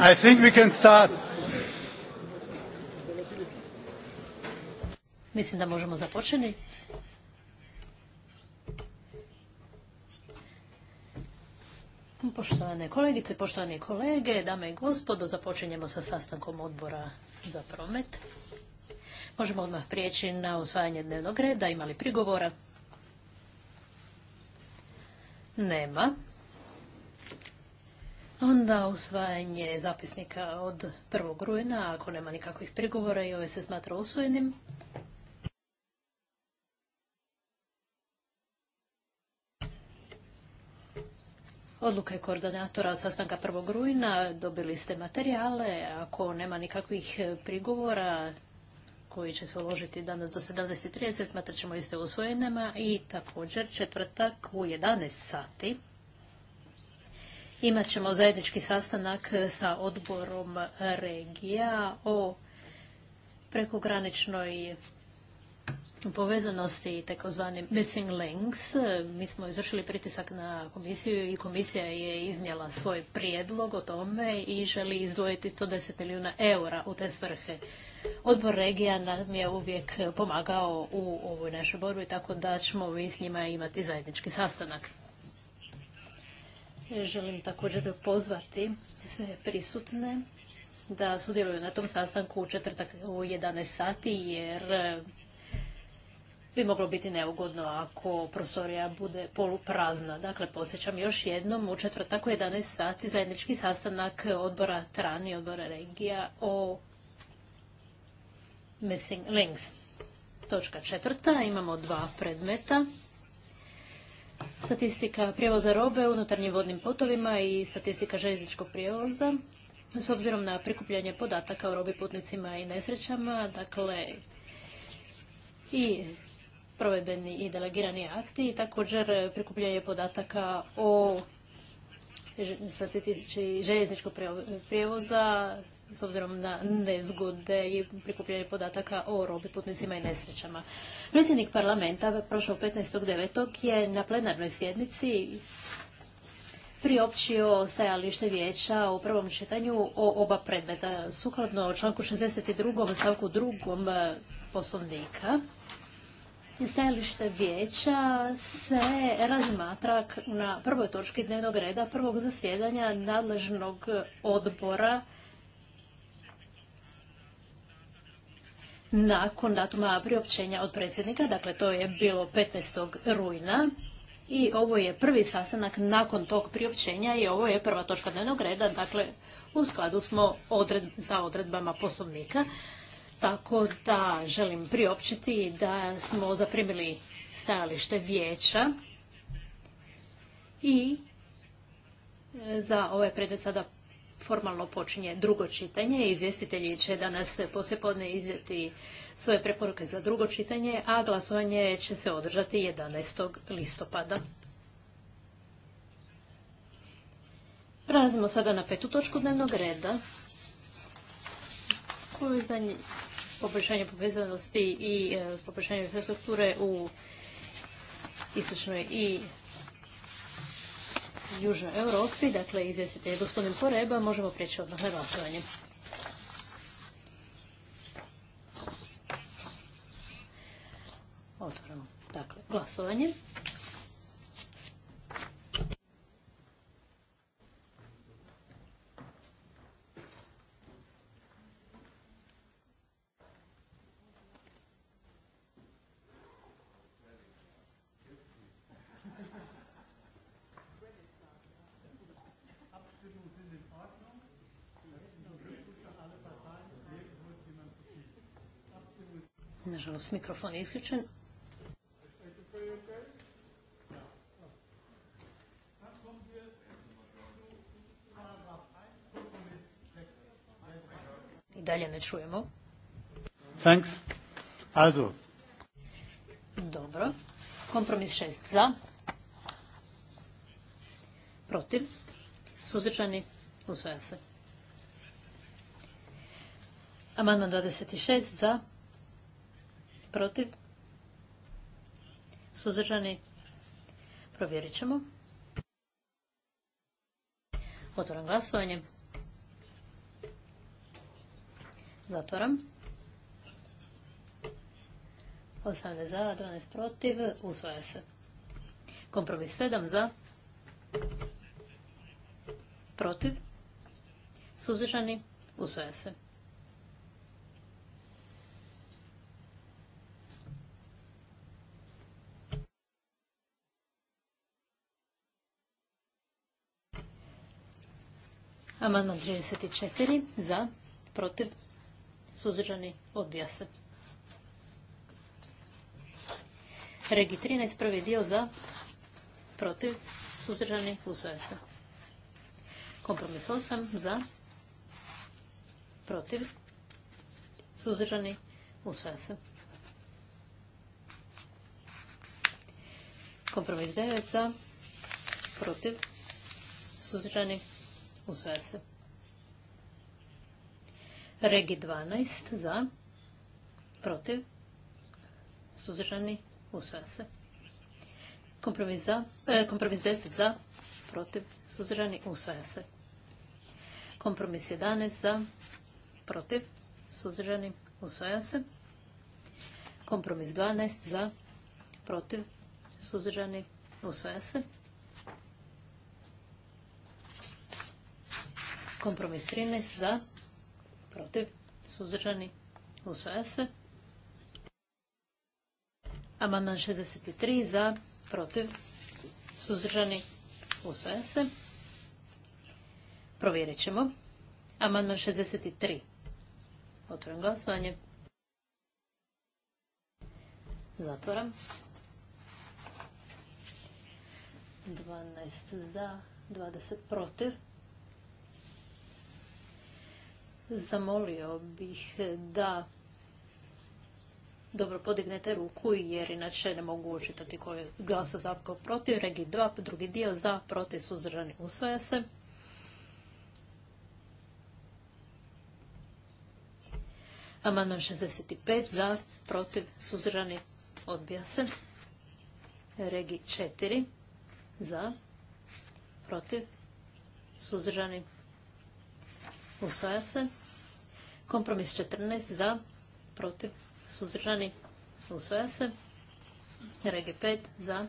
I think we can start. Mislim da možemo započeti. Poštovane kolegice, poštovane kolege, dame i gospodo, započinjemo sa sastankom odbora za promet. Možemo odmah prijeći na usvajanje dnevnog reda. Imali prigovora? Nema. Onda usvajanje zapisnika od 1. rujna, ako nema nikakvih prigovora i ove ovaj se smatra usvojenim. Odluke koordinatora sastanka 1. rujna dobili ste materijale. Ako nema nikakvih prigovora koji će se uložiti danas do 17.30, smatrat ćemo iste usvojenima i također četvrtak u 11 sati. Imat ćemo zajednički sastanak e, sa odborom e, regija o prekograničnoj povezanosti takozvani missing links. E, mi smo izvršili pritisak na komisiju i komisija je iznijela svoj prijedlog o tome i želi izdvojiti 110 milijuna eura u te svrhe. Odbor regija nam je uvijek pomagao u ovoj našoj borbi, tako da ćemo mi s njima imati zajednički sastanak. Želim također pozvati sve prisutne da sudjeluju na tom sastanku u četvrtak u 11 sati jer e, bi moglo biti neugodno ako prostorija bude poluprazna. Dakle, podsjećam još jednom u četvrtak u 11 sati zajednički sastanak odbora Tran i odbora Regija o Missing Links. Točka četvrta, imamo dva predmeta statistika prijevoza robe u unutarnjim vodnim potovima i statistika željezničkog prijevoza. S obzirom na prikupljanje podataka o robi putnicima i nesrećama, dakle i provedbeni i delegirani akti i također prikupljanje podataka o statistici željezničkog prijevoza, s obzirom na nezgode i prikupljanje podataka o robi, putnicima i nesrećama. Predsjednik parlamenta prošlog 15.9. je na plenarnoj sjednici priopćio stajalište vijeća u prvom čitanju o oba predmeta. Sukladno članku 62. stavku 2. E, poslovnika, stajalište vijeća se razmatra na prvoj točki dnevnog reda prvog zasjedanja nadležnog odbora nakon datuma priopćenja od predsjednika, dakle to je bilo 15. rujna i ovo je prvi sastanak nakon tog priopćenja i ovo je prva točka dnevnog reda, dakle u skladu smo odred, sa odredbama poslovnika. Tako da želim priopćiti da smo zaprimili stajalište vijeća i e, za ovaj predmet sada formalno počinje drugo čitanje. Izvjestitelji će danas poslijepodne izvjeti svoje preporuke za drugo čitanje, a glasovanje će se održati 11. listopada. Prelazimo sada na petu točku dnevnog reda. Povezanje, poboljšanje povezanosti i e, poboljšanje infrastrukture u istočnoj i Južnoj Europi, dakle je gospodin Poreba, možemo preći odmah na glasovanje. Otvoramo dakle, glasovanje. nažalost mikrofon je isključen. I dalje ne čujemo. Thanks. Also. Dobro. Kompromis šest za. Protiv. Suzdržani. Usvaja se. Amandman 26 za. Protiv? Suzdržani? Provjerit ćemo. Otvoram glasovanje. Zatvoram. 18 za, 12 protiv. Usvaja se. Kompromis 7 za. Protiv. Suzdržani. Usvaja se. Amandman 34. Za. Protiv. Suzdržani. Odbija se. Regi 13. Prvi dio za. Protiv. Suzdržani. Usvaja se. Kompromis 8. Za. Protiv. Suzdržani. Usvaja se. Kompromis 9. Za. Protiv. Suzdržani. Usvaja se. Regi 12 za. Protiv. Suzdržani. Usvaja se. Kompromis, za, se. Eh, kompromis 11 za. Protiv. Suzdržani. Usvaja se. Kompromis 12 za. Protiv. Suzdržani. Usvaja se. Kompromis 12 za. Protiv. Suzdržani. Usvaja se. Kompromis 13 za, protiv, suzdržani, usvaja se. Amandman 63 za, protiv, suzdržani, usvaja se. Provjerit ćemo. Amandman 63. Otvorim glasovanje. Zatvoram. 12 za, 20 protiv zamolio bih da dobro podignete ruku jer inače ne mogu učitati koji je glasa za protiv. Regi 2, drugi dio za protiv suzdržani usvaja se. Amandman 65 za protiv suzdržani odbija se. Regi 4 za protiv suzdržani se. Usvaja se. Kompromis 14 za, protiv, suzdržani. Usvaja se. Regi 5 za,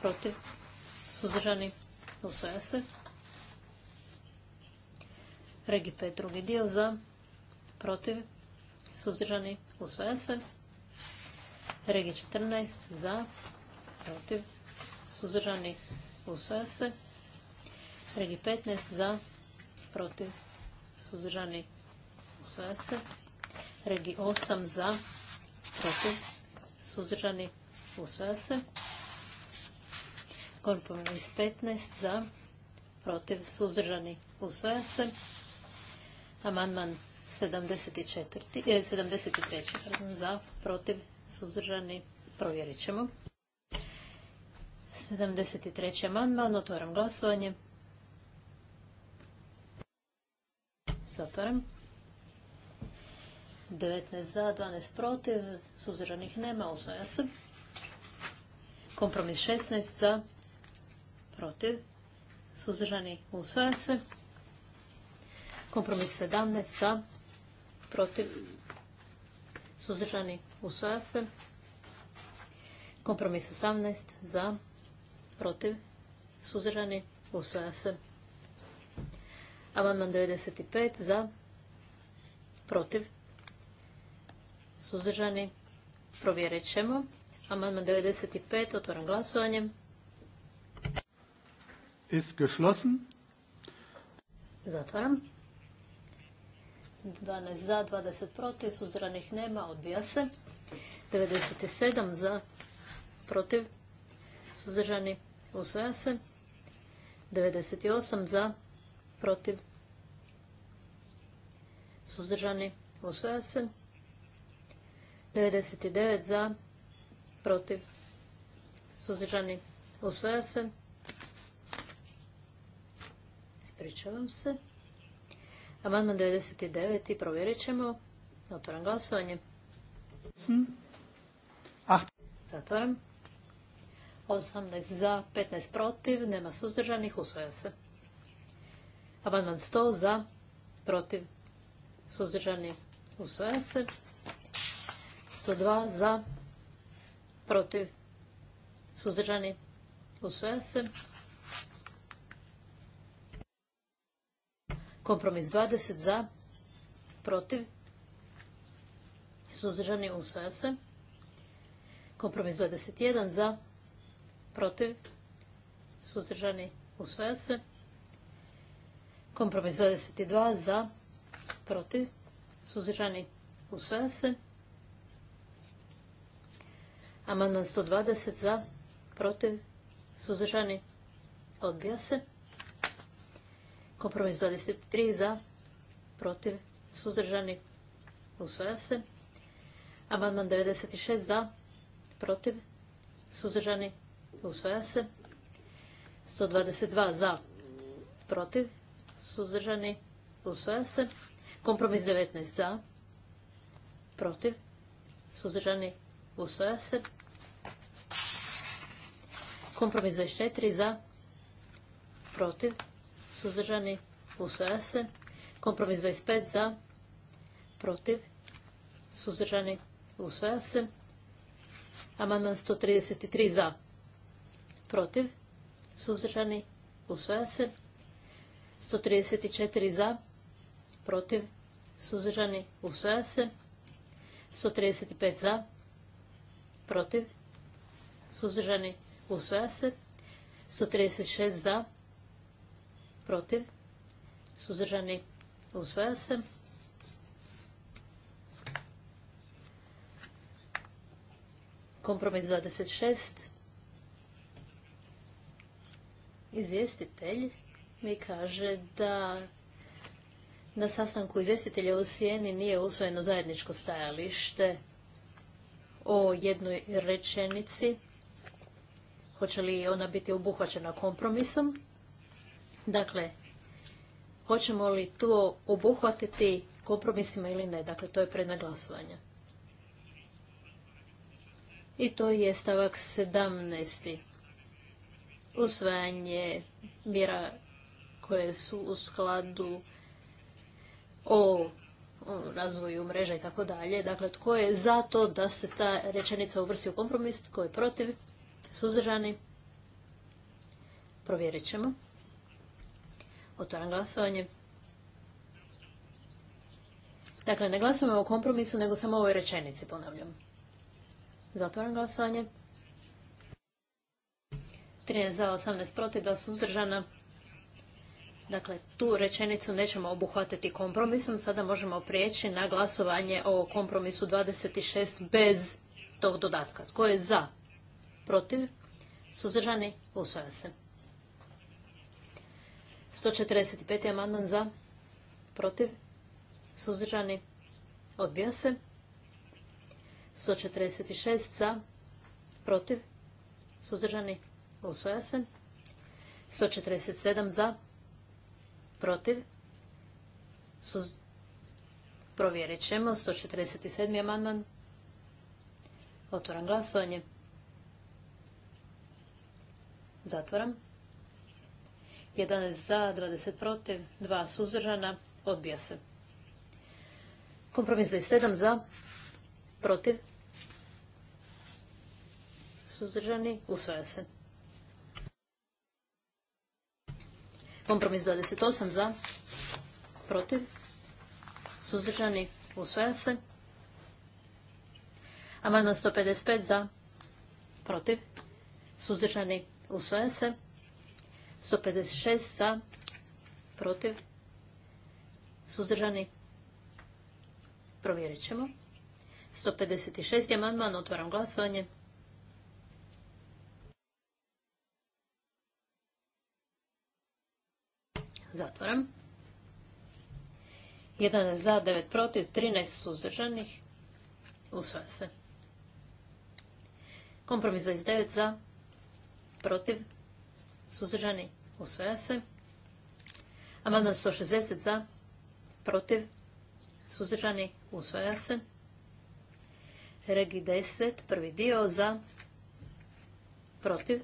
protiv, suzdržani. Usvaja se. Regi 5 drugi dio za, protiv, suzdržani. Usvaja se. Regi 14 za, protiv, suzdržani. Usvaja se. Regi 15 za, protiv, suzdržani, usvaja se. Regi 8 za, protiv, suzdržani, usvaja se. Kompromis 15 za, protiv, suzdržani, usvaja se. Amandman 74, 73. Eh, za, protiv, suzdržani, provjerit ćemo. 73. amandman, otvaram glasovanje. Zatvaram. 19 za, 12 protiv, suzdržanih nema, osvaja se. Kompromis 16 za, protiv, suzdržani usvaja se. Kompromis 17 za, protiv, suzdržani usvaja se. Kompromis 18 za, protiv, suzdržani usvaja se. Amandman 95 za, protiv, suzdržani, provjerit ćemo. Amandman 95, otvoram glasovanje. Ist geschlossen. Zatvaram. 12 za, 20 protiv, suzdržanih nema, odbija se. 97 za, protiv, suzdržani, usvaja se. 98 za, protiv, suzdržani, usvaja se. 99 za, protiv, suzdržani, usvaja se. Ispričavam se. Amandman 99 i provjerit ćemo. Otvoram glasovanje. Ah. Zatvoram. 18 za, 15 protiv, nema suzdržanih, usvaja se. Amandman 100 za, protiv, suzdržani, usvaja se. 102 za, protiv, suzdržani, usvaja se. Kompromis 20 za, protiv, suzdržani, usvaja se. Kompromis 21 za, protiv, suzdržani, usvaja se. Kompromis 22 za, protiv, suzdržani, usvaja se. Amandman 120 za, protiv, suzdržani, odbija se. Kompromis 23 za, protiv, suzdržani, usvaja se. Amandman 96 za, protiv, suzdržani, usvaja se. 122 za, protiv, suzdržani, usvaja se. Kompromis 19 za, protiv, suzdržani, usvoja se. Kompromis 24 za, protiv, suzdržani, usvoja se. Kompromis 25 za, protiv, suzdržani, usvoja se. Amandman 133 za, protiv, suzdržani, usvoja se. 134 za, protiv, suzdržani, usvaja se. 135 za, protiv, suzdržani, usvaja se. 136 za, protiv, suzdržani, usvaja se. kompromis 26. Izvjestitelj mi kaže da na sastanku izvjestitelja u Sijeni nije usvojeno zajedničko stajalište o jednoj rečenici. Hoće li ona biti obuhvaćena kompromisom? Dakle, hoćemo li to obuhvatiti kompromisima ili ne? Dakle, to je predmet glasovanja. I to je stavak 17. Usvajanje mjera koje su u skladu o razvoju mreža i tako dalje. Dakle, tko je za to da se ta rečenica uvrsi u kompromis, tko je protiv, suzdržani. Provjerit ćemo. Otvaram glasovanje. Dakle, ne glasujemo o kompromisu, nego samo o ovoj rečenici, ponavljam. Zatvaram glasovanje. 13 za, 18 protiv, 2 suzdržana. Dakle, tu rečenicu nećemo obuhvatiti kompromisom. Sada možemo prijeći na glasovanje o kompromisu 26 bez tog dodatka. Tko je za? Protiv? Suzdržani? Usvaja se. 145. amandman za? Protiv? Suzdržani? Odbija se. 146 za? Protiv? Suzdržani? Usvaja se. 147 za? protiv, su provjerit ćemo, 147. amandman, otvoram glasovanje, zatvoram, 11 za, 20 protiv, 2 suzdržana, odbija se. Kompromis 7 za, protiv, suzdržani, usvaja se. Kompromis 28 za, protiv, suzdržani, usvoja se. Amandman 155 za, protiv, suzdržani, usvoja se. 156 za, protiv, suzdržani, provjerit ćemo. 156. je amandman, otvaram glasovanje. Zatvoram. 11 za, 9 protiv, 13 suzdržanih. Usvaja se. Kompromis 29 za, protiv, suzdržani, usvaja se. Amandman 160 za, protiv, suzdržani, usvaja se. Regi 10, prvi dio za, protiv,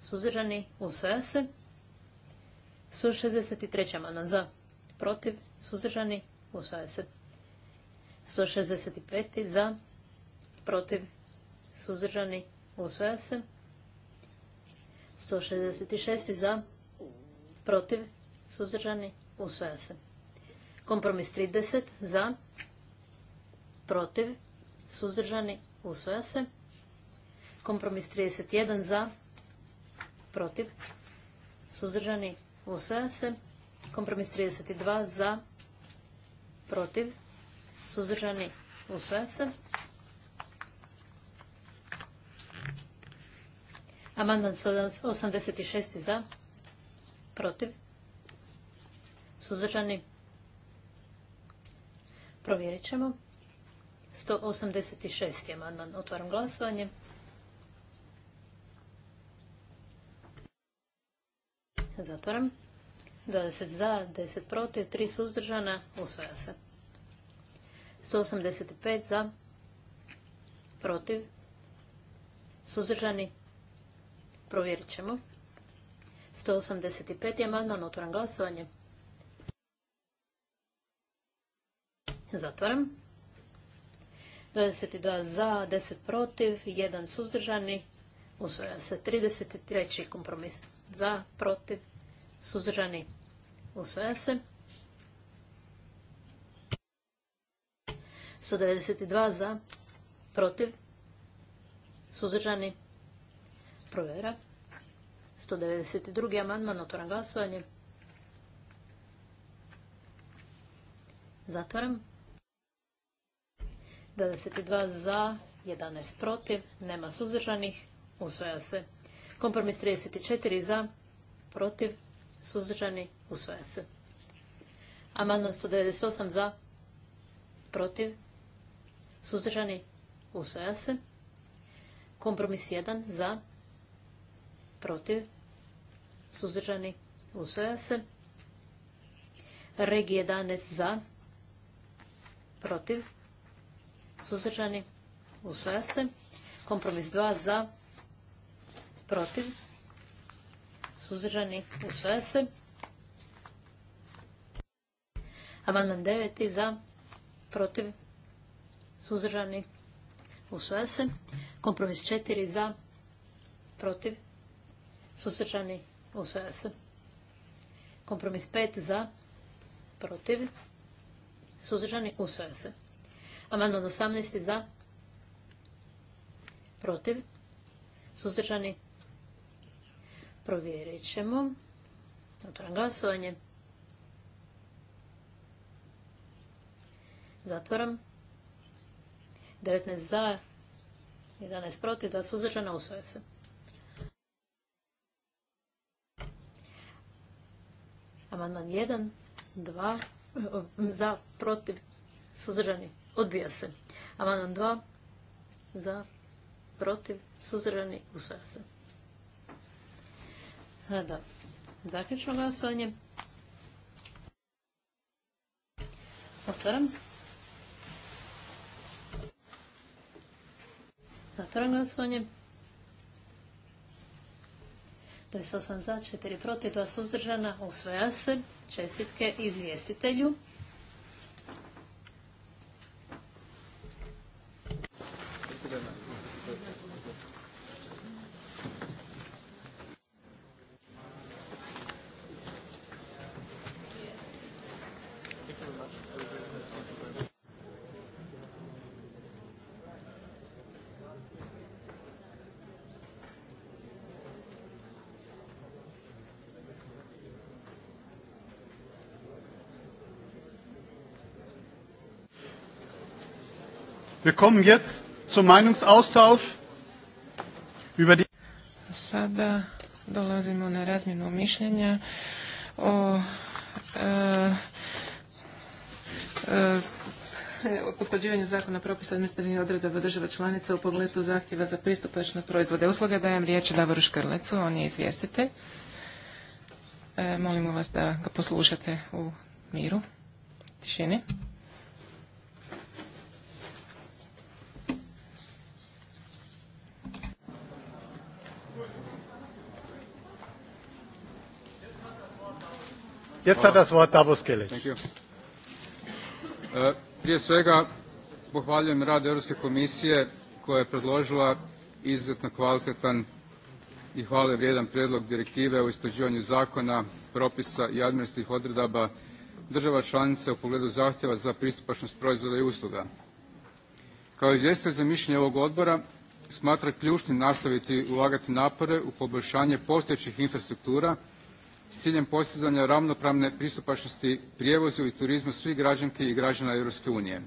suzdržani, usvaja se. 163. amandman za, protiv, suzdržani, usvaja se. 165. za, protiv, suzdržani, usvaja se. 166. za, protiv, suzdržani, usvaja se. Kompromis 30. za, protiv, suzdržani, usvaja se. Kompromis 31. za, protiv, suzdržani, Usvaja se. Kompromis 32 za, protiv, suzdržani. Usvaja se. Amandman 86 za, protiv, suzdržani. Provjerit ćemo. 186. amandman. Otvaram glasovanje. Zatvoram. 20 za, 10 protiv, 3 suzdržana, usvoja se. 185 za, protiv, suzdržani, provjerit ćemo. 185 je amandman, otvoram glasovanje. Zatvoram. 22 za, 10 protiv, 1 suzdržani, usvoja se. 33. kompromis za, protiv, suzdržani, usvaja se. 192 za, protiv, suzdržani, provjera. 192. amandman, otvoram glasovanje. Zatvaram. 22 za, 11 protiv, nema suzdržanih, usvaja se. Kompromis 34 za, protiv, suzdržani, usvaja se. Amandman 198 za, protiv, suzdržani, usvaja se. Kompromis 1 za, protiv, suzdržani, usvaja se. Regi 11 za, protiv, suzdržani, usvaja se. Kompromis 2 za, protiv, suzdržani, usvaja se. Amandman 9. za, protiv, suzdržani, usvaja se. Kompromis 4. za, protiv, suzdržani, usvaja se. Kompromis 5. za, protiv, suzdržani, usvaja se. Amandman 18. za, protiv, suzdržani, Provjerit ćemo. Otvoram glasovanje. Zatvoram. 19 za, 11 protiv, 2 suzdržana, usvoje se. Amandman 1, 2, za, protiv, suzdržani, odbija se. Amandman 2, za, protiv, suzdržani, usvaja se. Da. zaključno glasovanje. Otvaram. Zatvaram glasovanje. 28 za, 4 protiv, 2 suzdržana, usvoja se. Čestitke izvjestitelju. Wir kommen jetzt zum Sada dolazimo na razmjenu mišljenja o poslađivanju e, e, zakona propisa administrativnih odredaba država članica u pogledu zahtjeva za pristupačne proizvode usluge dajem riječ Davoru Škrlecu, on je izvjestitelj. E, molimo vas da ga poslušate u miru, tišini. Uh, prije svega pohvaljujem rad europske komisije koja je predložila izuzetno kvalitetan i hvale vrijedan prijedlog direktive o usklađivanju zakona propisa i administrativnih odredaba država članica u pogledu zahtjeva za pristupačnost proizvoda i usluga kao izvjestitelj za mišljenje ovog odbora smatram ključnim nastaviti ulagati napore u poboljšanje postojećih infrastruktura s ciljem postizanja ravnopravne pristupačnosti prijevozu i turizmu svih građanki i građana Europske unije.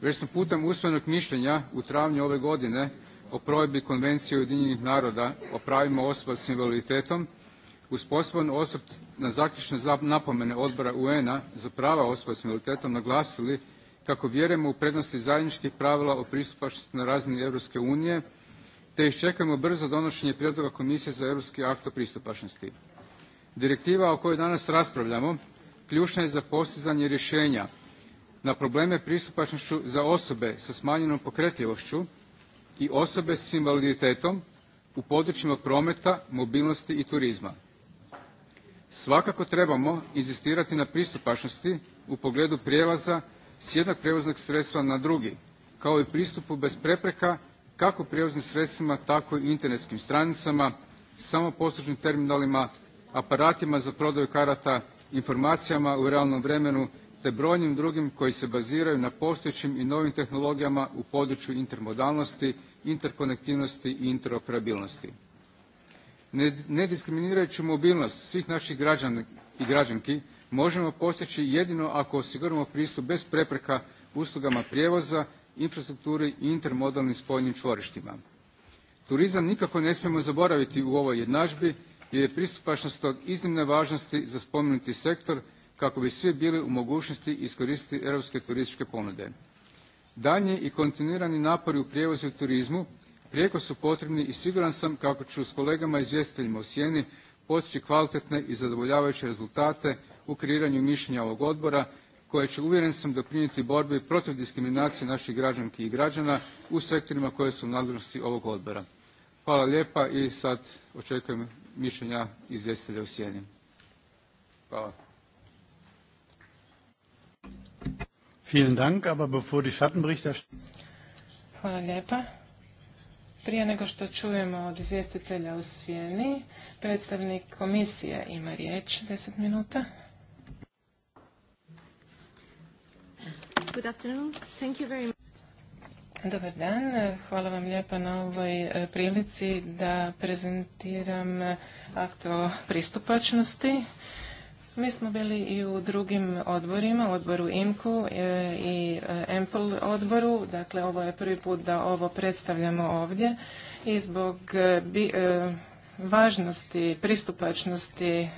Već smo putem usvojenog mišljenja u travnju ove godine o provedbi Konvencije Ujedinjenih naroda o pravima osoba s invaliditetom uz poseban osvrt na zaključne napomene Odbora UN-a za prava osoba s invaliditetom naglasili kako vjerujemo u prednosti zajedničkih pravila o pristupačnosti na razini Europske unije te iščekujemo brzo donošenje prijedloga Komisije za europski akt o pristupačnosti direktiva o kojoj danas raspravljamo ključna je za postizanje rješenja na probleme pristupačnošću za osobe sa smanjenom pokretljivošću i osobe s invaliditetom u područjima prometa mobilnosti i turizma svakako trebamo inzistirati na pristupačnosti u pogledu prijelaza s jednog prijevoznog sredstva na drugi kao i pristupu bez prepreka kako prijevoznim sredstvima tako i internetskim stranicama samoposlužnim terminalima aparatima za prodaju karata, informacijama u realnom vremenu te brojnim drugim koji se baziraju na postojećim i novim tehnologijama u području intermodalnosti, interkonektivnosti i interoperabilnosti. Nediskriminirajuću mobilnost svih naših građana i građanki možemo postići jedino ako osiguramo pristup bez prepreka uslugama prijevoza, infrastrukturi i intermodalnim spojnim čvorištima. Turizam nikako ne smijemo zaboraviti u ovoj jednadžbi je pristupačnost od iznimne važnosti za spomenuti sektor kako bi svi bili u mogućnosti iskoristiti europske turističke ponude. Daljnji i kontinuirani napori u prijevozu i turizmu prijeko su potrebni i siguran sam kako ću s kolegama izvjestiteljima u sjeni postići kvalitetne i zadovoljavajuće rezultate u kreiranju mišljenja ovog odbora koje će uvjeren sam doprinijeti borbi protiv diskriminacije naših građanki i građana u sektorima koji su u nadležnosti ovog odbora. Hvala lijepa i sad očekujem mišljenja izvjestitelja u sjeni. Hvala. Vielen Dank, aber bevor die Schattenberichterstatter... Hvala lijepa. Prije nego što čujemo od izvjestitelja u sjeni, predstavnik komisije ima riječ, 10 minuta. Good afternoon. Thank you very much. Dobar dan, hvala vam lijepa na ovoj e, prilici da prezentiram e, akt o pristupačnosti. Mi smo bili i u drugim odborima, odboru IMKU e, i EMPL odboru, dakle ovo je prvi put da ovo predstavljamo ovdje i zbog važnosti, pristupačnosti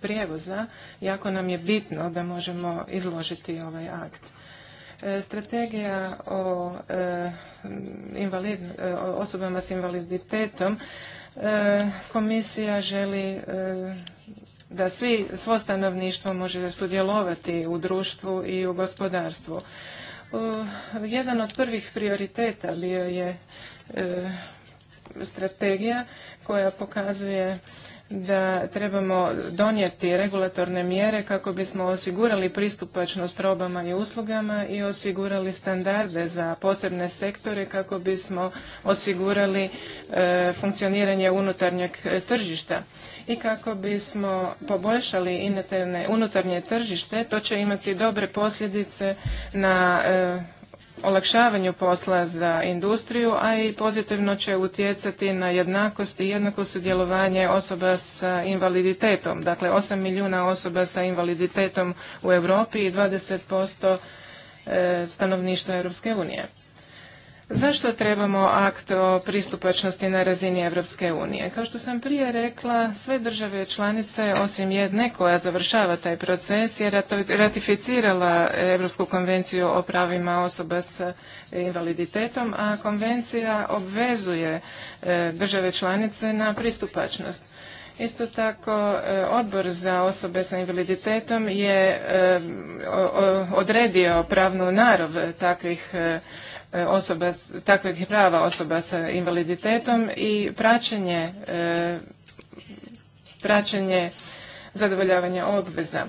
prijevoza, jako nam je bitno da možemo izložiti ovaj akt. E, strategija e, e, o osobama s invaliditetom komisija želi da svi, svo stanovništvo može sudjelovati u društvu i u gospodarstvu. Jedan od prvih prioriteta bio je strategija koja pokazuje da trebamo donijeti regulatorne mjere kako bismo osigurali pristupačnost robama i uslugama i osigurali standarde za posebne sektore kako bismo osigurali e, funkcioniranje unutarnjeg tržišta i kako bismo poboljšali unutarnje tržište to će imati dobre posljedice na e, olakšavanju posla za industriju, a i pozitivno će utjecati na jednakost i jednako sudjelovanje osoba sa invaliditetom. Dakle, 8 milijuna osoba sa invaliditetom u Europi i 20% e, stanovništva Europske unije. Zašto trebamo akt o pristupačnosti na razini Europske unije? Kao što sam prije rekla, sve države članice, osim jedne koja završava taj proces, je ratificirala Europsku konvenciju o pravima osoba s invaliditetom, a konvencija obvezuje e, države članice na pristupačnost. Isto tako, e, odbor za osobe sa invaliditetom je e, odredio pravnu narov takvih e, osoba, takvih prava osoba sa invaliditetom i praćenje, praćenje zadovoljavanja obveza.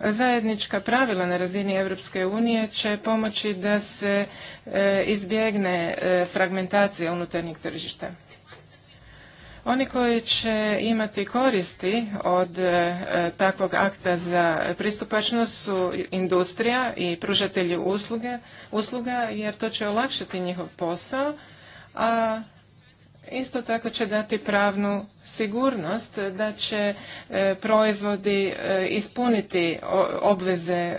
Zajednička pravila na razini Europske unije će pomoći da se izbjegne fragmentacija unutarnjeg tržišta. Oni koji će imati koristi od e, takvog akta za pristupačnost su industrija i pružatelji usluga jer to će olakšati njihov posao, a isto tako će dati pravnu sigurnost da će e, proizvodi e, ispuniti obveze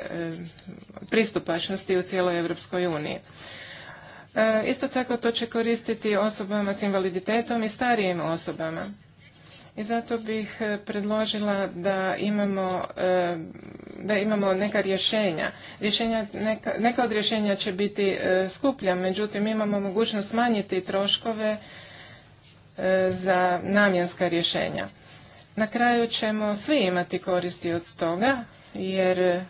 pristupačnosti u cijeloj Europskoj uniji. E, isto tako to će koristiti osobama s invaliditetom i starijim osobama. I zato bih e, predložila da imamo, e, da imamo neka rješenja. rješenja neka, neka od rješenja će biti skuplja, međutim imamo mogućnost smanjiti troškove za namjenska rješenja. Na kraju ćemo svi imati koristi od toga, jer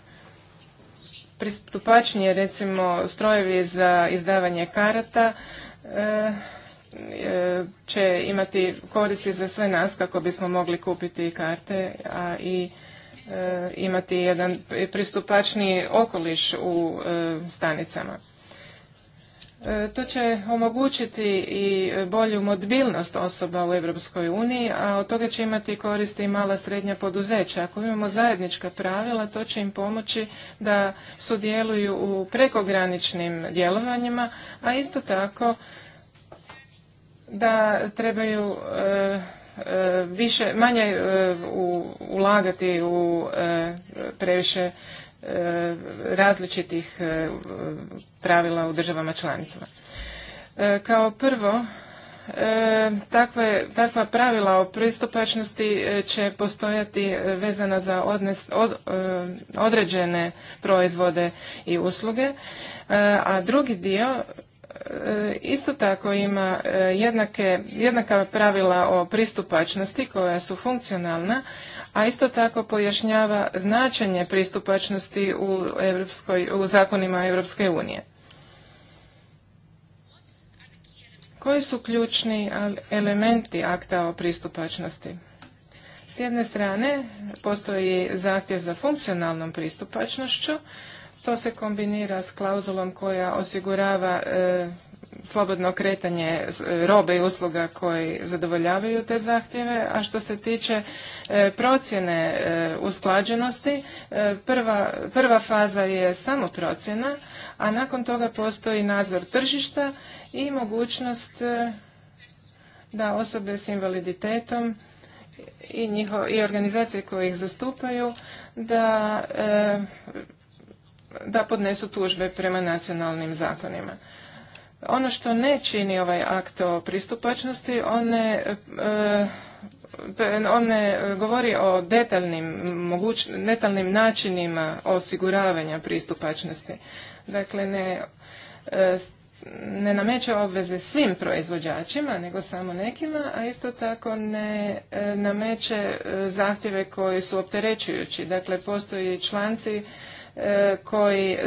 pristupačnije recimo strojevi za izdavanje karata e, e, će imati koristi za sve nas kako bismo mogli kupiti karte a i e, imati jedan pristupačniji okoliš u stanicama. E, to će omogućiti i bolju mobilnost osoba u Europskoj uniji, a od toga će imati koristi i mala srednja poduzeća. Ako imamo zajednička pravila, to će im pomoći da sudjeluju u prekograničnim djelovanjima, a isto tako da trebaju e, e, više, manje ulagati u previše različitih e, pravila u državama članicama. E, kao prvo, e, takva pravila o pristupačnosti će postojati vezana za od, određene proizvode i usluge, a drugi dio isto tako ima jednake, jednaka pravila o pristupačnosti koja su funkcionalna, a isto tako pojašnjava značenje pristupačnosti u, u zakonima Europske unije. Koji su ključni elementi akta o pristupačnosti? S jedne strane postoji zahtjev za funkcionalnom pristupačnošću, to se kombinira s klauzulom koja osigurava e, slobodno kretanje e, robe i usluga koji zadovoljavaju te zahtjeve, a što se tiče e, procjene e, usklađenosti, prva, prva faza je samo procjena, a nakon toga postoji nadzor tržišta i mogućnost da osobe s invaliditetom i, i organizacije koje ih zastupaju da, da podnesu tužbe prema nacionalnim zakonima. Ono što ne čini ovaj akt o pristupačnosti, on ne, e, govori o detaljnim, moguć, načinima osiguravanja pristupačnosti. Dakle, ne, e, ne nameće obveze svim proizvođačima, nego samo nekima, a isto tako ne e, nameće zahtjeve koji su opterećujući. Dakle, postoji članci E, koji,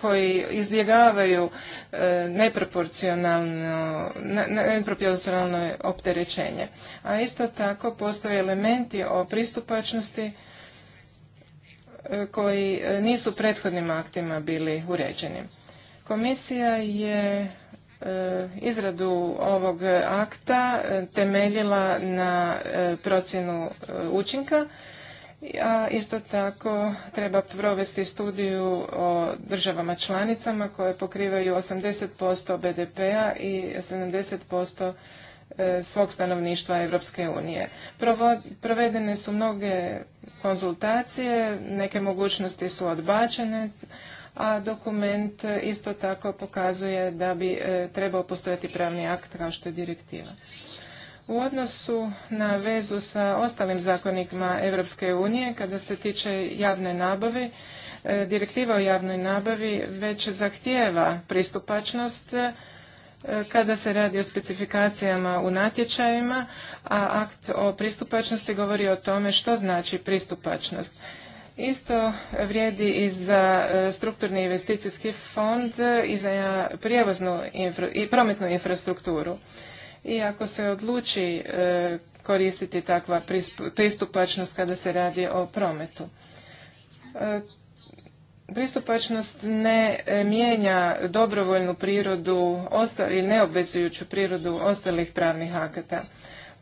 koji izbjegavaju e, neproporcionalno, neproporcionalno opterećenje. A isto tako postoje elementi o pristupačnosti e, koji nisu prethodnim aktima bili uređeni. Komisija je izradu ovog akta temeljila na procjenu učinka a isto tako treba provesti studiju o državama članicama koje pokrivaju 80% BDP-a i 70% e, svog stanovništva Europske unije. Provedene su mnoge konzultacije, neke mogućnosti su odbačene, a dokument isto tako pokazuje da bi e, trebao postojati pravni akt kao što je direktiva. U odnosu na vezu sa ostalim zakonikima Europske unije, kada se tiče javne nabave, e, direktiva o javnoj nabavi već zahtijeva pristupačnost e, kada se radi o specifikacijama u natječajima, a akt o pristupačnosti govori o tome što znači pristupačnost. Isto vrijedi i za e, strukturni investicijski fond i za prijevoznu i prometnu infrastrukturu i ako se odluči e, koristiti takva pristupačnost kada se radi o prometu. E, pristupačnost ne e, mijenja dobrovoljnu prirodu i neobvezujuću prirodu ostalih pravnih akata.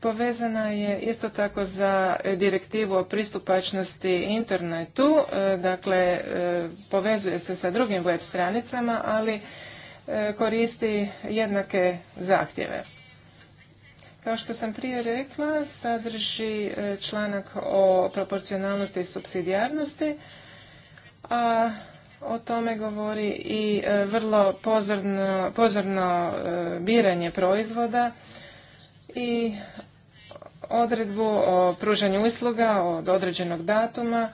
Povezana je isto tako za direktivu o pristupačnosti internetu, dakle povezuje se sa drugim web stranicama, ali koristi jednake zahtjeve. Kao što sam prije rekla, sadrži e, članak o proporcionalnosti i subsidijarnosti, a o tome govori i e, vrlo pozorno, e, biranje proizvoda i odredbu o pružanju usluga od određenog datuma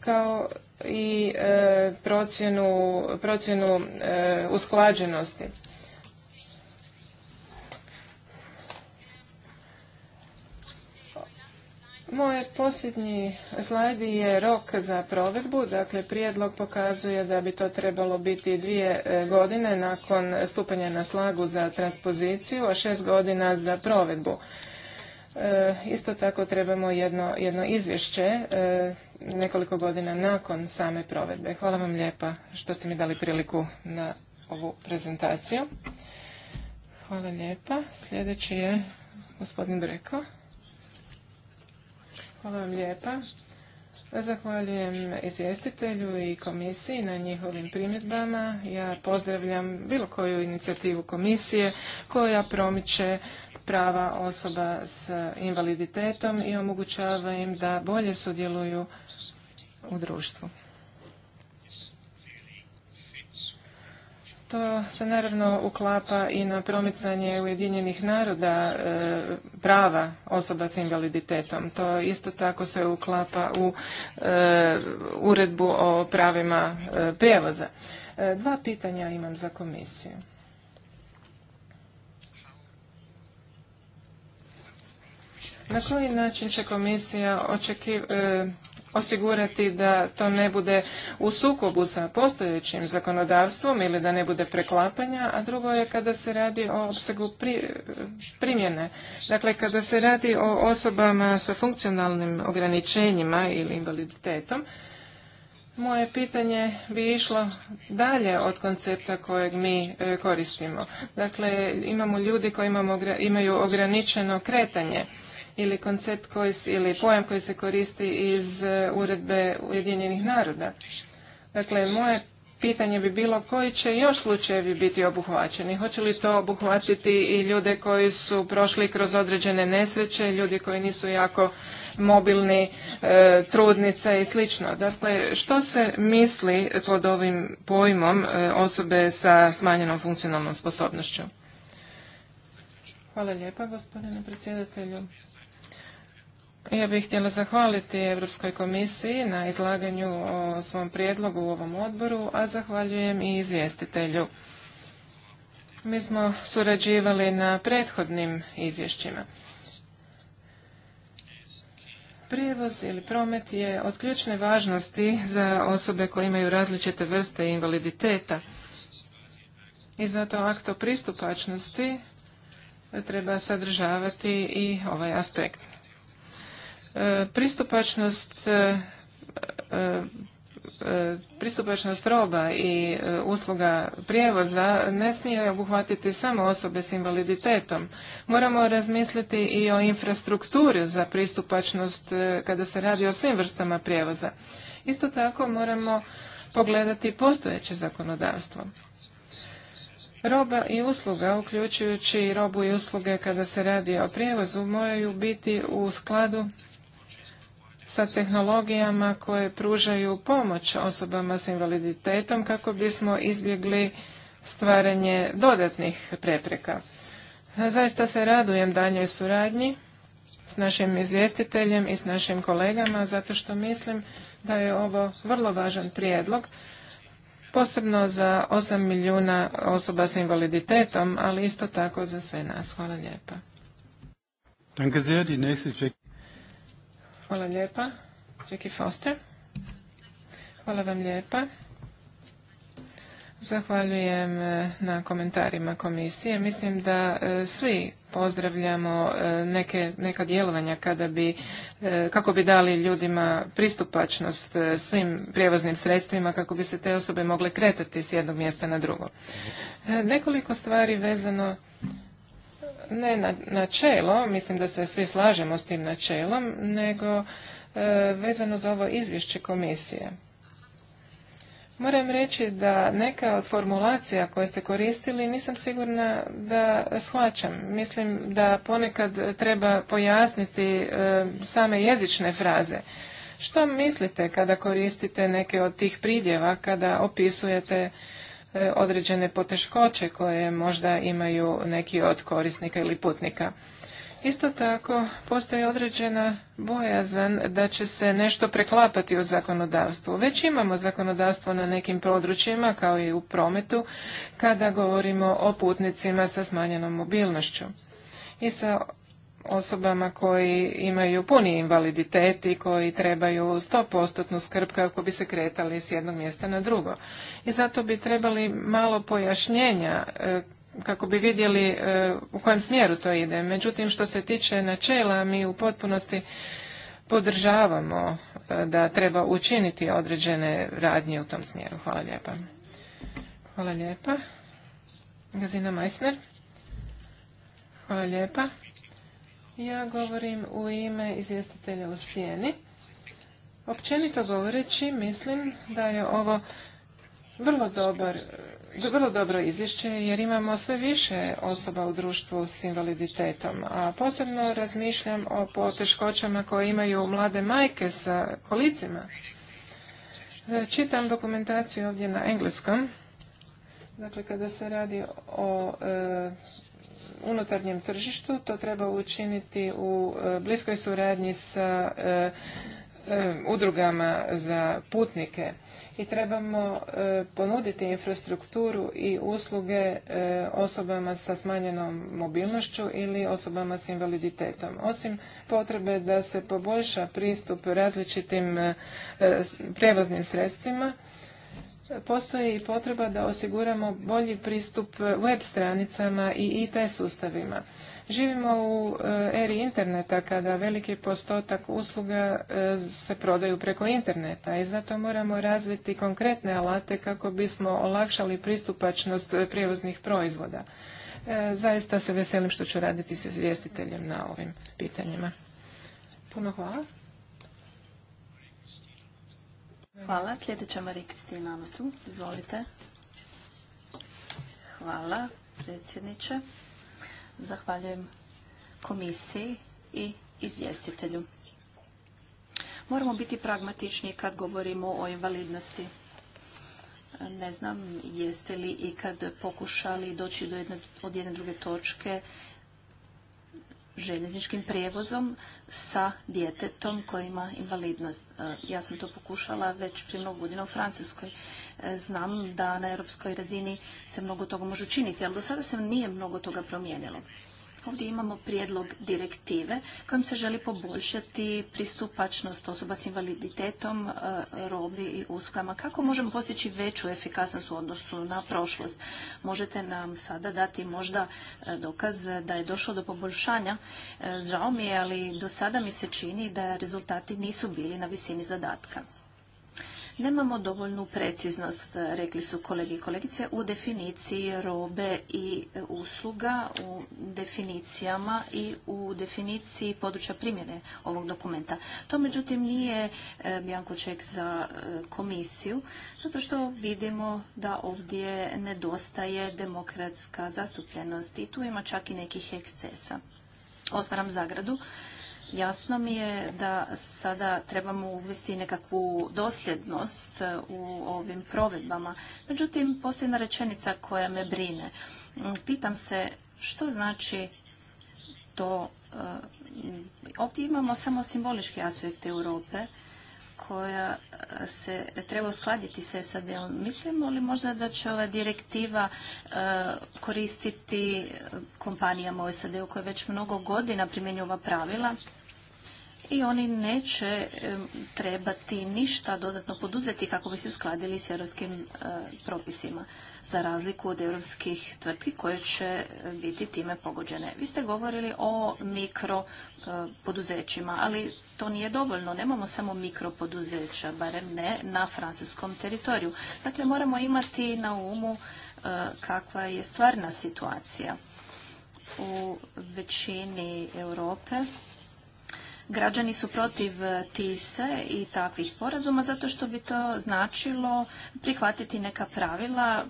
kao i procjenu, procjenu usklađenosti. Moj posljednji slajd je rok za provedbu, dakle prijedlog pokazuje da bi to trebalo biti dvije e, godine nakon stupanja na slagu za transpoziciju, a šest godina za provedbu. E, isto tako trebamo jedno, jedno izvješće e, nekoliko godina nakon same provedbe. Hvala vam lijepa što ste mi dali priliku na ovu prezentaciju. Hvala lijepa. Sljedeći je gospodin Breko. Hvala vam lijepa. Zahvaljujem izvjestitelju i komisiji na njihovim primjedbama. Ja pozdravljam bilo koju inicijativu komisije koja promiče prava osoba s invaliditetom i omogućava im da bolje sudjeluju u društvu. To se naravno uklapa i na promicanje Ujedinjenih naroda e, prava osoba s invaliditetom. To isto tako se uklapa u e, uredbu o pravima e, prijevoza. Dva pitanja imam za komisiju. Na koji način će komisija očekivati osigurati da to ne bude u sukobu sa postojećim zakonodavstvom ili da ne bude preklapanja, a drugo je kada se radi o opsegu primjene. Dakle, kada se radi o osobama sa funkcionalnim ograničenjima ili invaliditetom, moje pitanje bi išlo dalje od koncepta kojeg mi e, koristimo. Dakle, imamo ljudi koji imaju ograničeno kretanje ili koncept koji, ili pojam koji se koristi iz e, uredbe Ujedinjenih naroda. Dakle, moje pitanje bi bilo koji će još slučajevi biti obuhvaćeni. Hoće li to obuhvatiti i ljude koji su prošli kroz određene nesreće, ljudi koji nisu jako mobilni, e, trudnice i slično. Dakle, što se misli pod ovim pojmom e, osobe sa smanjenom funkcionalnom sposobnošću? Hvala lijepa, gospodine predsjedatelju. Ja bih htjela zahvaliti Europskoj komisiji na izlaganju o svom prijedlogu u ovom odboru, a zahvaljujem i izvjestitelju. Mi smo surađivali na prethodnim izvješćima. Prijevoz ili promet je od ključne važnosti za osobe koje imaju različite vrste invaliditeta. I zato akt o pristupačnosti treba sadržavati i ovaj aspekt. E, pristupačnost e, e, pristupačnost roba i usluga prijevoza ne smije obuhvatiti samo osobe s invaliditetom. Moramo razmisliti i o infrastrukturi za pristupačnost kada se radi o svim vrstama prijevoza. Isto tako moramo pogledati postojeće zakonodavstvo. Roba i usluga, uključujući robu i usluge kada se radi o prijevozu, moraju biti u skladu sa tehnologijama koje pružaju pomoć osobama s invaliditetom kako bismo izbjegli stvaranje dodatnih prepreka. Zaista se radujem daljnjoj suradnji s našim izvjestiteljem i s našim kolegama zato što mislim da je ovo vrlo važan prijedlog posebno za 8 milijuna osoba s invaliditetom, ali isto tako za sve nas. Hvala lijepa. Hvala lijepa. Foster. Hvala vam lijepa. Zahvaljujem e, na komentarima komisije. Mislim da e, svi pozdravljamo e, neka djelovanja kada bi, kako bi dali ljudima pristupačnost svim prijevoznim sredstvima kako bi se te osobe mogle kretati s jednog mjesta na drugo. Nekoliko stvari vezano ne na načelo, mislim da se svi slažemo s tim načelom, nego e, vezano za ovo izvješće komisije. Moram reći da neka od formulacija koje ste koristili nisam sigurna da shvaćam. Mislim da ponekad treba pojasniti e, same jezične fraze. Što mislite kada koristite neke od tih pridjeva, kada opisujete E, određene poteškoće koje možda imaju neki od korisnika ili putnika. Isto tako, postoji određena bojazan da će se nešto preklapati u zakonodavstvu. Već imamo zakonodavstvo na nekim područjima, kao i u prometu, kada govorimo o putnicima sa smanjenom mobilnošću. I sa osobama koji imaju puni invaliditet i koji trebaju 100% skrb kako bi se kretali s jednog mjesta na drugo. I zato bi trebali malo pojašnjenja e, kako bi vidjeli e, u kojem smjeru to ide. Međutim, što se tiče načela, mi u potpunosti podržavamo e, da treba učiniti određene radnje u tom smjeru. Hvala lijepa. Hvala lijepa. Gazina Majsner. Hvala lijepa. Ja govorim u ime izvjestitelja u Sijeni. Općenito govoreći, mislim da je ovo vrlo dobar vrlo dobro izvješće jer imamo sve više osoba u društvu s invaliditetom, a posebno razmišljam o poteškoćama koje imaju mlade majke sa kolicima. E, čitam dokumentaciju ovdje na engleskom. Dakle, kada se radi o e, unutarnjem tržištu. To treba učiniti u e, bliskoj suradnji sa e, e, udrugama za putnike i trebamo ponuditi infrastrukturu i usluge osobama sa smanjenom mobilnošću ili osobama s invaliditetom. Osim potrebe da se poboljša pristup različitim prijevoznim sredstvima, postoji i potreba da osiguramo bolji pristup web stranicama i IT sustavima. Živimo u e, eri interneta kada veliki postotak usluga e, se prodaju preko interneta i zato moramo razviti konkretne alate kako bismo olakšali pristupačnost prijevoznih proizvoda. E, zaista se veselim što ću raditi s izvjestiteljem na ovim pitanjima. Puno hvala. Hvala. Sljedeća Marija Kristina Izvolite. Hvala, predsjedniče. Zahvaljujem komisiji i izvjestitelju. Moramo biti pragmatični kad govorimo o invalidnosti. Ne znam jeste li ikad pokušali doći do od jedne druge točke željezničkim prijevozom sa djetetom koji ima invalidnost. E, ja sam to pokušala već prije mnogo godina u Francuskoj. E, znam da na europskoj razini se mnogo toga može učiniti, ali do sada se nije mnogo toga promijenilo. Ovdje imamo prijedlog direktive kojim se želi poboljšati pristupačnost osoba s invaliditetom, e, robi i uslugama. Kako možemo postići veću efikasnost u odnosu na prošlost? Možete nam sada dati možda e, dokaz da je došlo do poboljšanja. E, žao mi je, ali do sada mi se čini da rezultati nisu bili na visini zadatka. Nemamo dovoljnu preciznost, rekli su kolegi i kolegice, u definiciji robe i usluga, u definicijama i u definiciji područja primjene ovog dokumenta. To međutim nije e, bjanko ček za e, komisiju, zato što vidimo da ovdje nedostaje demokratska zastupljenost i tu ima čak i nekih ekscesa. Otvaram zagradu Jasno mi je da sada trebamo uvesti nekakvu dosljednost e, u ovim provedbama. Međutim, postoji jedna rečenica koja me brine. Mm, pitam se što znači to... E, ovdje imamo samo simbolički aspekt Europe koja e, se treba uskladiti sa SAD-om. Mislimo li možda da će ova direktiva koristiti kompanijama u SAD-u koje već mnogo godina primjenjuju ova pravila i oni neće trebati ništa dodatno poduzeti kako bi se uskladili s europskim e, propisima za razliku od europskih tvrtki koje će e, biti time pogođene. Vi ste govorili o mikro e, poduzećima, ali to nije dovoljno. Nemamo samo mikro poduzeća, barem ne na francuskom teritoriju. Dakle, moramo imati na umu kakva je stvarna situacija. U većini Europe Građani su protiv e, TISE i takvih sporazuma zato što bi to značilo prihvatiti neka pravila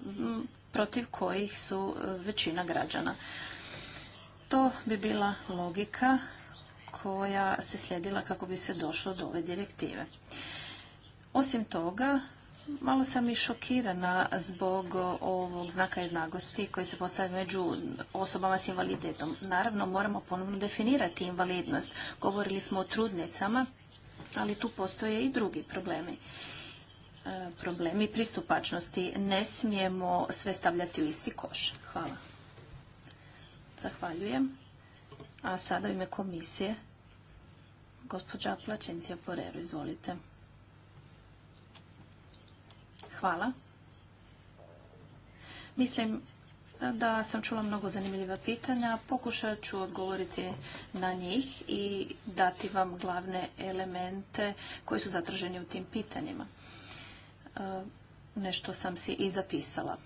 protiv kojih su e, većina građana. To bi bila logika koja se slijedila kako bi se došlo do ove direktive. Osim toga, malo sam i šokirana zbog ovog znaka jednakosti koji se postavlja među osobama s invaliditetom. Naravno, moramo ponovno definirati invalidnost. Govorili smo o trudnicama, ali tu postoje i drugi problemi e, problemi pristupačnosti. Ne smijemo sve stavljati u isti koš. Hvala. Zahvaljujem. A sada u ime komisije, gospođa Plačencija Porero, izvolite. Hvala. Mislim da sam čula mnogo zanimljiva pitanja. Pokušat ću odgovoriti na njih i dati vam glavne elemente koji su zatraženi u tim pitanjima. E, nešto sam si i zapisala.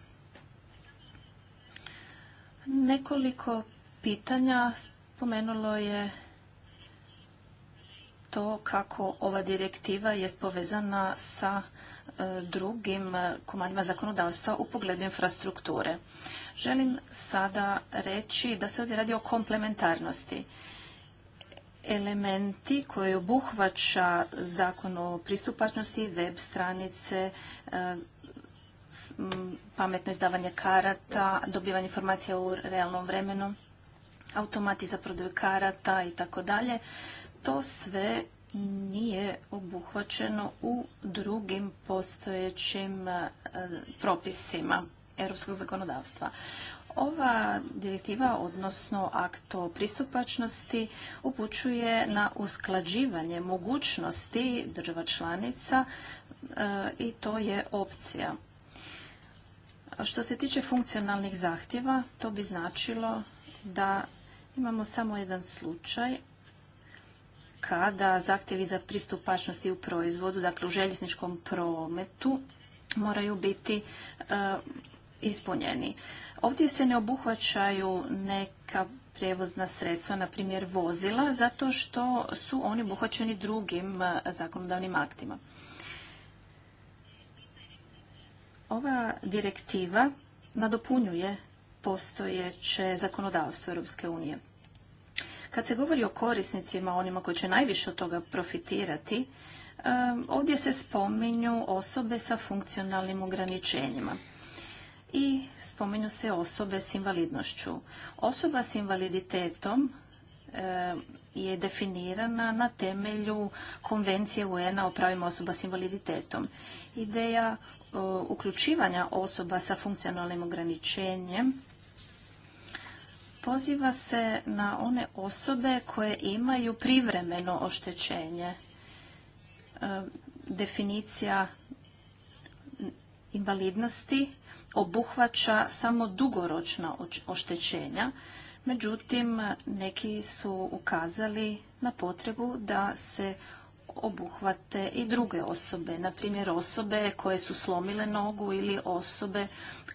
Nekoliko pitanja spomenulo je to kako ova direktiva je povezana sa E, drugim e, komadima zakonodavstva u pogledu infrastrukture. Želim sada reći da se ovdje radi o komplementarnosti. Elementi koje obuhvaća zakon o pristupačnosti, web stranice, e, pametno izdavanje karata, dobivanje informacija u realnom vremenu, automati za prodaju karata i tako dalje. To sve nije obuhvaćeno u drugim postojećim e, propisima europskog zakonodavstva. Ova direktiva, odnosno akt o pristupačnosti, upućuje na usklađivanje mogućnosti država članica e, i to je opcija. Što se tiče funkcionalnih zahtjeva, to bi značilo da imamo samo jedan slučaj, kada zahtjevi za pristupačnosti u proizvodu, dakle u željezničkom prometu, moraju biti e, ispunjeni. Ovdje se ne obuhvaćaju neka prijevozna sredstva, na primjer vozila, zato što su oni obuhvaćeni drugim e, zakonodavnim aktima. Ova direktiva nadopunjuje postojeće zakonodavstvo Europske unije. Kad se govori o korisnicima, onima koji će najviše od toga profitirati, e, ovdje se spominju osobe sa funkcionalnim ograničenjima i spominju se osobe s invalidnošću. Osoba s invaliditetom e, je definirana na temelju Konvencije UN-a o pravima osoba s invaliditetom. Ideja e, uključivanja osoba sa funkcionalnim ograničenjem poziva se na one osobe koje imaju privremeno oštećenje. E, definicija invalidnosti obuhvaća samo dugoročna oštećenja, međutim neki su ukazali na potrebu da se obuhvate i druge osobe, na primjer osobe koje su slomile nogu ili osobe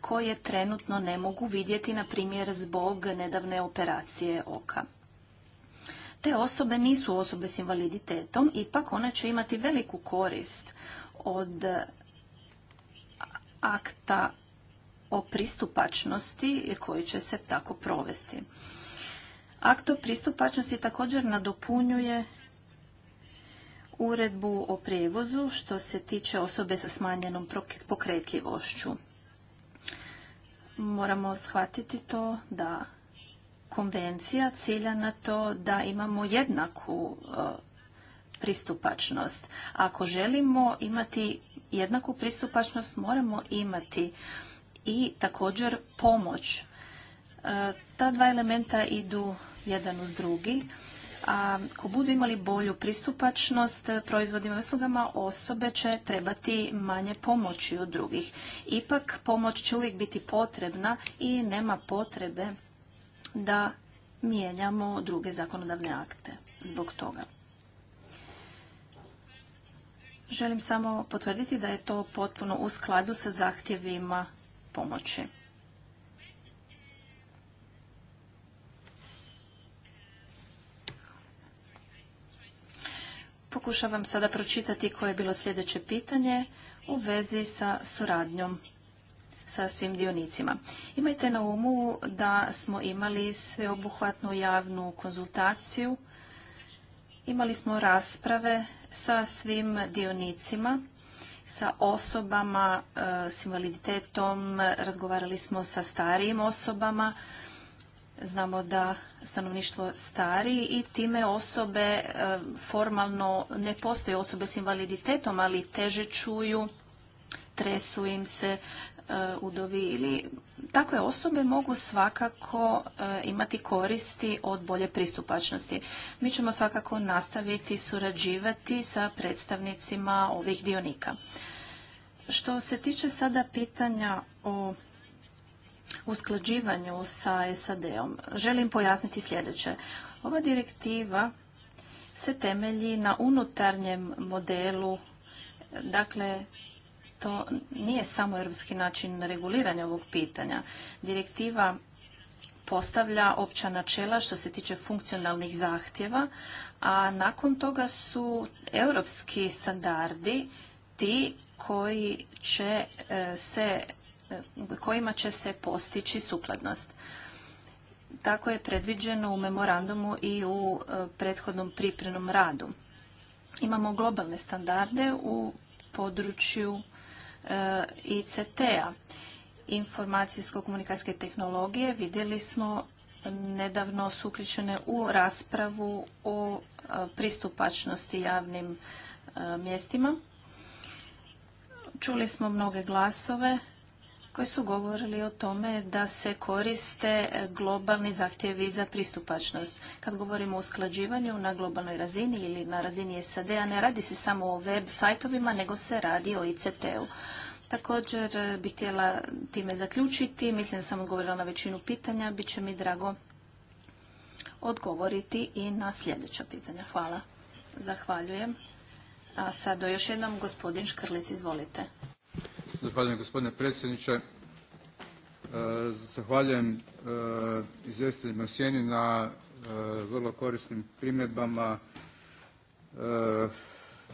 koje trenutno ne mogu vidjeti, na primjer zbog nedavne operacije oka. Te osobe nisu osobe s invaliditetom, ipak one će imati veliku korist od akta o pristupačnosti koji će se tako provesti. Akt o pristupačnosti također nadopunjuje uredbu o prijevozu što se tiče osobe sa smanjenom pokretljivošću. Moramo shvatiti to da konvencija cilja na to da imamo jednaku e, pristupačnost. Ako želimo imati jednaku pristupačnost, moramo imati i također pomoć. E, ta dva elementa idu jedan uz drugi ako budu imali bolju pristupačnost proizvodima i uslugama, osobe će trebati manje pomoći od drugih. Ipak, pomoć će uvijek biti potrebna i nema potrebe da mijenjamo druge zakonodavne akte zbog toga. Želim samo potvrditi da je to potpuno u skladu sa zahtjevima pomoći. Pokušavam sada pročitati koje je bilo sljedeće pitanje u vezi sa suradnjom sa svim dionicima. Imajte na umu da smo imali sveobuhvatnu javnu konzultaciju, imali smo rasprave sa svim dionicima, sa osobama e, s invaliditetom, razgovarali smo sa starijim osobama, Znamo da stanovništvo stari i time osobe e, formalno ne postoje osobe s invaliditetom, ali teže čuju, tresu im se e, udovi ili takve osobe mogu svakako e, imati koristi od bolje pristupačnosti. Mi ćemo svakako nastaviti surađivati sa predstavnicima ovih dionika. Što se tiče sada pitanja o usklađivanju sa SAD-om. Želim pojasniti sljedeće. Ova direktiva se temelji na unutarnjem modelu, dakle to nije samo europski način reguliranja ovog pitanja. Direktiva postavlja opća načela što se tiče funkcionalnih zahtjeva, a nakon toga su europski standardi ti koji će e, se E, kojima će se postići sukladnost. Tako je predviđeno u memorandumu i u e, prethodnom pripremnom radu. Imamo globalne standarde u području e, ICT-a, informacijsko-komunikacijske tehnologije. Vidjeli smo nedavno su uključene u raspravu o pristupačnosti javnim mjestima. Čuli smo mnoge glasove koji su govorili o tome da se koriste globalni zahtjevi za pristupačnost. Kad govorimo o usklađivanju na globalnoj razini ili na razini SAD-a, ne radi se samo o web sajtovima, nego se radi o ICT-u. Također eh, bih htjela time zaključiti. Mislim da sam odgovorila na većinu pitanja. će mi drago odgovoriti i na sljedeća pitanja. Hvala. Zahvaljujem. A sada još jednom gospodin Škrlic, izvolite. Zahvaljujem gospodine predsjedniče. E, zahvaljujem e, izvjestiteljima sjeni na e, vrlo korisnim primjedbama,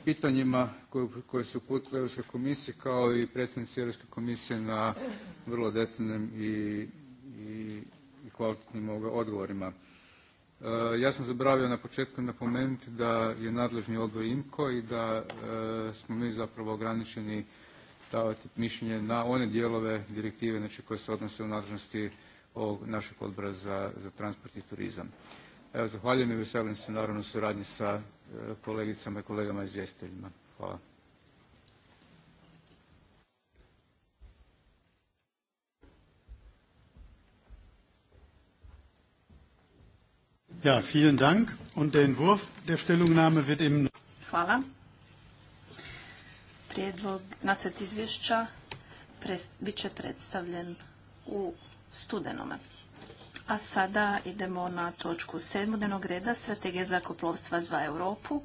pitanjima koje su uputile Europskoj komisije kao i predsjednici Europske komisije na vrlo detaljnim i, kvalitetnim odgovorima. Ja sam zaboravio na početku napomenuti da je nadležni odbor IMCO i da smo mi zapravo ograničeni davati mišljenje na one dijelove direktive znači, koje se odnose u nadležnosti ovog našeg odbora za, za transport i turizam. Evo, zahvaljujem i veselim se naravno suradnji sa e, kolegicama i kolegama izvjestiteljima. Hvala. Ja, vielen Dank. Und der Entwurf der Stellungnahme wird im Hvala. Prijedlog, nacrt izvješća bit će predstavljen u studenome. A sada idemo na točku dnevnog reda Strategija zakoplovstva za Europu.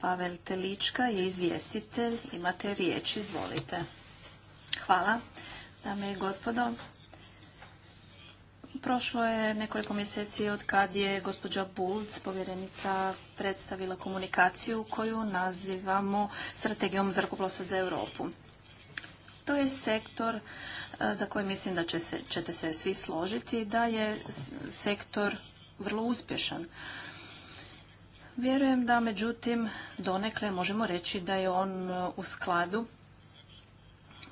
Pavel Telička je izvjestitelj. Imate riječ, izvolite. Hvala. Dame i gospodo, Prošlo je nekoliko mjeseci od kad je gospođa Bulc, povjerenica, predstavila komunikaciju koju nazivamo strategijom zrakoplosa za Europu. To je sektor e, za koji mislim da se, ćete se svi složiti da je sektor vrlo uspješan. Vjerujem da međutim donekle možemo reći da je on e, u skladu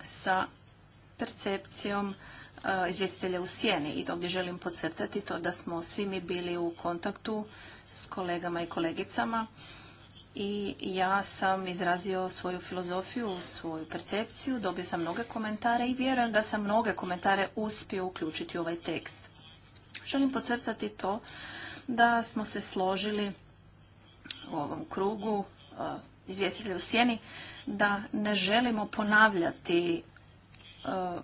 sa percepcijom E, izvjestitelja u sjeni i ovdje želim podcrtati to da smo svi mi bili u kontaktu s kolegama i kolegicama i ja sam izrazio svoju filozofiju, svoju percepciju, dobio sam mnoge komentare i vjerujem da sam mnoge komentare uspio uključiti u ovaj tekst. Želim podcrtati to da smo se složili u ovom krugu e, izvjestitelja u sjeni da ne želimo ponavljati e,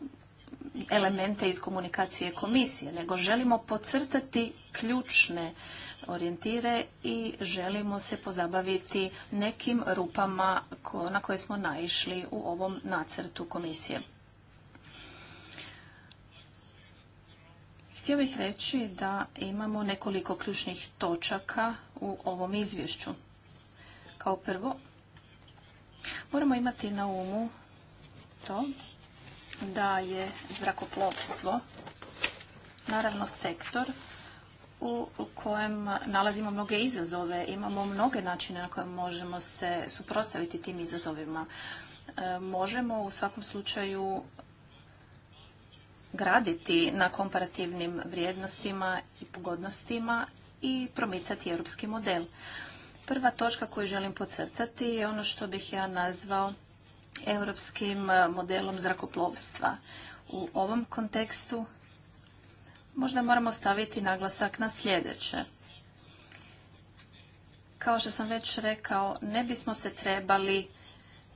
elemente iz komunikacije komisije, nego želimo pocrtati ključne orijentire i želimo se pozabaviti nekim rupama na koje smo naišli u ovom nacrtu komisije. Htio bih reći da imamo nekoliko ključnih točaka u ovom izvješću. Kao prvo, moramo imati na umu to da je zrakoplovstvo naravno sektor u kojem nalazimo mnoge izazove, imamo mnoge načine na koje možemo se suprotstaviti tim izazovima. E, možemo u svakom slučaju graditi na komparativnim vrijednostima i pogodnostima i promicati europski model. Prva točka koju želim podcrtati je ono što bih ja nazvao europskim e, modelom zrakoplovstva. U ovom kontekstu možda moramo staviti naglasak na sljedeće. Kao što sam već rekao, ne bismo se trebali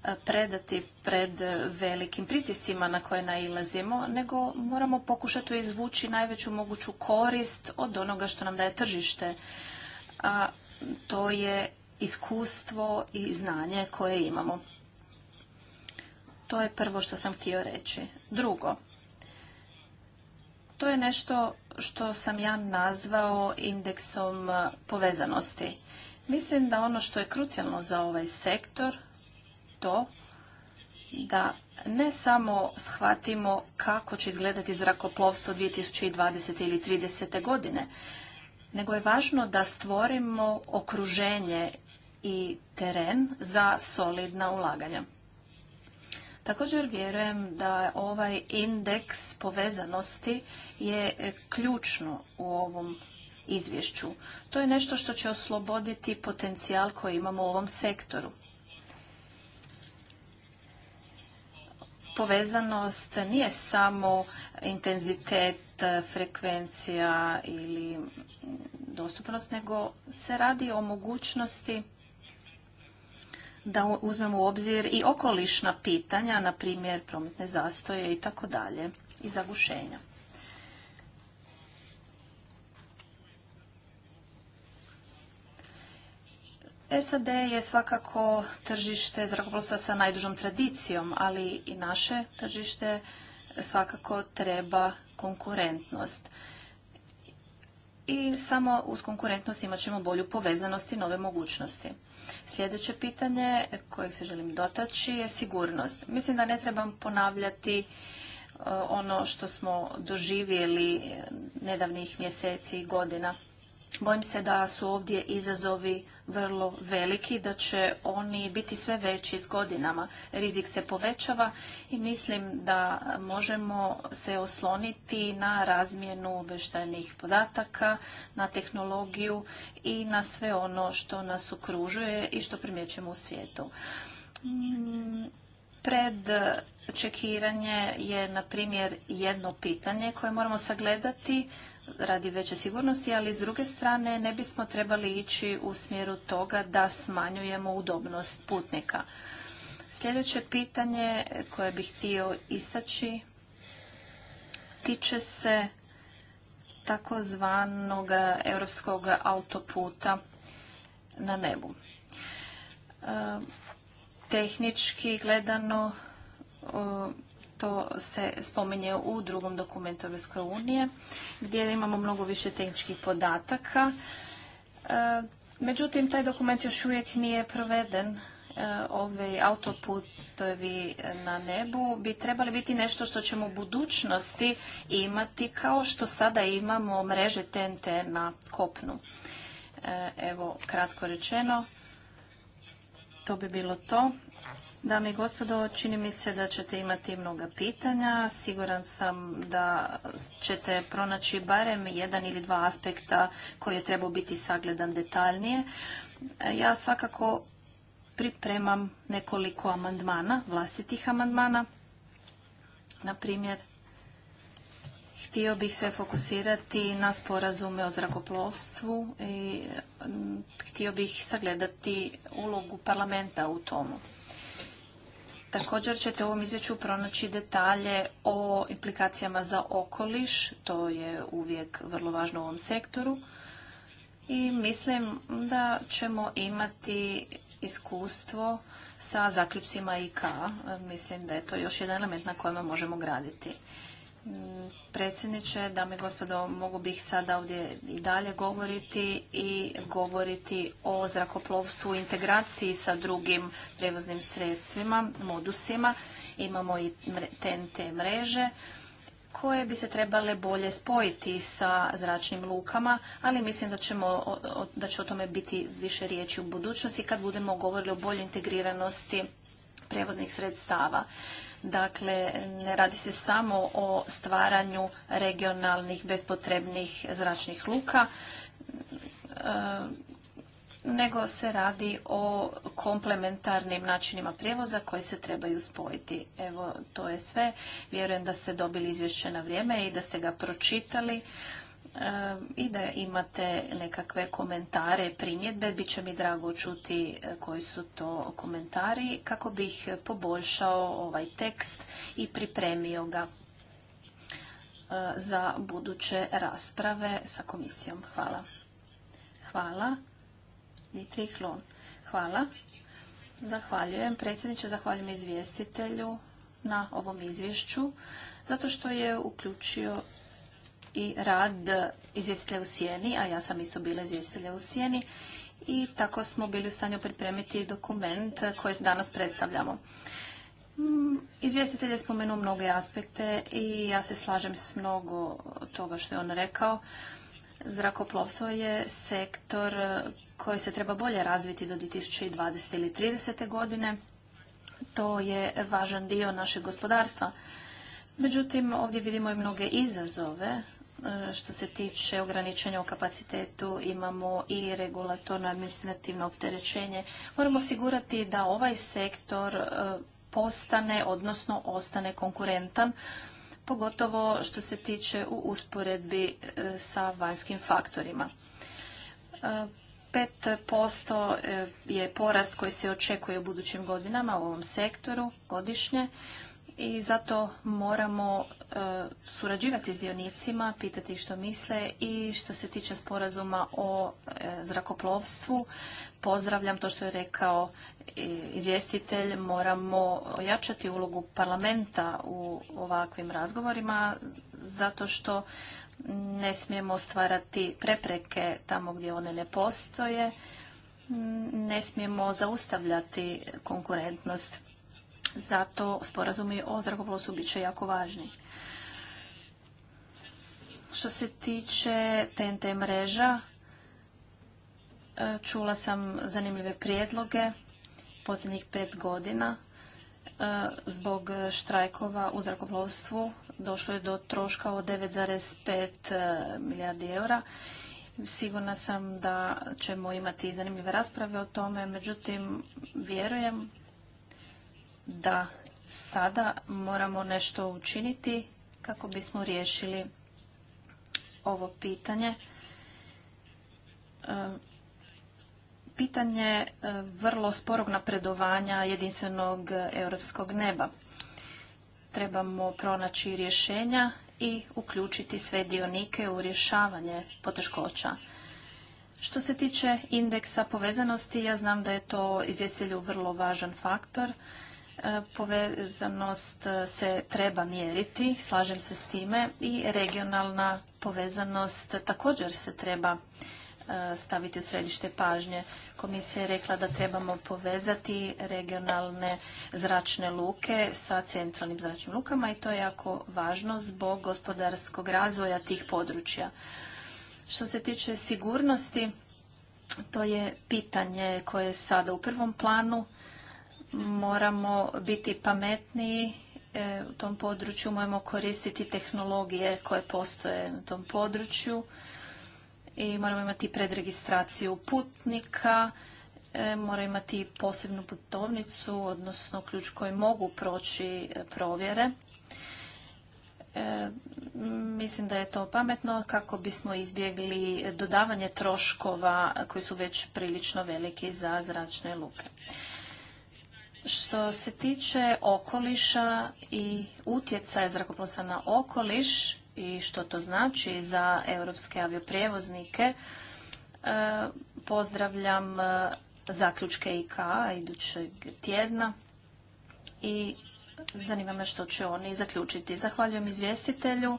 e, predati pred velikim pritiscima na koje nailazimo, nego moramo pokušati izvući najveću moguću korist od onoga što nam daje tržište. A to je iskustvo i znanje koje imamo. To je prvo što sam htio reći. Drugo, to je nešto što sam ja nazvao indeksom povezanosti. Mislim da ono što je krucijalno za ovaj sektor, to da ne samo shvatimo kako će izgledati zrakoplovstvo 2020. ili 30. godine, nego je važno da stvorimo okruženje i teren za solidna ulaganja. Također vjerujem da ovaj indeks povezanosti je ključno u ovom izvješću. To je nešto što će osloboditi potencijal koji imamo u ovom sektoru. Povezanost nije samo intenzitet, frekvencija ili dostupnost, nego se radi o mogućnosti da uzmemo u obzir i okolišna pitanja, na primjer prometne zastoje i tako dalje i zagušenja. SAD je svakako tržište zrakoplovstva sa najdužom tradicijom, ali i naše tržište svakako treba konkurentnost i samo uz konkurentnost imat ćemo bolju povezanost i nove mogućnosti. Sljedeće pitanje kojeg se želim dotaći je sigurnost. Mislim da ne trebam ponavljati e, ono što smo doživjeli nedavnih mjeseci i godina. Bojim se da su ovdje izazovi vrlo veliki, da će oni biti sve veći s godinama. Rizik se povećava i mislim da možemo se osloniti na razmjenu obještajnih podataka, na tehnologiju i na sve ono što nas okružuje i što primjećujemo u svijetu. Mm, pred čekiranje je, na primjer, jedno pitanje koje moramo sagledati radi veće sigurnosti, ali s druge strane ne bismo trebali ići u smjeru toga da smanjujemo udobnost putnika. Sljedeće pitanje koje bih htio istaći tiče se takozvanog europskog autoputa na nebu. E, tehnički gledano to se spominje u drugom dokumentu Europske unije gdje imamo mnogo više tehničkih podataka. E, međutim, taj dokument još uvijek nije proveden. E, ovi autoputovi na nebu bi trebali biti nešto što ćemo u budućnosti imati kao što sada imamo mreže TNT na kopnu. E, evo, kratko rečeno, to bi bilo to. Dame i gospodo, čini mi se da ćete imati mnoga pitanja. Siguran sam da ćete pronaći barem jedan ili dva aspekta koji je trebao biti sagledan detaljnije. Ja svakako pripremam nekoliko amandmana, vlastitih amandmana. Na primjer, htio bih se fokusirati na sporazume o zrakoplovstvu i htio bih sagledati ulogu parlamenta u tomu. Također ćete u ovom izvješću pronaći detalje o implikacijama za okoliš, to je uvijek vrlo važno u ovom sektoru. I mislim da ćemo imati iskustvo sa zaključcima IK. Mislim da je to još jedan element na kojem možemo graditi predsjedniče, dame i gospodo, mogu bih sada ovdje i dalje govoriti i govoriti o zrakoplovstvu integraciji sa drugim prevoznim sredstvima, modusima. Imamo i TNT mreže koje bi se trebale bolje spojiti sa zračnim lukama, ali mislim da, ćemo, da će o tome biti više riječi u budućnosti kad budemo govorili o boljoj integriranosti prevoznih sredstava. Dakle, ne radi se samo o stvaranju regionalnih bespotrebnih zračnih luka, e, nego se radi o komplementarnim načinima prijevoza koji se trebaju spojiti. Evo, to je sve. Vjerujem da ste dobili izvješće na vrijeme i da ste ga pročitali i da imate nekakve komentare, primjedbe. će mi drago čuti e, koji su to komentari kako bih poboljšao ovaj tekst i pripremio ga e, za buduće rasprave sa komisijom. Hvala. Hvala. Dimitri Hlon. Hvala. Zahvaljujem predsjedniče, zahvaljujem izvjestitelju na ovom izvješću zato što je uključio i rad izvjestitelja u sjeni, a ja sam isto bila izvjestitelja u sjeni i tako smo bili u stanju pripremiti dokument koji danas predstavljamo. Mm, izvjestitelj je spomenuo mnoge aspekte i ja se slažem s mnogo toga što je on rekao. Zrakoplovstvo je sektor koji se treba bolje razviti do 2020. ili 2030. godine. To je važan dio našeg gospodarstva. Međutim, ovdje vidimo i mnoge izazove što se tiče ograničenja u kapacitetu imamo i regulatorno administrativno opterećenje. Moramo osigurati da ovaj sektor e, postane, odnosno ostane konkurentan, pogotovo što se tiče u usporedbi e, sa vanjskim faktorima. 5% e, je porast koji se očekuje u budućim godinama u ovom sektoru godišnje i zato moramo e, surađivati s dionicima, pitati što misle i što se tiče sporazuma o e, zrakoplovstvu, pozdravljam to što je rekao izvjestitelj, moramo ojačati ulogu parlamenta u ovakvim razgovorima zato što ne smijemo stvarati prepreke tamo gdje one ne postoje, ne smijemo zaustavljati konkurentnost zato sporazumi o zrakoplovstvu bit će jako važni. Što se tiče TNT mreža, e, čula sam zanimljive prijedloge posljednjih pet godina. E, zbog štrajkova u zrakoplovstvu došlo je do troška od 9,5 e, milijardi eura. Sigurna sam da ćemo imati zanimljive rasprave o tome, međutim vjerujem da sada moramo nešto učiniti kako bismo riješili ovo pitanje. E, pitanje e, vrlo sporog napredovanja jedinstvenog europskog neba. Trebamo pronaći rješenja i uključiti sve dionike u rješavanje poteškoća. Što se tiče indeksa povezanosti, ja znam da je to izvjestitelju vrlo važan faktor povezanost se treba mjeriti, slažem se s time, i regionalna povezanost također se treba e, staviti u središte pažnje. Komisija je rekla da trebamo povezati regionalne zračne luke sa centralnim zračnim lukama i to je jako važno zbog gospodarskog razvoja tih područja. Što se tiče sigurnosti, to je pitanje koje je sada u prvom planu moramo biti pametniji e, u tom području, moramo koristiti tehnologije koje postoje na tom području i moramo imati predregistraciju putnika, e, moramo imati posebnu putovnicu, odnosno ključ koji mogu proći e, provjere. mislim da je to pametno kako bismo izbjegli dodavanje troškova koji su već prilično veliki za zračne luke. Što se tiče okoliša i utjecaja zrakoplovstva na okoliš i što to znači za europske avioprijevoznike, e, pozdravljam e, zaključke IKA idućeg tjedna i zanima me što će oni zaključiti. Zahvaljujem izvjestitelju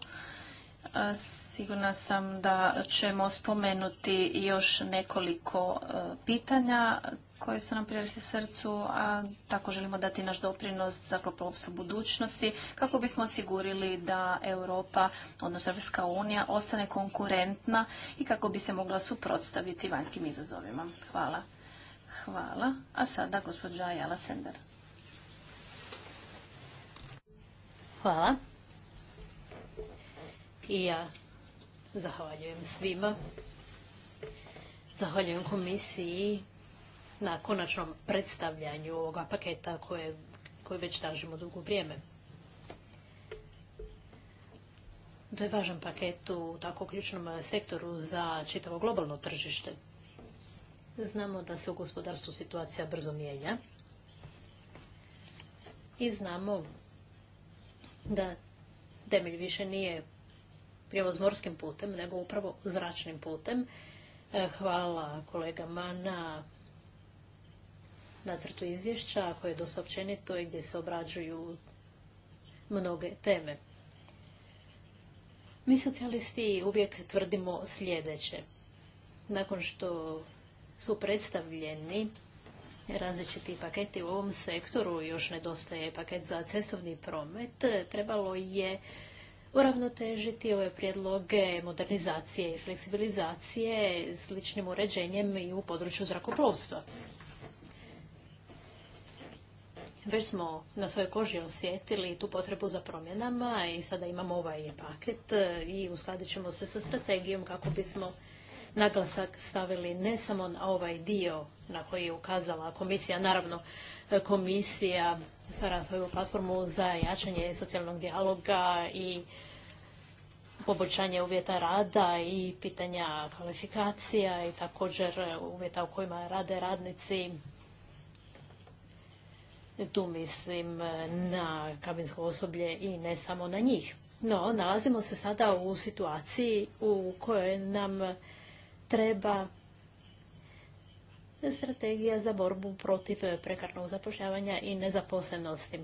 Sigurna sam da ćemo spomenuti još nekoliko e, pitanja koje su nam prirasti srcu, a tako želimo dati naš doprinos zrakoplovstvu budućnosti kako bismo osigurili da Europa, odnosno Europska unija, ostane konkurentna i kako bi se mogla suprotstaviti vanjskim izazovima. Hvala. Hvala. A sada gospođa Jala Sender. Hvala. I ja zahvaljujem svima. Zahvaljujem komisiji na konačnom predstavljanju ovoga paketa koje, već tražimo dugo vrijeme. To je važan paket u tako ključnom sektoru za čitavo globalno tržište. Znamo da se u gospodarstvu situacija brzo mijenja i znamo da temelj više nije prijevoz morskim putem, nego upravo zračnim putem. E, hvala kolegama na nacrtu izvješća koje je dosta općenito i gdje se obrađuju mnoge teme. Mi socijalisti uvijek tvrdimo sljedeće. Nakon što su predstavljeni različiti paketi u ovom sektoru, još nedostaje paket za cestovni promet, trebalo je uravnotežiti ove prijedloge modernizacije i fleksibilizacije sličnim uređenjem i u području zrakoplovstva. Već smo na svojoj koži osjetili tu potrebu za promjenama i sada imamo ovaj paket i uskladit ćemo se sa strategijom kako bismo naglasak stavili ne samo na ovaj dio na koji je ukazala komisija. Naravno, komisija stvara svoju platformu za jačanje socijalnog dijaloga i poboljšanje uvjeta rada i pitanja kvalifikacija i također uvjeta u kojima rade radnici. Tu mislim na kabinsko osoblje i ne samo na njih. No, nalazimo se sada u situaciji u kojoj nam treba strategija za borbu protiv prekarnog zapošljavanja i nezaposlenosti.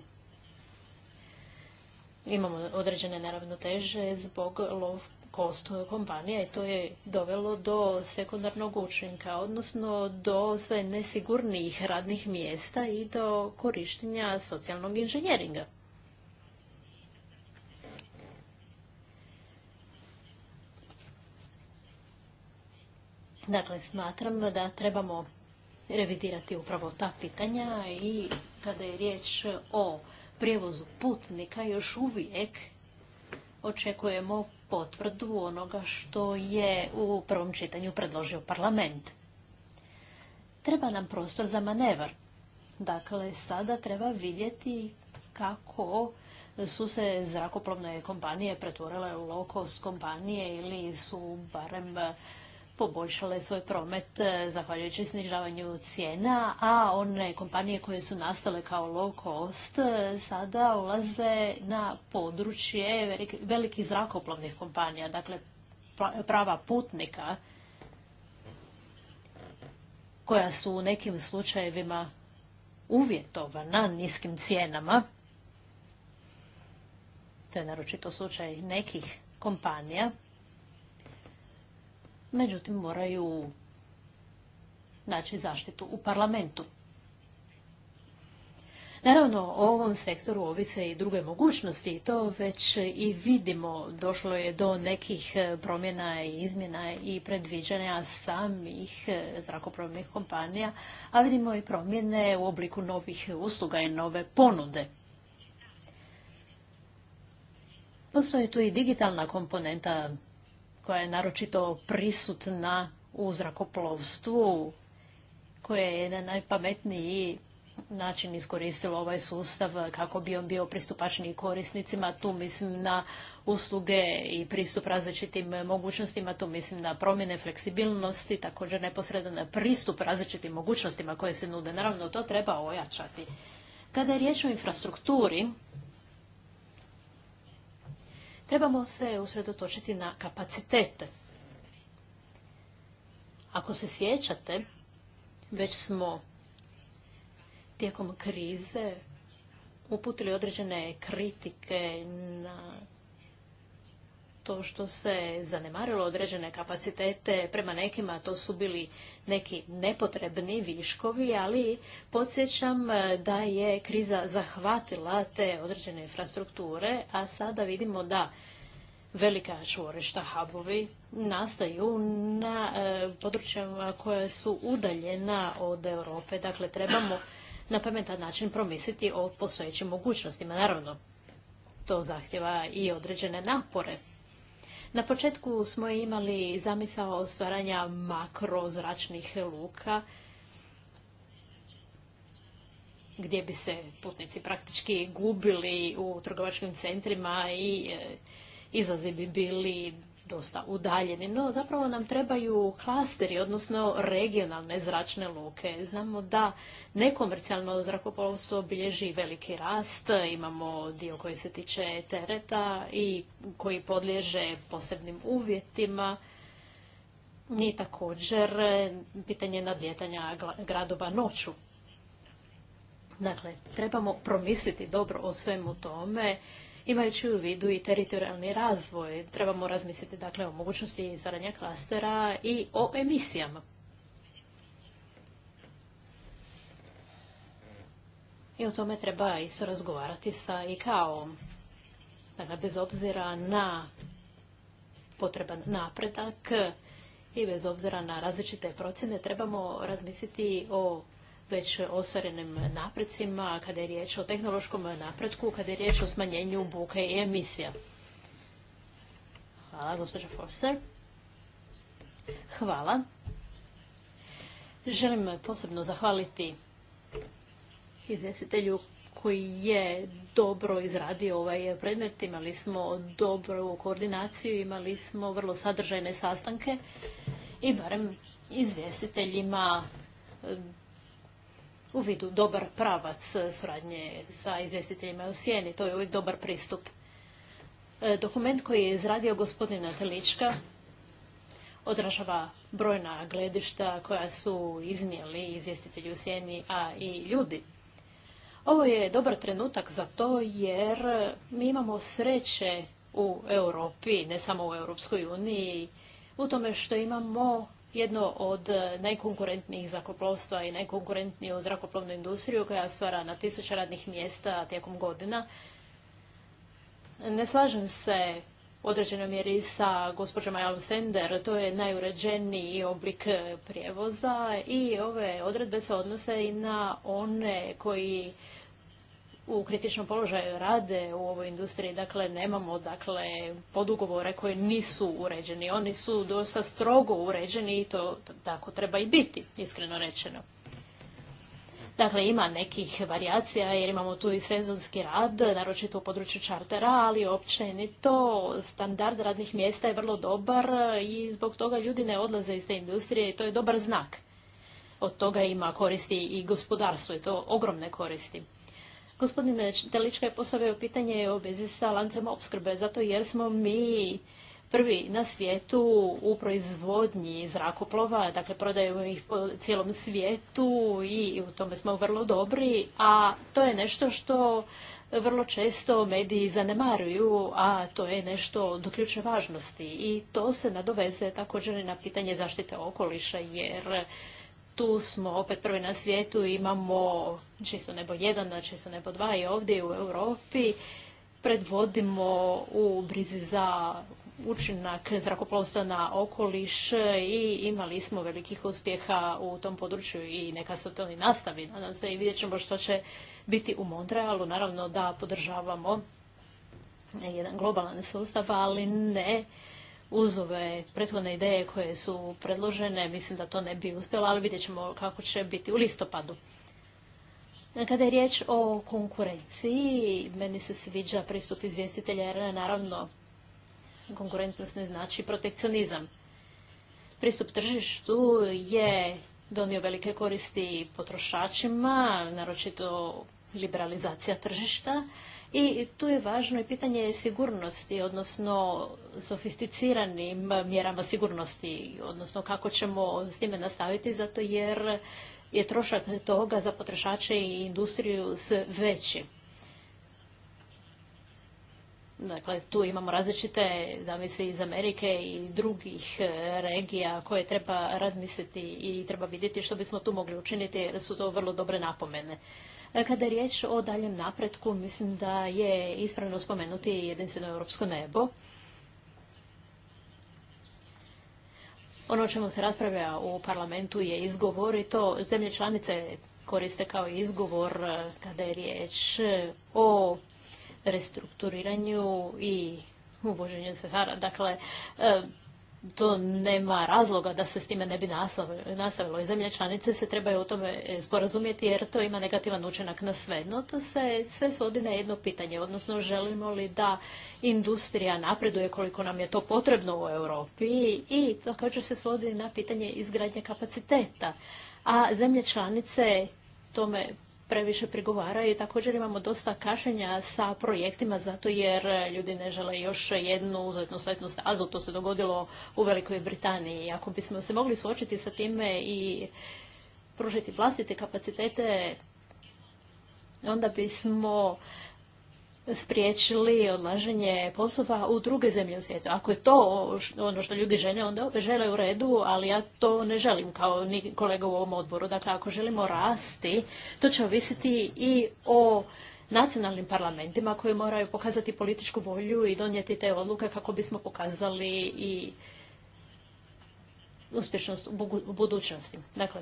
Imamo određene naravno teže zbog lov kost kompanija i to je dovelo do sekundarnog učinka, odnosno do sve nesigurnijih radnih mjesta i do korištenja socijalnog inženjeringa. Dakle, smatram da trebamo revidirati upravo ta pitanja i kada je riječ o prijevozu putnika još uvijek očekujemo potvrdu onoga što je u prvom čitanju predložio parlament. Treba nam prostor za manevar. Dakle, sada treba vidjeti kako su se zrakoplovne kompanije pretvorile u low cost kompanije ili su barem poboljšale svoj promet e, zahvaljujući snižavanju cijena, a one kompanije koje su nastale kao low cost e, sada ulaze na područje velikih zrakoplovnih kompanija, dakle prava putnika koja su u nekim slučajevima uvjetovana niskim cijenama. To je naročito slučaj nekih kompanija međutim moraju naći zaštitu u parlamentu. Naravno, o ovom sektoru ovise i druge mogućnosti i to već i vidimo. Došlo je do nekih promjena i izmjena i predviđanja samih zrakoplovnih kompanija, a vidimo i promjene u obliku novih usluga i nove ponude. Postoji tu i digitalna komponenta koja je naročito prisutna u zrakoplovstvu, koje je na najpametniji način iskoristilo ovaj sustav kako bi on bio pristupačniji korisnicima. Tu mislim na usluge i pristup različitim mogućnostima, tu mislim na promjene fleksibilnosti, također neposredan pristup različitim mogućnostima koje se nude. Naravno, to treba ojačati. Kada je riječ o infrastrukturi, Trebamo se usredotočiti na kapacitete. Ako se sjećate, već smo tijekom krize uputili određene kritike na to što se zanemarilo određene kapacitete, prema nekima to su bili neki nepotrebni viškovi, ali podsjećam e, da je kriza zahvatila te određene infrastrukture, a sada vidimo da velika čvorišta, hubovi, nastaju na e, područjima područjama koja su udaljena od Europe. Dakle, trebamo na pametan način promisliti o postojećim mogućnostima. Naravno, to zahtjeva i određene napore. Na početku smo imali zamisao stvaranja makrozračnih luka, gdje bi se putnici praktički gubili u trgovačkim centrima i e, izlazi bi bili dosta udaljeni, no zapravo nam trebaju klasteri, odnosno regionalne zračne luke. Znamo da nekomercijalno zrakoplovstvo bilježi veliki rast, imamo dio koji se tiče tereta i koji podliježe posebnim uvjetima. I također pitanje nadljetanja gradova noću. Dakle, trebamo promisliti dobro o svemu tome imajući u vidu i teritorijalni razvoj. Trebamo razmisliti dakle o mogućnosti izvaranja klastera i o emisijama. I o tome treba isto razgovarati sa ICAO-om. Dakle, bez obzira na potreban napredak i bez obzira na različite procjene trebamo razmisliti o već ostvarenim napredcima kada je riječ o tehnološkom napretku, kada je riječ o smanjenju buke i emisija. Hvala, gospođa Forster. Hvala. Želim posebno zahvaliti izvjestitelju koji je dobro izradio ovaj predmet. Imali smo dobru koordinaciju, imali smo vrlo sadržajne sastanke i barem izvjestiteljima u vidu dobar pravac suradnje sa izvjestiteljima u sjeni. To je uvijek dobar pristup. E, dokument koji je izradio gospodina Telička odražava brojna gledišta koja su iznijeli izvjestitelji u sjeni, a i ljudi. Ovo je dobar trenutak za to jer mi imamo sreće u Europi, ne samo u Europskoj uniji, u tome što imamo jedno od e, najkonkurentnijih zrakoplovstva i najkonkurentniju zrakoplovnu industriju koja stvara na tisuće radnih mjesta tijekom godina. Ne slažem se u određenoj mjeri sa gospođom Ayal Sender, to je najuređeniji oblik e, prijevoza i ove odredbe se odnose i na one koji u kritičnom položaju rade u ovoj industriji, dakle nemamo dakle podugovore koji nisu uređeni. Oni su dosta strogo uređeni i to tako treba i biti, iskreno rečeno. Dakle, ima nekih varijacija jer imamo tu i sezonski rad, naročito u području čartera, ali općenito standard radnih mjesta je vrlo dobar i zbog toga ljudi ne odlaze iz te industrije i to je dobar znak. Od toga ima koristi i gospodarstvo i to ogromne koristi. Gospodine Telička je postavio pitanje o vezi sa lancem opskrbe, zato jer smo mi prvi na svijetu u proizvodnji zrakoplova, dakle prodajemo ih po cijelom svijetu i u tome smo vrlo dobri, a to je nešto što vrlo često mediji zanemaruju, a to je nešto do ključne važnosti i to se nadoveze također na pitanje zaštite okoliša jer tu smo opet prvi na svijetu, imamo čisto nebo jedan, na čisto nebo dva i ovdje u Europi predvodimo u brizi za učinak zrakoplovstva na okoliš i imali smo velikih uspjeha u tom području i neka se to i nastavi. Nadam se i vidjet ćemo što će biti u Montrealu. Naravno da podržavamo jedan globalan sustav, ali ne uz ove prethodne ideje koje su predložene, mislim da to ne bi uspjelo, ali vidjet ćemo kako će biti u listopadu. Kada je riječ o konkurenciji, meni se sviđa pristup izvjestitelja jer naravno konkurentnost ne znači protekcionizam. Pristup tržištu je donio velike koristi potrošačima, naročito liberalizacija tržišta, i tu je važno i pitanje sigurnosti, odnosno sofisticiranim mjerama sigurnosti, odnosno kako ćemo s njime nastaviti, zato jer je trošak toga za potrošače i industriju sve veći. Dakle, tu imamo različite zamisli iz Amerike i drugih e, regija koje treba razmisliti i treba vidjeti što bismo tu mogli učiniti jer su to vrlo dobre napomene. E, kada je riječ o daljem napretku, mislim da je ispravno spomenuti jedinstveno europsko nebo. Ono čemu se raspravlja u parlamentu je izgovor i to zemlje članice koriste kao izgovor e, kada je riječ e, o restrukturiranju i uvoženju se Dakle, to nema razloga da se s time ne bi nastavilo i zemlje članice se trebaju o tome e, sporazumjeti jer to ima negativan učinak na sve. No to se sve svodi na jedno pitanje, odnosno želimo li da industrija napreduje koliko nam je to potrebno u Europi i također se svodi na pitanje izgradnje kapaciteta. A zemlje članice tome previše prigovaraju i također imamo dosta kašenja sa projektima zato jer ljudi ne žele još jednu uzetnu svetnu stazu. To se dogodilo u Velikoj Britaniji. Ako bismo se mogli suočiti sa time i pružiti vlastite kapacitete, onda bismo spriječili odlaženje poslova u druge zemlje u svijetu. Ako je to ono što ljudi žele, onda žele u redu, ali ja to ne želim kao ni kolega u ovom odboru. Dakle, ako želimo rasti, to će ovisiti i o nacionalnim parlamentima koji moraju pokazati političku volju i donijeti te odluke kako bismo pokazali i uspješnost u budućnosti. Dakle,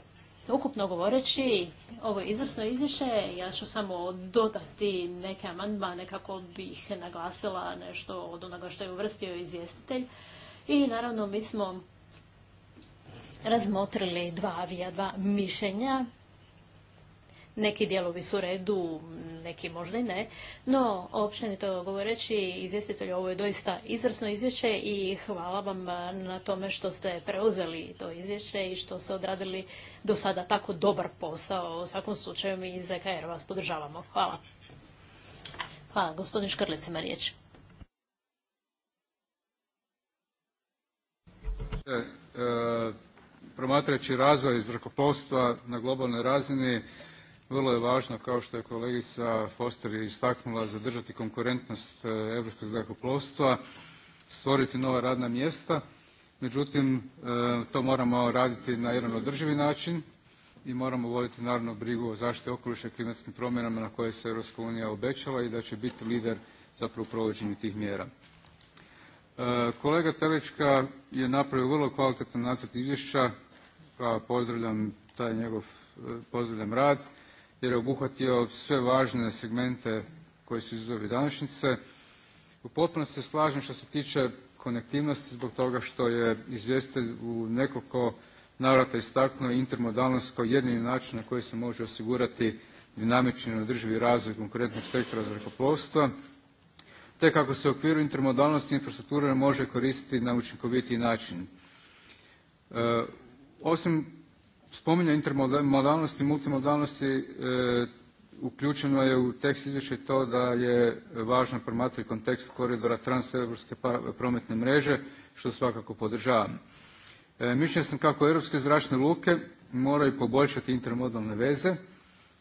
Ukupno govoreći, ovo je izvrsno izvješće, ja ću samo dodati neke amandmane kako bih naglasila nešto od onoga što je uvrstio izvjestitelj. I naravno mi smo razmotrili dva avija, dva mišljenja neki dijelovi su u redu, neki možda i ne, no općenito govoreći izvjestitelj ovo je doista izvrsno izvješće i hvala vam na tome što ste preuzeli to izvješće i što ste odradili do sada tako dobar posao. U svakom slučaju mi iz EKR vas podržavamo. Hvala. Hvala. Gospodin Škrlic, ima riječ. E, e, promatrajući razvoj zrakoplovstva na globalnoj razini vrlo je važno, kao što je kolegica Foster istaknula, zadržati konkurentnost europskog zrakoplovstva, stvoriti nova radna mjesta, međutim e, to moramo raditi na jedan održivi način i moramo voditi naravno brigu o zaštiti okoliša i klimatskim promjenama na koje se EU unija obećala i da će biti lider zapravo u provođenju tih mjera. E, kolega Telečka je napravio vrlo kvalitetan nacrt izvješća, pa pozdravljam taj njegov, e, pozdravljam rad jer je obuhvatio sve važne segmente koji su izazovi današnjice. U potpunosti se slažem što se tiče konektivnosti zbog toga što je izvjestitelj u nekoliko navrata istaknuo intermodalnost kao jedini način na koji se može osigurati dinamični i održivi razvoj konkurentnog sektora zrakoplovstva te kako se u okviru intermodalnosti infrastrukture može koristiti na učinkovitiji način. E, osim Spominje intermodalnosti i multimodalnosti e, uključeno je u tekst izvješća to da je važno promatrati kontekst koridora transeuropske prometne mreže što svakako podržavam. E, sam kako europske zračne luke moraju poboljšati intermodalne veze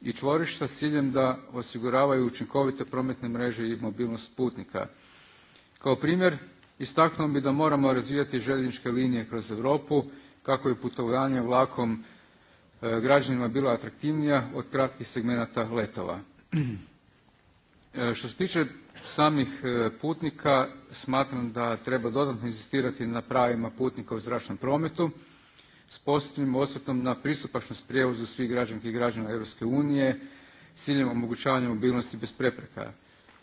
i čvorišta s ciljem da osiguravaju učinkovite prometne mreže i mobilnost putnika. Kao primjer istaknuo bi da moramo razvijati željezničke linije kroz Europu kako je putovanje vlakom E, građanima bila atraktivnija od kratkih segmenata letova. E, što se tiče samih e, putnika, smatram da treba dodatno inzistirati na pravima putnika u zračnom prometu s posebnim osvrtom na pristupačnost prijevozu svih građanki i građana Europske unije s ciljem omogućavanja mobilnosti bez prepreka.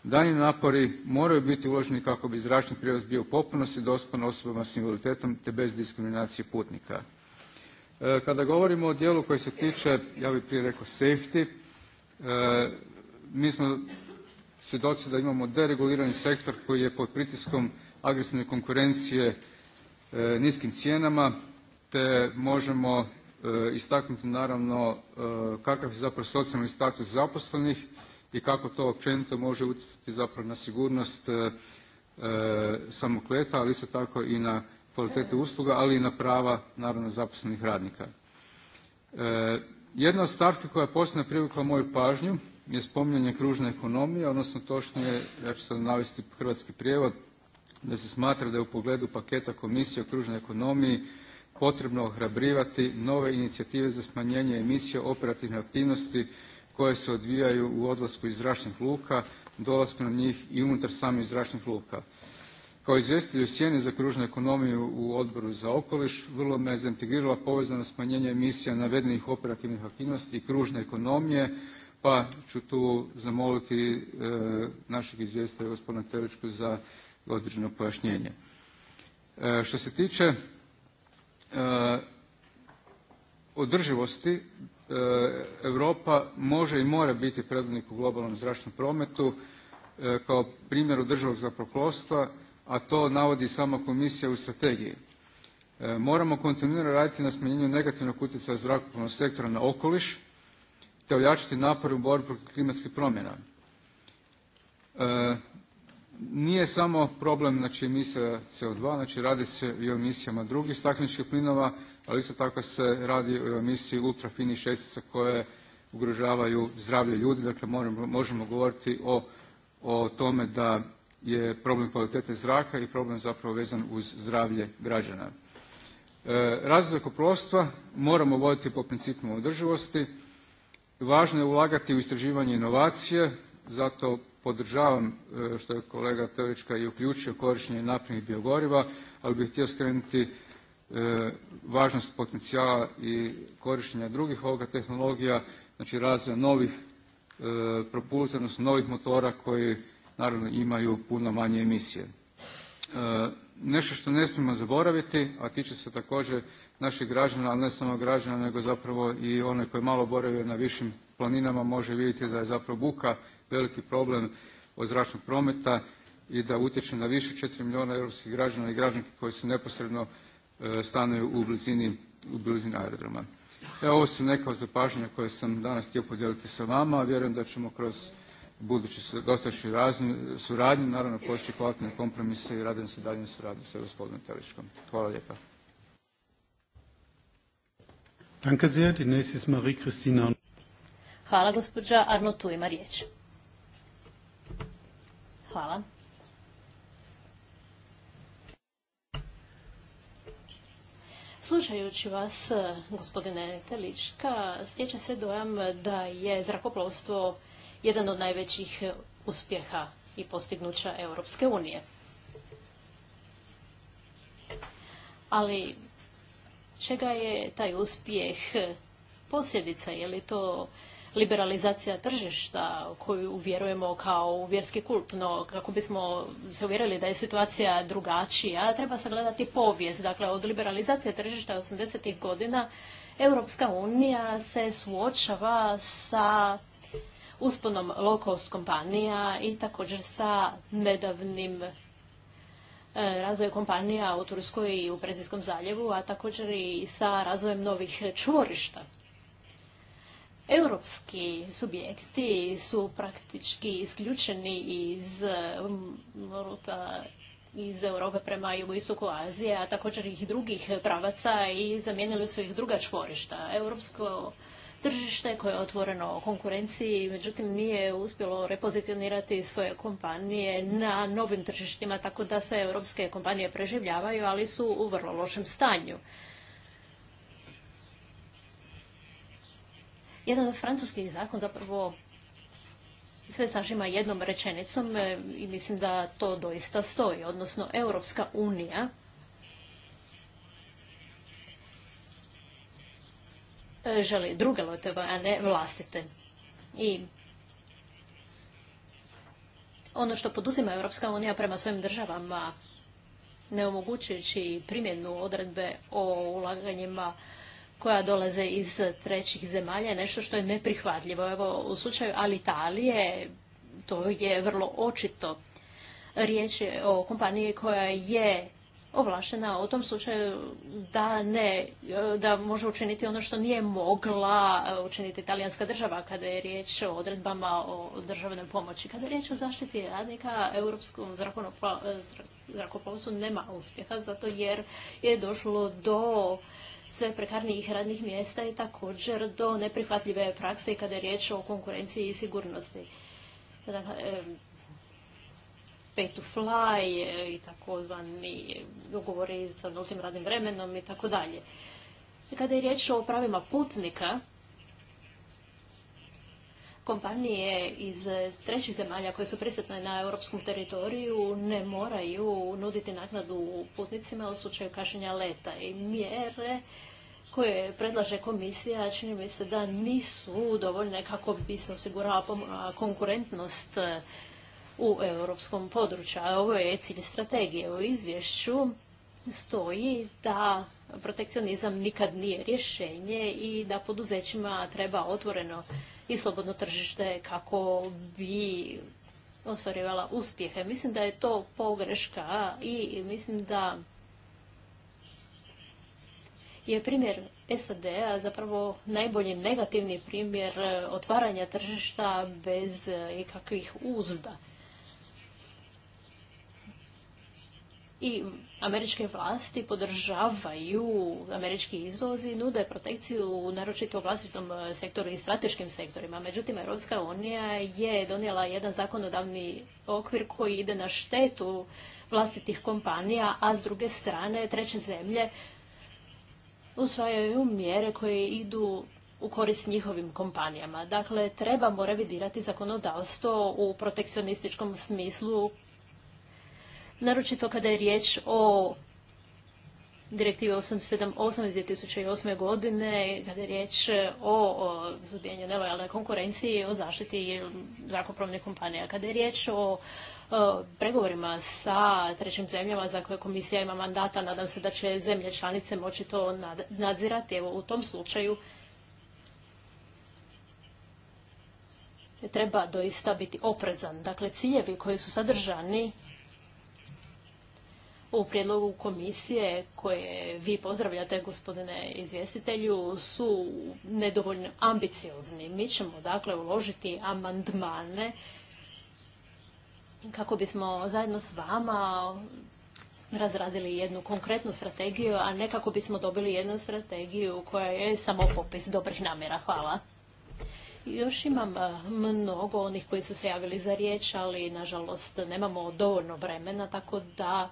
Daljnji napori moraju biti uloženi kako bi zračni prijevoz bio u potpunosti dostupan osobama s invaliditetom te bez diskriminacije putnika. E, kada govorimo o dijelu koji se tiče, ja bih prije rekao safety, e, mi smo svjedoci da imamo deregulirani sektor koji je pod pritiskom agresivne konkurencije e, niskim cijenama, te možemo istaknuti naravno kakav je zapravo socijalni status zaposlenih i kako to općenito može utjecati zapravo na sigurnost samog leta, ali isto tako i na kvalitete usluga, ali i na prava naravno zaposlenih radnika. E, jedna od stavki koja je posebno privukla moju pažnju je spominjanje kružne ekonomije, odnosno je, ja ću sad navesti hrvatski prijevod, da se smatra da je u pogledu paketa komisije o kružnoj ekonomiji potrebno ohrabrivati nove inicijative za smanjenje emisije operativne aktivnosti koje se odvijaju u odlasku iz zračnih luka, dolasku na njih i unutar samih zračnih luka. Kao izvjestitelj u sjeni za kružnu ekonomiju u Odboru za okoliš vrlo me zaintegrirala povezana smanjenja emisija navedenih operativnih aktivnosti i kružne ekonomije, pa ću tu zamoliti e, našeg izvjestitelja gospodina Teličku za određeno pojašnjenje. E, što se tiče e, održivosti, Europa može i mora biti predvodnik u globalnom zračnom prometu kao primjer održivog zrakoplovstva a to navodi sama komisija u strategiji. E, moramo kontinuirano raditi na smanjenju negativnog utjecaja zrakoplovnog sektora na okoliš, te ojačati napore u borbi protiv klimatskih promjena. E, nije samo problem znači, emisija CO2, znači radi se i o emisijama drugih stakleničkih plinova, ali isto tako se radi o emisiji ultrafinih šestica koje ugrožavaju zdravlje ljudi, dakle možemo govoriti o, o tome da je problem kvalitete zraka i problem zapravo vezan uz zdravlje građana. E, Razvoj koplovstva moramo voditi po principu održivosti. Važno je ulagati u istraživanje inovacije, zato podržavam e, što je kolega Tevička i uključio korištenje naftnih biogoriva, ali bih htio skrenuti e, važnost potencijala i korištenja drugih ovoga tehnologija, znači razvoja novih odnosno novih motora koji naravno imaju puno manje emisije. E, nešto što ne smijemo zaboraviti, a tiče se također naših građana, ali ne samo građana, nego zapravo i one koji malo boravio na višim planinama može vidjeti da je zapravo buka veliki problem od zračnog prometa i da utječe na više od 4 milijuna europskih građana i građanki koji se neposredno e, stanuju u blizini, u blizini aerodroma. Evo, ovo su neka od zapažanja koje sam danas htio podijeliti sa vama, a vjerujem da ćemo kroz budući su razni suradnju, naravno postoji kvalitne kompromise i radim se dalje suradnju sa gospodinom Teličkom. Hvala lijepa. Hvala gospođa Arno, tu ima riječ. Hvala. Slušajući vas, gospodine Telička, stječe se dojam da je zrakoplovstvo jedan od najvećih e, uspjeha i postignuća Europske unije. Ali čega je taj uspjeh e, posljedica? Je li to liberalizacija tržišta koju vjerujemo kao u vjerski kult, no kako bismo se uvjerili da je situacija drugačija, treba se gledati povijest. Dakle, od liberalizacije tržišta 80. godina Europska unija se suočava sa usponom low cost kompanija i također sa nedavnim e, razvojem kompanija u Turskoj i u Prezijskom zaljevu, a također i sa razvojem novih čvorišta. Europski subjekti su praktički isključeni iz ruta iz Europe prema jugoistoku Azije, a također i drugih pravaca i zamijenili su ih druga čvorišta. Europsko tržište koje je otvoreno konkurenciji, međutim nije uspjelo repozicionirati svoje kompanije na novim tržištima, tako da se europske kompanije preživljavaju, ali su u vrlo lošem stanju. Jedan francuski zakon zapravo sve sažima jednom rečenicom e, i mislim da to doista stoji, odnosno Europska unija želi druge lotove, a ne vlastite. I ono što poduzima Europska unija prema svojim državama, ne omogućujući primjenu odredbe o ulaganjima koja dolaze iz trećih zemalja, nešto što je neprihvatljivo. Evo, u slučaju Alitalije to je vrlo očito. Riječ o kompaniji koja je ovlaštena u tom slučaju da ne, da može učiniti ono što nije mogla učiniti talijanska država kada je riječ o odredbama o državnoj pomoći. Kada je riječ o zaštiti radnika, europskom zrakoplovstvu nema uspjeha zato jer je došlo do sve prekarnijih radnih mjesta i također do neprihvatljive prakse kada je riječ o konkurenciji i sigurnosti. Dakle, pay to fly e, i takozvani ugovori sa nultim radnim vremenom i tako dalje. Kada je riječ o pravima putnika, kompanije iz trećih zemalja koje su prisutne na europskom teritoriju ne moraju nuditi naknadu putnicima u slučaju kašenja leta i mjere koje predlaže komisija čini mi se da nisu dovoljne kako bi se osigurala konkurentnost u europskom području. A ovo je cilj strategije. U izvješću stoji da protekcionizam nikad nije rješenje i da poduzećima treba otvoreno i slobodno tržište kako bi ostvarivala uspjehe. Mislim da je to pogreška i mislim da je primjer SAD-a zapravo najbolji negativni primjer otvaranja tržišta bez ikakvih uzda. i američke vlasti podržavaju američki izvoz i nude protekciju naročito u vlastitom e, sektoru i strateškim sektorima. Međutim, Europska unija je donijela jedan zakonodavni okvir koji ide na štetu vlastitih kompanija, a s druge strane treće zemlje usvajaju mjere koje idu u korist njihovim kompanijama. Dakle, trebamo revidirati zakonodavstvo u protekcionističkom smislu naročito kada je riječ o direktivi 878 iz godine, kada je riječ o, o suzbijanju nelojalne konkurencije i o zaštiti zrakoplovne kompanija. Kada je riječ o, o pregovorima sa trećim zemljama za koje komisija ima mandata, nadam se da će zemlje članice moći to nadzirati. Evo, u tom slučaju treba doista biti oprezan. Dakle, ciljevi koji su sadržani u prijedlogu komisije koje vi pozdravljate gospodine izvjestitelju su nedovoljno ambiciozni. Mi ćemo dakle uložiti amandmane kako bismo zajedno s vama razradili jednu konkretnu strategiju, a ne kako bismo dobili jednu strategiju koja je samo popis dobrih namjera. Hvala. Još imam eh, mnogo onih koji su se javili za riječ, ali nažalost nemamo dovoljno vremena, tako da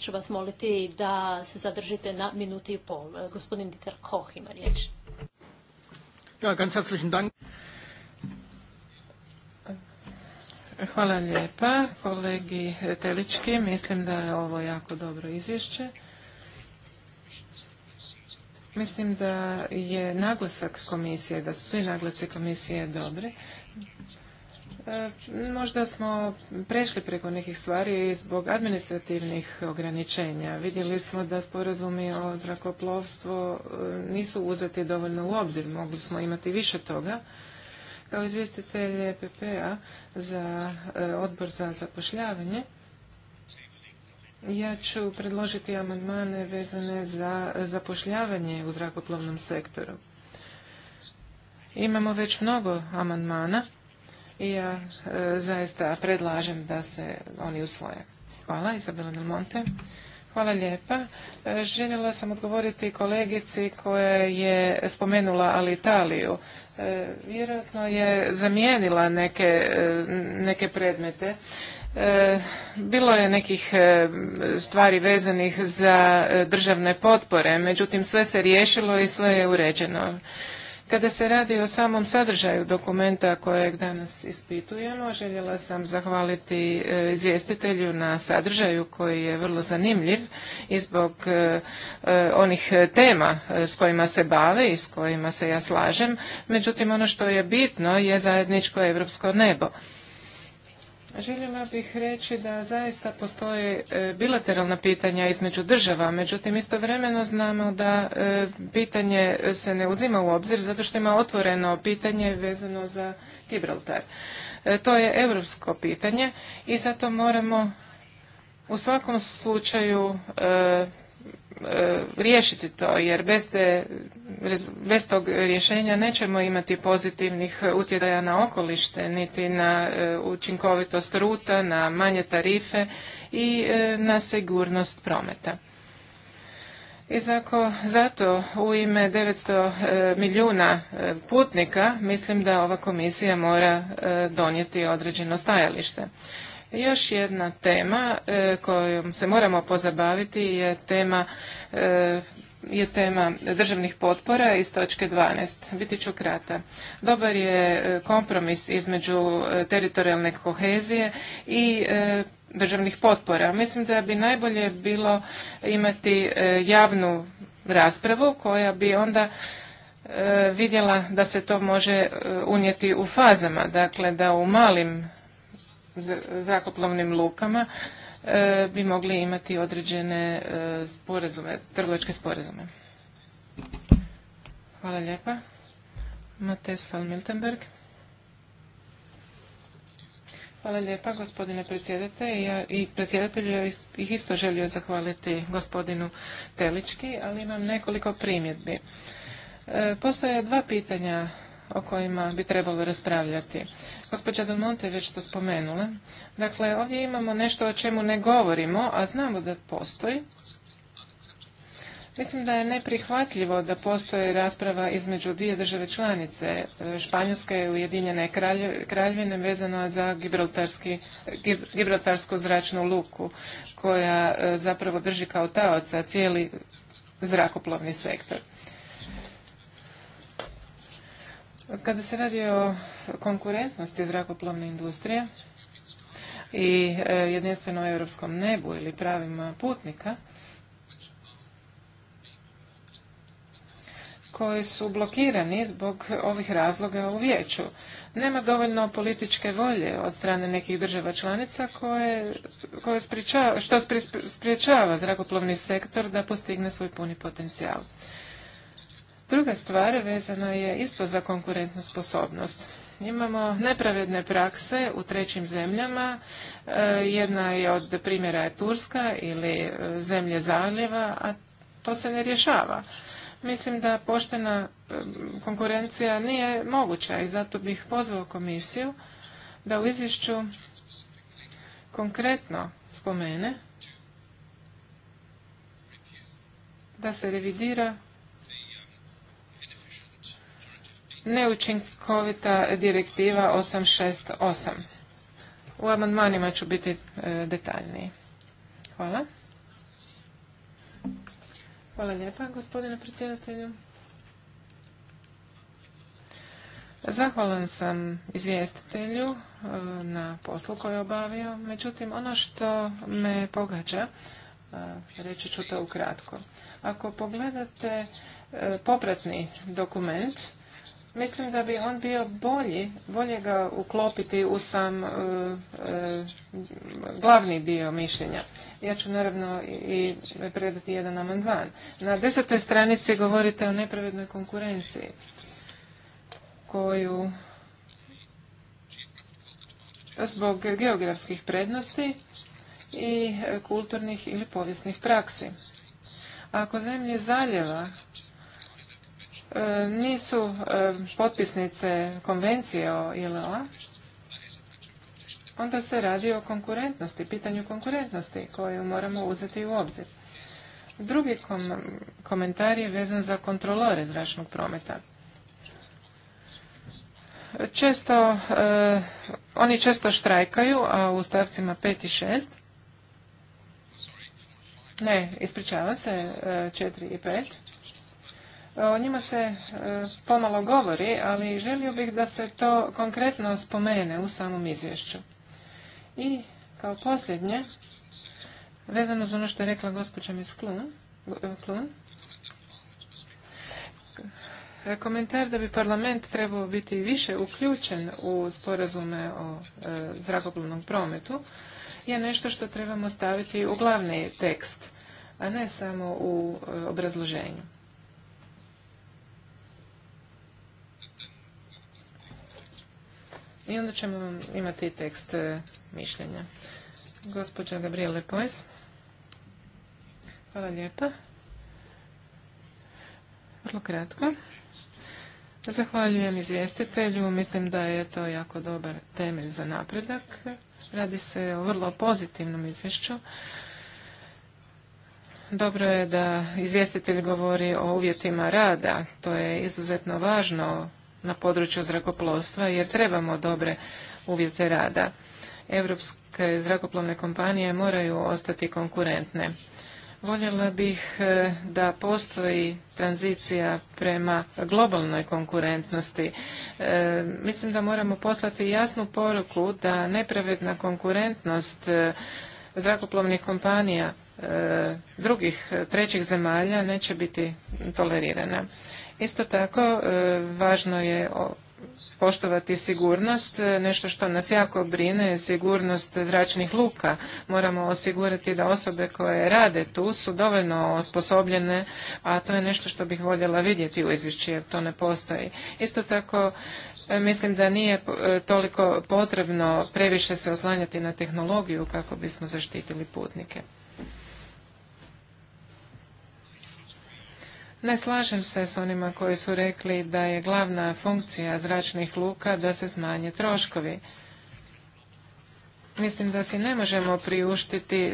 ću vas moliti da se zadržite na minuti i pol. E, gospodin Dieter Koch ima riječ. Ja, ganz herzlichen Dank. Hvala lijepa kolegi Telički. Mislim da je ovo jako dobro izvješće. Mislim da je naglasak komisije, da su svi naglasci komisije dobri. E, možda smo prešli preko nekih stvari zbog administrativnih ograničenja. Vidjeli smo da sporazumi o zrakoplovstvu e, nisu uzeti dovoljno u obzir, mogli smo imati više toga. Kao izvjestitelj EPP-a za e, odbor za zapošljavanje, ja ću predložiti amandmane vezane za zapošljavanje u zrakoplovnom sektoru. Imamo već mnogo amandmana i ja e, zaista predlažem da se oni usvoje. Hvala, Izabela Del Monte. Hvala lijepa. E, željela sam odgovoriti kolegici koja je spomenula ali Italiju. E, vjerojatno je zamijenila neke, neke predmete. Bilo je nekih stvari vezanih za državne potpore, međutim sve se riješilo i sve je uređeno. Kada se radi o samom sadržaju dokumenta kojeg danas ispitujemo, željela sam zahvaliti e, izvjestitelju na sadržaju koji je vrlo zanimljiv i zbog e, e, onih tema s kojima se bave i s kojima se ja slažem. Međutim, ono što je bitno je zajedničko europsko nebo. Željela bih reći da zaista postoje e, bilateralna pitanja između država, međutim istovremeno znamo da e, pitanje se ne uzima u obzir zato što ima otvoreno pitanje vezano za Gibraltar. E, to je europsko pitanje i zato moramo u svakom slučaju E, riješiti to jer bez, te, bez tog rješenja nećemo imati pozitivnih utjecaja na okolište niti na e, učinkovitost ruta, na manje tarife i e, na sigurnost prometa. I zato u ime 900 milijuna putnika mislim da ova komisija mora donijeti određeno stajalište. Još jedna tema e, kojom se moramo pozabaviti je tema e, je tema državnih potpora iz točke 12. Biti ću krata. Dobar je e, kompromis između teritorijalne kohezije i državnih potpora. Mislim da bi najbolje bilo imati javnu raspravu koja bi onda vidjela da se to može unijeti u fazama, dakle da u malim zrakoplovnim lukama e, bi mogli imati određene e, sporazume, trgovačke sporazume. Hvala lijepa. Mates van Miltenberg. Hvala lijepa gospodine predsjedatelju. Ja i predsjedatelju ih isto želio zahvaliti gospodinu Telički, ali imam nekoliko primjedbi. E, postoje dva pitanja o kojima bi trebalo raspravljati. Gospođa Del Monte je već to spomenula. Dakle, ovdje imamo nešto o čemu ne govorimo, a znamo da postoji. Mislim da je neprihvatljivo da postoji rasprava između dvije države članice, e, Španjolske i Ujedinjene kraljevine vezano za Gibraltarski, Gibraltarsku zračnu luku, koja e, zapravo drži kao taoca cijeli zrakoplovni sektor. Kada se radi o konkurentnosti zrakoplovne industrije i e, jedinstveno europskom nebu ili pravima putnika, koji su blokirani zbog ovih razloga u vijeću. Nema dovoljno političke volje od strane nekih država članica koje, što spriječava zrakoplovni sektor da postigne svoj puni potencijal. Druga stvar vezana je isto za konkurentnu sposobnost. Imamo nepravedne prakse u trećim zemljama. E, jedna je od primjera je Turska ili e, zemlje zaljeva, a to se ne rješava. Mislim da poštena e, konkurencija nije moguća i zato bih pozvao komisiju da u izvješću konkretno spomene da se revidira neučinkovita direktiva 868. U amandmanima ću biti e, detaljniji. Hvala. Hvala lijepa, gospodine predsjedatelju. Zahvalan sam izvjestitelju e, na poslu koju je obavio, međutim ono što me pogađa, e, reći ću to ukratko. Ako pogledate popratni dokument, Mislim da bi on bio bolji, bolje ga uklopiti u sam e, e, glavni dio mišljenja. Ja ću naravno i predati jedan amandman. Na desetoj stranici govorite o nepravednoj konkurenciji koju zbog geografskih prednosti i kulturnih ili povijesnih praksi. Ako zemlje zaljeva E, nisu e, potpisnice konvencije o ILO-a, onda se radi o konkurentnosti, pitanju konkurentnosti koju moramo uzeti u obzir. Drugi komentar je vezan za kontrolore zračnog prometa. Često, e, oni često štrajkaju, a u stavcima 5 i 6, ne, ispričavam se, 4 i 5, o njima se e, pomalo govori, ali želio bih da se to konkretno spomene u samom izvješću. I kao posljednje, vezano za ono što je rekla gospođa Miss Klun, e, e, komentar da bi parlament trebao biti više uključen u sporazume o zrakoplovnom prometu je nešto što trebamo staviti u glavni tekst, a ne samo u obrazloženju. i onda ćemo imati tekst e, mišljenja. Gospođa Gabriele Pojs. Hvala lijepa. Vrlo kratko. Zahvaljujem izvjestitelju. Mislim da je to jako dobar temelj za napredak. Radi se o vrlo pozitivnom izvješću. Dobro je da izvjestitelj govori o uvjetima rada. To je izuzetno važno na području zrakoplovstva jer trebamo dobre uvjete rada. Europske zrakoplovne kompanije moraju ostati konkurentne. Voljela bih e, da postoji tranzicija prema globalnoj konkurentnosti. E, mislim da moramo poslati jasnu poruku da nepravedna konkurentnost e, zrakoplovnih kompanija drugih trećih zemalja neće biti tolerirana. Isto tako, e, važno je poštovati sigurnost. E, nešto što nas jako brine je sigurnost zračnih luka. Moramo osigurati da osobe koje rade tu su dovoljno osposobljene, a to je nešto što bih voljela vidjeti u izvješću jer to ne postoji. Isto tako e, mislim da nije toliko potrebno previše se oslanjati na tehnologiju kako bismo zaštitili putnike. Ne slažem se s onima koji su rekli da je glavna funkcija zračnih luka da se smanje troškovi. Mislim da si ne možemo priuštiti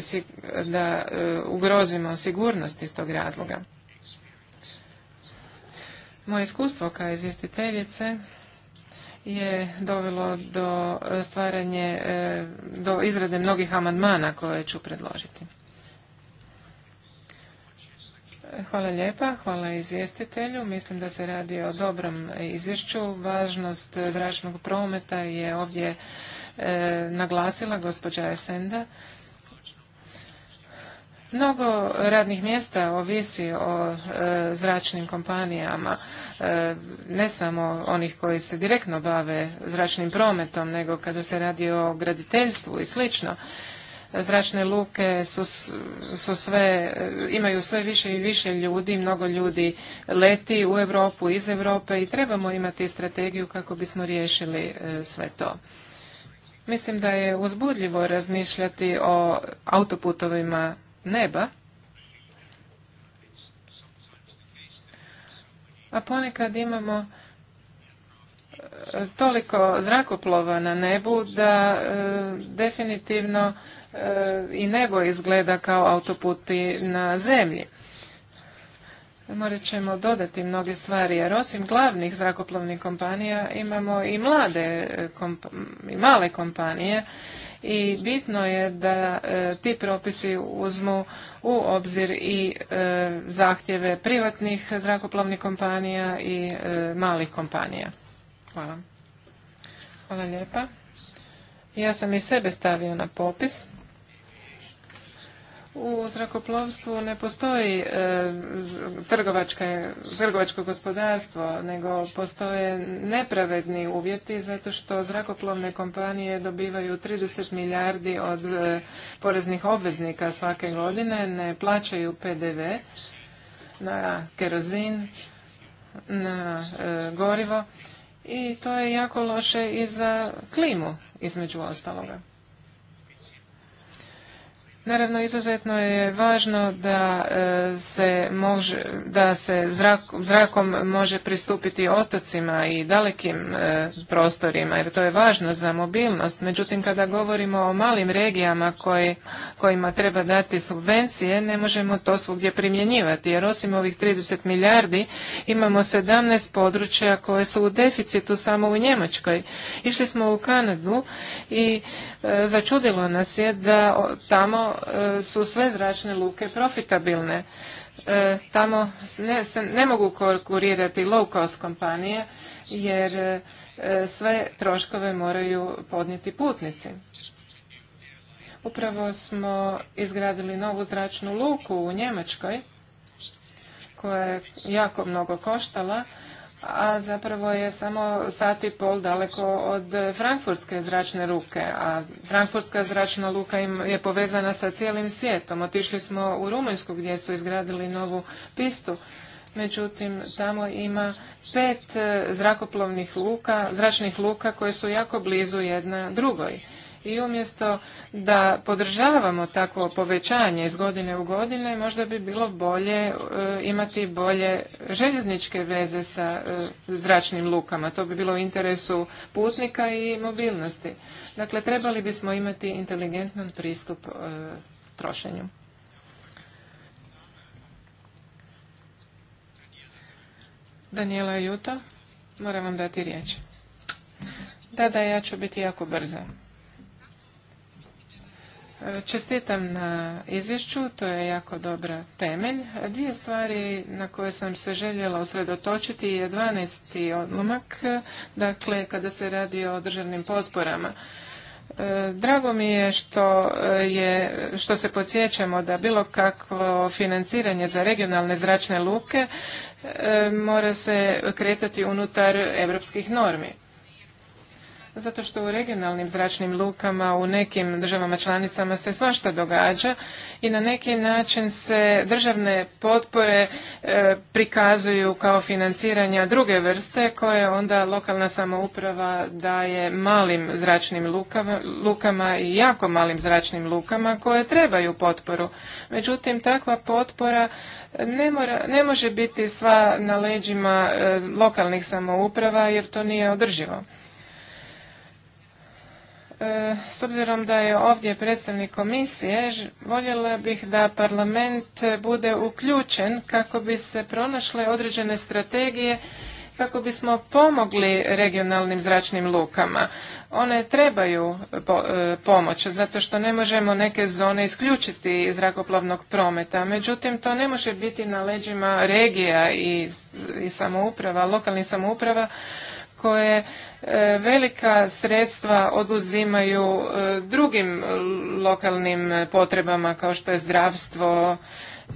da e, ugrozimo sigurnost iz tog razloga. Moje iskustvo kao izvjestiteljice je dovelo do stvaranje, e, do izrade mnogih amandmana koje ću predložiti. Hvala lijepa, hvala izvjestitelju. Mislim da se radi o dobrom izvješću. Važnost zračnog prometa je ovdje e, naglasila gospođa Esenda. Mnogo radnih mjesta ovisi o e, zračnim kompanijama, e, ne samo onih koji se direktno bave zračnim prometom, nego kada se radi o graditeljstvu i slično. Zračne luke su, su sve, imaju sve više i više ljudi, mnogo ljudi leti u Europu, iz Europe i trebamo imati strategiju kako bismo riješili e, sve to. Mislim da je uzbudljivo razmišljati o autoputovima neba, a ponekad imamo toliko zrakoplova na nebu da e, definitivno e, i nebo izgleda kao autoputi na zemlji. Morat ćemo dodati mnoge stvari, jer osim glavnih zrakoplovnih kompanija imamo i mlade e, i male kompanije i bitno je da ti propisi uzmu u obzir i zahtjeve privatnih zrakoplovnih kompanija i malih kompanija. Hvala. Hvala lijepa. Ja sam i sebe stavio na popis. U zrakoplovstvu ne postoji e, trgovačko gospodarstvo, nego postoje nepravedni uvjeti zato što zrakoplovne kompanije dobivaju 30 milijardi od e, poreznih obveznika svake godine, ne plaćaju PDV na kerozin, na e, gorivo i to je jako loše i za klimu između ostaloga. Naravno, izuzetno je važno da e, se, može, da se zrakom može pristupiti otocima i dalekim e, prostorima, jer to je važno za mobilnost. Međutim, kada govorimo o malim regijama kojima treba dati subvencije, ne možemo to svugdje primjenjivati, jer osim ovih 30 milijardi imamo 17 područja koje su u deficitu samo u Njemačkoj. Išli smo u Kanadu i E, začudilo nas je da tamo e, su sve zračne luke profitabilne. E, tamo ne, se ne mogu konkurirati low cost kompanije jer sve troškove moraju podnijeti putnici. Upravo smo izgradili novu zračnu luku u Njemačkoj koja je jako mnogo koštala, a zapravo je samo sat i pol daleko od Frankfurtske zračne ruke, a Frankfurtska zračna luka je povezana sa cijelim svijetom. Otišli smo u Rumunjsku gdje su izgradili novu pistu, međutim tamo ima pet eh, zrakoplovnih luka, zračnih luka koje su jako blizu jedna drugoj i umjesto da podržavamo takvo povećanje iz godine u godine, možda bi bilo bolje e, imati bolje željezničke veze sa e, zračnim lukama. To bi bilo u interesu putnika i mobilnosti. Dakle, trebali bismo imati inteligentan pristup e, trošenju. Daniela Juta, moram vam dati riječ. Da, da, ja ću biti jako brza. Čestitam na izvješću, to je jako dobra temelj. Dvije stvari na koje sam se željela osredotočiti je 12. odlomak, dakle kada se radi o državnim potporama. E, drago mi je što, e, je što se podsjećamo da bilo kakvo financiranje za regionalne zračne luke e, mora se kretati unutar europskih normi zato što u regionalnim zračnim lukama u nekim državama članicama se svašta događa i na neki način se državne potpore e, prikazuju kao financiranja druge vrste koje onda lokalna samouprava daje malim zračnim lukama, i jako malim zračnim lukama koje trebaju potporu. Međutim, takva potpora ne, mora, ne može biti sva na leđima e, lokalnih samouprava jer to nije održivo. E, s obzirom da je ovdje predstavnik komisije, voljela bih da parlament bude uključen kako bi se pronašle određene strategije kako bismo pomogli regionalnim zračnim lukama. One trebaju e, pomoć zato što ne možemo neke zone isključiti iz zrakoplovnog prometa. Međutim, to ne može biti na leđima regija i, i samouprava, lokalnih samouprava koje e, velika sredstva oduzimaju e, drugim lokalnim potrebama kao što je zdravstvo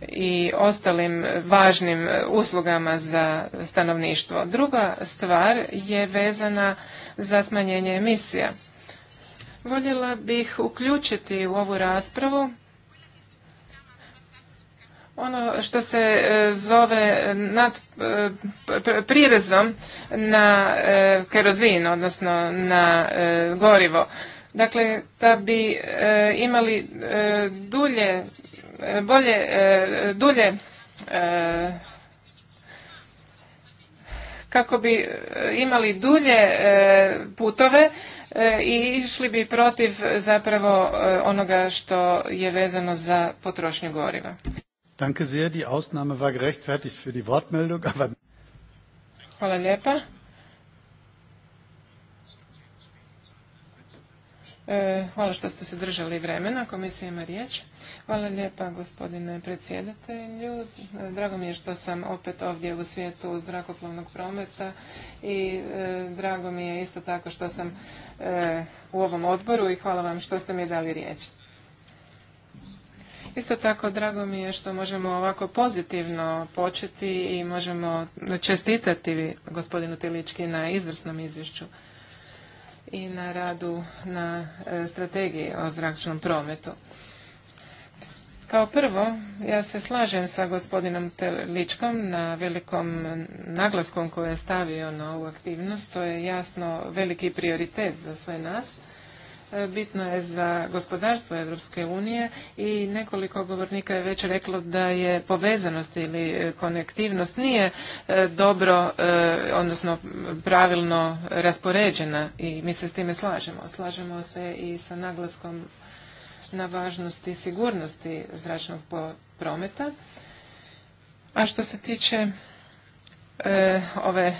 i ostalim važnim uslugama za stanovništvo. Druga stvar je vezana za smanjenje emisija. Voljela bih uključiti u ovu raspravu ono što se e, zove nad e, prirezom na e, kerozin, odnosno na gorivo. Dakle, da bi imali dulje, bolje, dulje kako bi imali dulje putove i išli bi protiv zapravo onoga što je vezano za potrošnju goriva. Danke Hvala što ste se držali vremena, komisija ima riječ. Hvala lijepa gospodine predsjedatelju. Drago mi je što sam opet ovdje u svijetu zrakoplovnog prometa i e, drago mi je isto tako što sam e, u ovom odboru i hvala vam što ste mi dali riječ. Isto tako drago mi je što možemo ovako pozitivno početi i možemo čestitati gospodinu Tilički na izvrsnom izvješću i na radu na e, strategiji o zračnom prometu. Kao prvo, ja se slažem sa gospodinom Teličkom na velikom naglaskom koje je stavio na ovu aktivnost. To je jasno veliki prioritet za sve nas bitno je za gospodarstvo Europske unije i nekoliko govornika je već reklo da je povezanost ili e, konektivnost nije e, dobro, e, odnosno pravilno raspoređena i mi se s time slažemo. Slažemo se i sa naglaskom na važnosti sigurnosti zračnog prometa. A što se tiče ove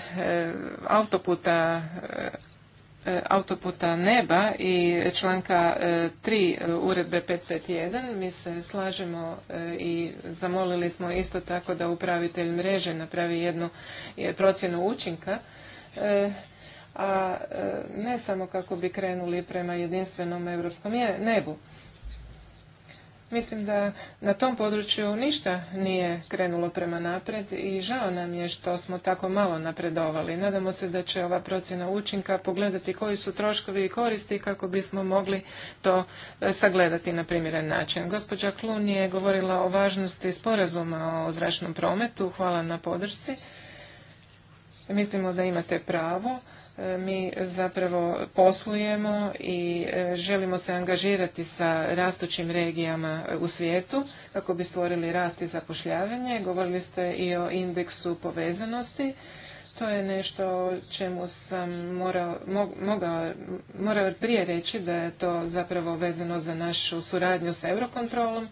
autoputa E, autoputa neba i članka 3 e, e, uredbe 551. Mi se slažemo i zamolili smo isto tako da upravitelj mreže napravi jednu procjenu učinka a ne samo kako bi krenuli prema jedinstvenom europskom nebu. Mislim da na tom području ništa nije krenulo prema napred i žao nam je što smo tako malo napredovali. Nadamo se da će ova procjena učinka pogledati koji su troškovi i koristi kako bismo mogli to e, sagledati na primjeren način. Gospođa Klun je govorila o važnosti sporazuma o zračnom prometu. Hvala na podršci. Mislimo da imate pravo E, mi zapravo poslujemo i e, želimo se angažirati sa rastućim regijama e, u svijetu kako bi stvorili rast i zapošljavanje. Govorili ste i o indeksu povezanosti. To je nešto čemu sam morao, prije reći da je to zapravo vezano za našu suradnju sa Eurokontrolom.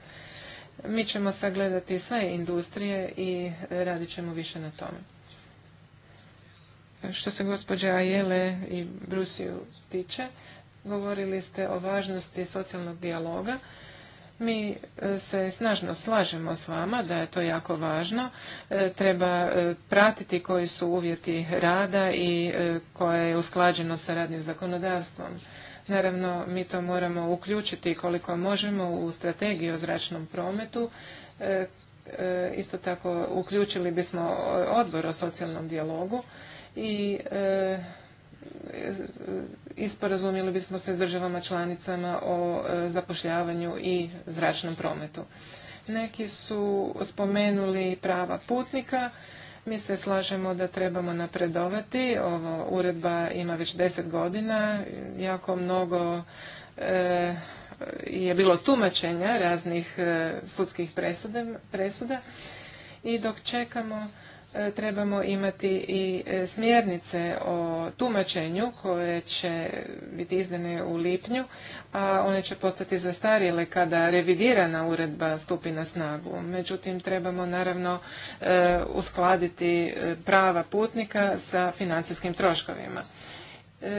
Mi ćemo sagledati sve industrije i radit ćemo više na tome. Što se gospođa Ajele i Brusiju tiče, govorili ste o važnosti socijalnog dijaloga. Mi e, se snažno slažemo s vama da je to jako važno. E, treba e, pratiti koji su uvjeti rada i koje je usklađeno sa radnim zakonodavstvom. Naravno, mi to moramo uključiti koliko možemo u strategiju o zračnom prometu. Isto tako uključili bismo odbor o socijalnom dijalogu i e, e, isporazumjeli bismo se s državama članicama o e, zapošljavanju i zračnom prometu. Neki su spomenuli prava putnika. Mi se slažemo da trebamo napredovati. Ovo uredba ima već deset godina. Jako mnogo je bilo tumačenja raznih sudskih presuda. I dok čekamo E, trebamo imati i e, smjernice o tumačenju koje će biti izdane u lipnju, a one će postati zastarjele kada revidirana uredba stupi na snagu. Međutim, trebamo naravno e, uskladiti prava putnika sa financijskim troškovima.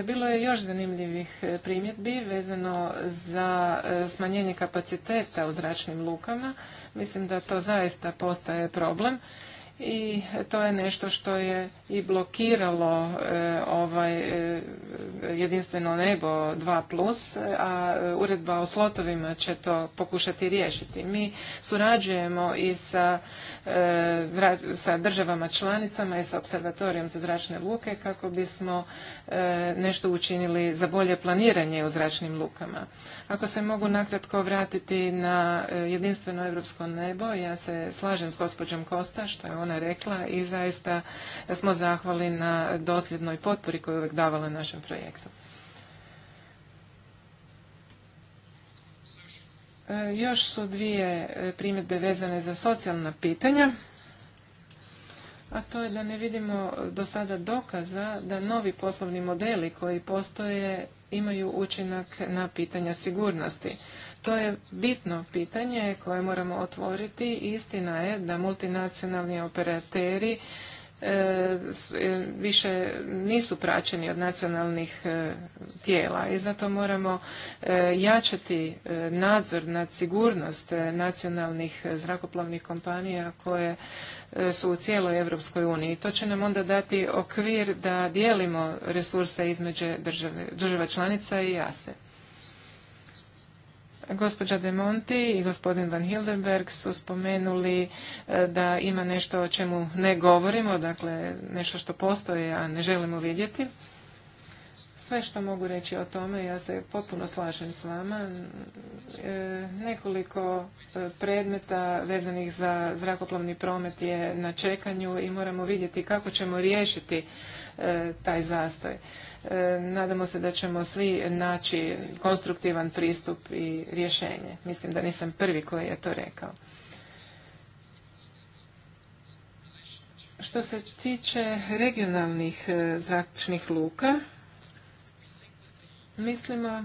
Bilo je još zanimljivih primjedbi vezano za smanjenje kapaciteta u zračnim lukama. Mislim da to zaista postaje problem i to je nešto što je i blokiralo e, ovaj e, jedinstveno nebo 2+, a uredba o slotovima će to pokušati riješiti. Mi surađujemo i sa, e, sa državama članicama i sa observatorijom za zračne luke kako bismo nešto učinili za bolje planiranje u zračnim lukama. Ako se mogu nakratko vratiti na jedinstveno europsko nebo, ja se slažem s gospođom Kosta što je ona rekla i zaista smo zahvali na dosljednoj potpori koju je uvijek davala našem projektu. E, još su dvije e, primjedbe vezane za socijalna pitanja, a to je da ne vidimo do sada dokaza da novi poslovni modeli koji postoje imaju učinak na pitanja sigurnosti. To je bitno pitanje koje moramo otvoriti. Istina je da multinacionalni operateri e, e, više nisu praćeni od nacionalnih e, tijela i zato moramo jačati nadzor nad sigurnost nacionalnih zrakoplovnih kompanija koje su u cijeloj Europskoj uniji. To će nam onda dati okvir da dijelimo resurse između država članica i jase. Gospođa De Monti i gospodin Van Hildenberg su spomenuli e, da ima nešto o čemu ne govorimo, dakle nešto što postoji, a ne želimo vidjeti sve što mogu reći o tome, ja se potpuno slažem s vama. E, nekoliko e, predmeta vezanih za zrakoplovni promet je na čekanju i moramo vidjeti kako ćemo riješiti e, taj zastoj. nadamo se da ćemo svi naći konstruktivan pristup i rješenje. Mislim da nisam prvi koji je to rekao. Što se tiče regionalnih zračnih luka, Mislimo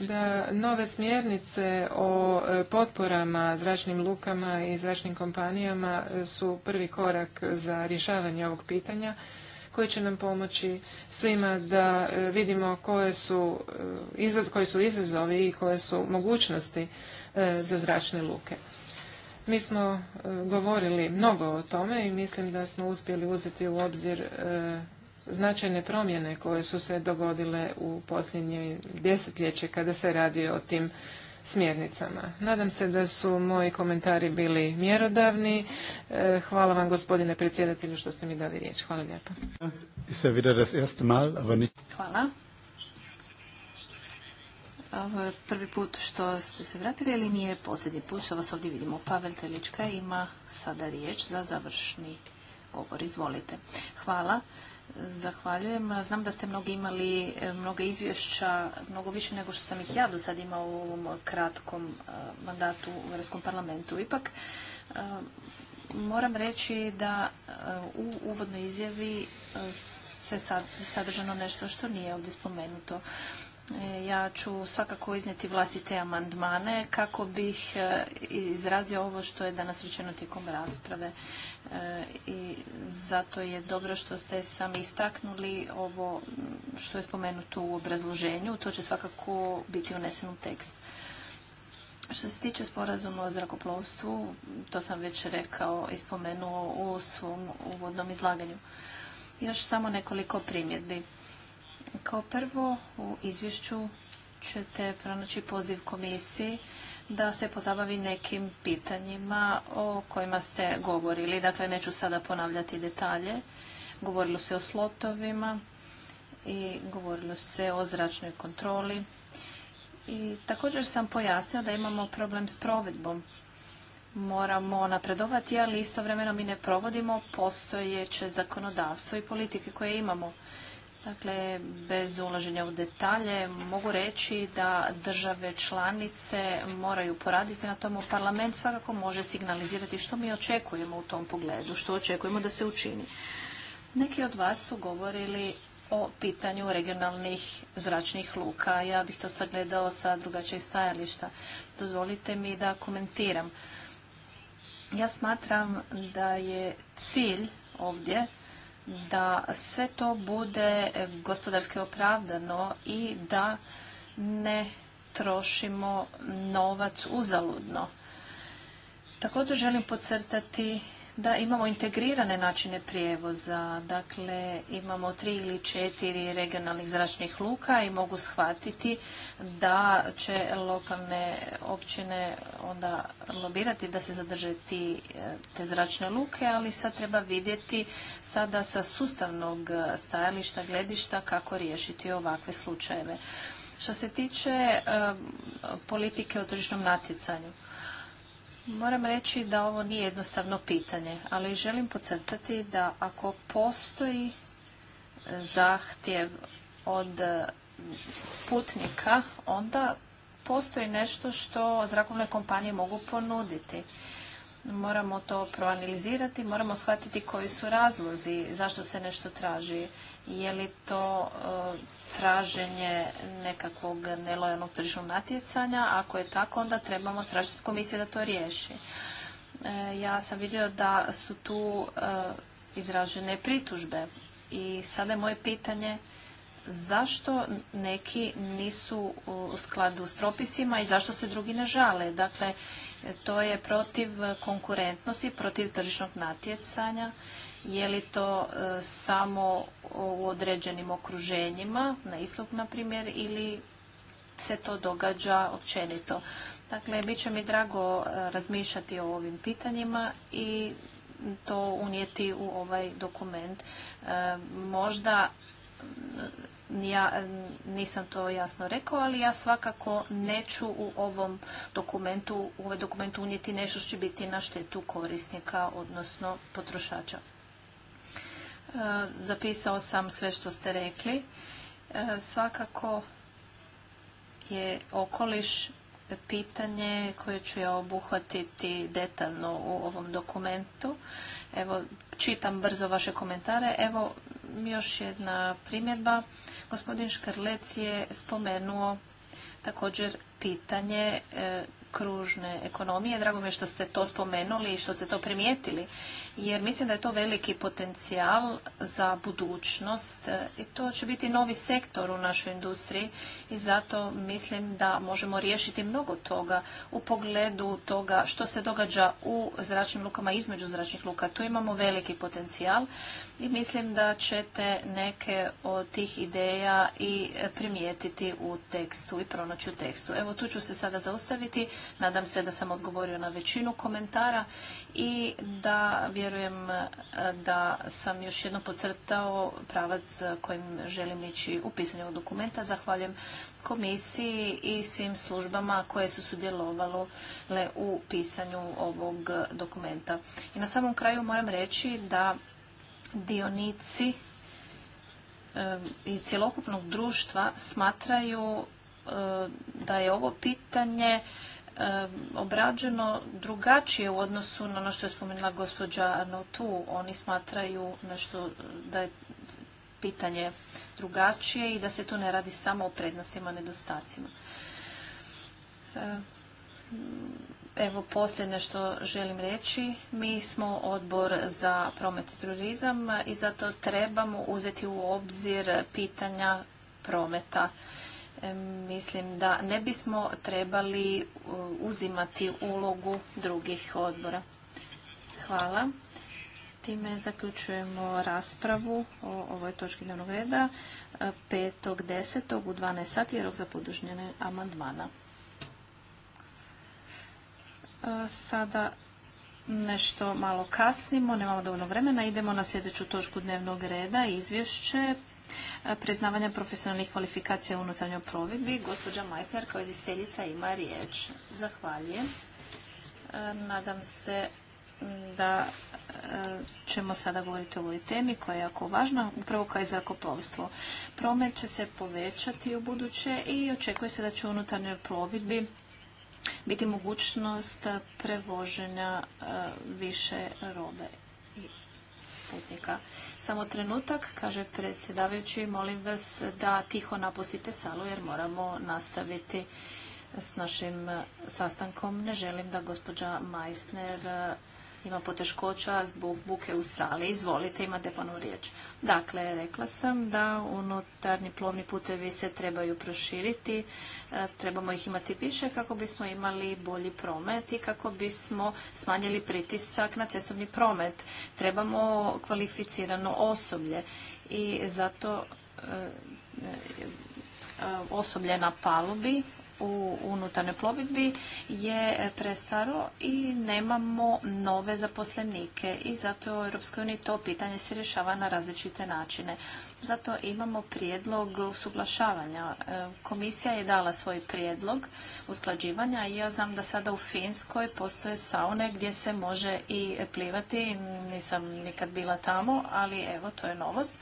da nove smjernice o e, potporama zračnim lukama i zračnim kompanijama e, su prvi korak za rješavanje ovog pitanja koji će nam pomoći svima da e, vidimo koje su, koji su izazovi i koje su mogućnosti za zračne luke. Mi smo govorili mnogo o tome i mislim da smo uspjeli uzeti u obzir značajne promjene koje su se dogodile u posljednje desetljeće kada se radi o tim smjernicama. Nadam se da su moji komentari bili mjerodavni. E, hvala vam gospodine predsjedatelju što ste mi dali riječ. Hvala lijepo. Hvala. prvi put što ste se vratili, ali nije posljednji put što vas ovdje vidimo. Pavel Telička ima sada riječ za završni govor. Izvolite. Hvala. Zahvaljujem. Znam da ste mnogi imali e, mnoga izvješća, mnogo više nego što sam ih ja do sad imao u ovom kratkom e, mandatu u Europskom parlamentu. Ipak e, moram reći da u uvodnoj izjavi se sadržano nešto što nije ovdje spomenuto. E, ja ću svakako iznijeti vlastite amandmane kako bih e, izrazio ovo što je danas rečeno tijekom rasprave. E, I zato je dobro što ste sami istaknuli ovo što je spomenuto u obrazloženju. To će svakako biti uneseno u tekst. Što se tiče sporazuma o zrakoplovstvu, to sam već rekao i spomenuo u svom uvodnom izlaganju. Još samo nekoliko primjedbi. Kao prvo u izvješću ćete pronaći poziv komisiji da se pozabavi nekim pitanjima o kojima ste govorili. Dakle, neću sada ponavljati detalje. Govorilo se o slotovima i govorilo se o zračnoj kontroli. I također sam pojasnio da imamo problem s provedbom. Moramo napredovati, ali istovremeno mi ne provodimo postojeće zakonodavstvo i politike koje imamo. Dakle, bez ulaženja u detalje, mogu reći da države članice moraju poraditi na tomu. Parlament svakako može signalizirati što mi očekujemo u tom pogledu, što očekujemo da se učini. Neki od vas su govorili o pitanju regionalnih zračnih luka. Ja bih to sagledao sa drugačijeg stajališta. Dozvolite mi da komentiram. Ja smatram da je cilj ovdje da sve to bude gospodarski opravdano i da ne trošimo novac uzaludno. Također želim podcrtati da imamo integrirane načine prijevoza. Dakle, imamo tri ili četiri regionalnih zračnih luka i mogu shvatiti da će lokalne općine onda lobirati da se zadrže ti, e, te zračne luke, ali sad treba vidjeti sada sa sustavnog e, stajališta, gledišta kako riješiti ovakve slučajeve. Što se tiče e, politike o tržišnom natjecanju, Moram reći da ovo nije jednostavno pitanje, ali želim podcrtati da ako postoji e, zahtjev od e, putnika, onda postoji nešto što zrakovne kompanije mogu ponuditi. Moramo to proanalizirati, moramo shvatiti koji su razlozi zašto se nešto traži. Je li to e, traženje nekakvog nelojalnog tržišnog natjecanja? Ako je tako, onda trebamo tražiti komisije da to riješi. E, ja sam vidio da su tu e, izražene pritužbe i sada je moje pitanje zašto neki nisu u skladu s propisima i zašto se drugi ne žale. Dakle, to je protiv konkurentnosti, protiv tržišnog natjecanja je li to e, samo u određenim okruženjima, na istok na primjer, ili se to događa općenito? Dakle, bit će mi drago e, razmišljati o ovim pitanjima i to unijeti u ovaj dokument. E, možda ja nisam to jasno rekao, ali ja svakako neću u ovom dokumentu, u ovaj dokumentu unijeti nešto što će biti na štetu korisnika, odnosno potrošača. Eh, zapisao sam sve što ste rekli. Eh, svakako je okoliš pitanje koje ću ja obuhvatiti detaljno u ovom dokumentu. Evo, čitam brzo vaše komentare. Evo, još jedna primjedba. Gospodin Škarlec je spomenuo također pitanje eh, kružne ekonomije. Drago mi je što ste to spomenuli i što ste to primijetili, jer mislim da je to veliki potencijal za budućnost i to će biti novi sektor u našoj industriji i zato mislim da možemo riješiti mnogo toga u pogledu toga što se događa u zračnim lukama između zračnih luka. Tu imamo veliki potencijal i mislim da ćete neke od tih ideja i primijetiti u tekstu i pronaći u tekstu. Evo tu ću se sada zaustaviti. Nadam se da sam odgovorio na većinu komentara i da vjerujem e, da sam još jednom podcrtao pravac kojim želim ići u pisanju ovog dokumenta. Zahvaljujem komisiji i svim službama koje su sudjelovale u pisanju ovog dokumenta. I na samom kraju moram reći da dionici i cjelokupnog društva smatraju da je ovo pitanje obrađeno drugačije u odnosu na ono što je spomenula gospođa tu Oni smatraju nešto da je pitanje drugačije i da se tu ne radi samo o prednostima, nedostacima. Evo posljednje što želim reći, mi smo odbor za promet i turizam i zato trebamo uzeti u obzir pitanja prometa. E, mislim da ne bismo trebali e, uzimati ulogu drugih odbora. Hvala. Time zaključujemo raspravu o ovoj točki dnevnog reda 5.10. E, u 12 sati je rok za podužnjene amandmana. E, sada nešto malo kasnimo, nemamo dovoljno vremena. Idemo na sljedeću točku dnevnog reda, izvješće e, priznavanja profesionalnih kvalifikacija u unutarnjoj provedbi. Gospođa Majsner kao izvjestiteljica ima riječ. Zahvaljujem. E, nadam se da ćemo sada govoriti o ovoj temi koja je jako važna, upravo kao je zrakoplovstvo. Promet će se povećati u buduće i očekuje se da će u unutarnjoj plovidbi biti mogućnost prevoženja e, više robe i putnika. Samo trenutak, kaže predsjedavajući, molim vas da tiho napustite salu jer moramo nastaviti s našim sastankom. Ne želim da gospođa Majsner ima poteškoća zbog buke u sali. Izvolite, imate ponu riječ. Dakle, rekla sam da unutarnji plovni putevi se trebaju proširiti, e, trebamo ih imati više kako bismo imali bolji promet i kako bismo smanjili pritisak na cestovni promet. Trebamo kvalificirano osoblje i zato e, e, osoblje na palubi u unutarnjoj plovidbi je prestaro i nemamo nove zaposlenike i zato u EU to pitanje se rješava na različite načine. Zato imamo prijedlog usuglašavanja. E, komisija je dala svoj prijedlog usklađivanja i ja znam da sada u Finskoj postoje saune gdje se može i plivati. Nisam nikad bila tamo, ali evo to je novost.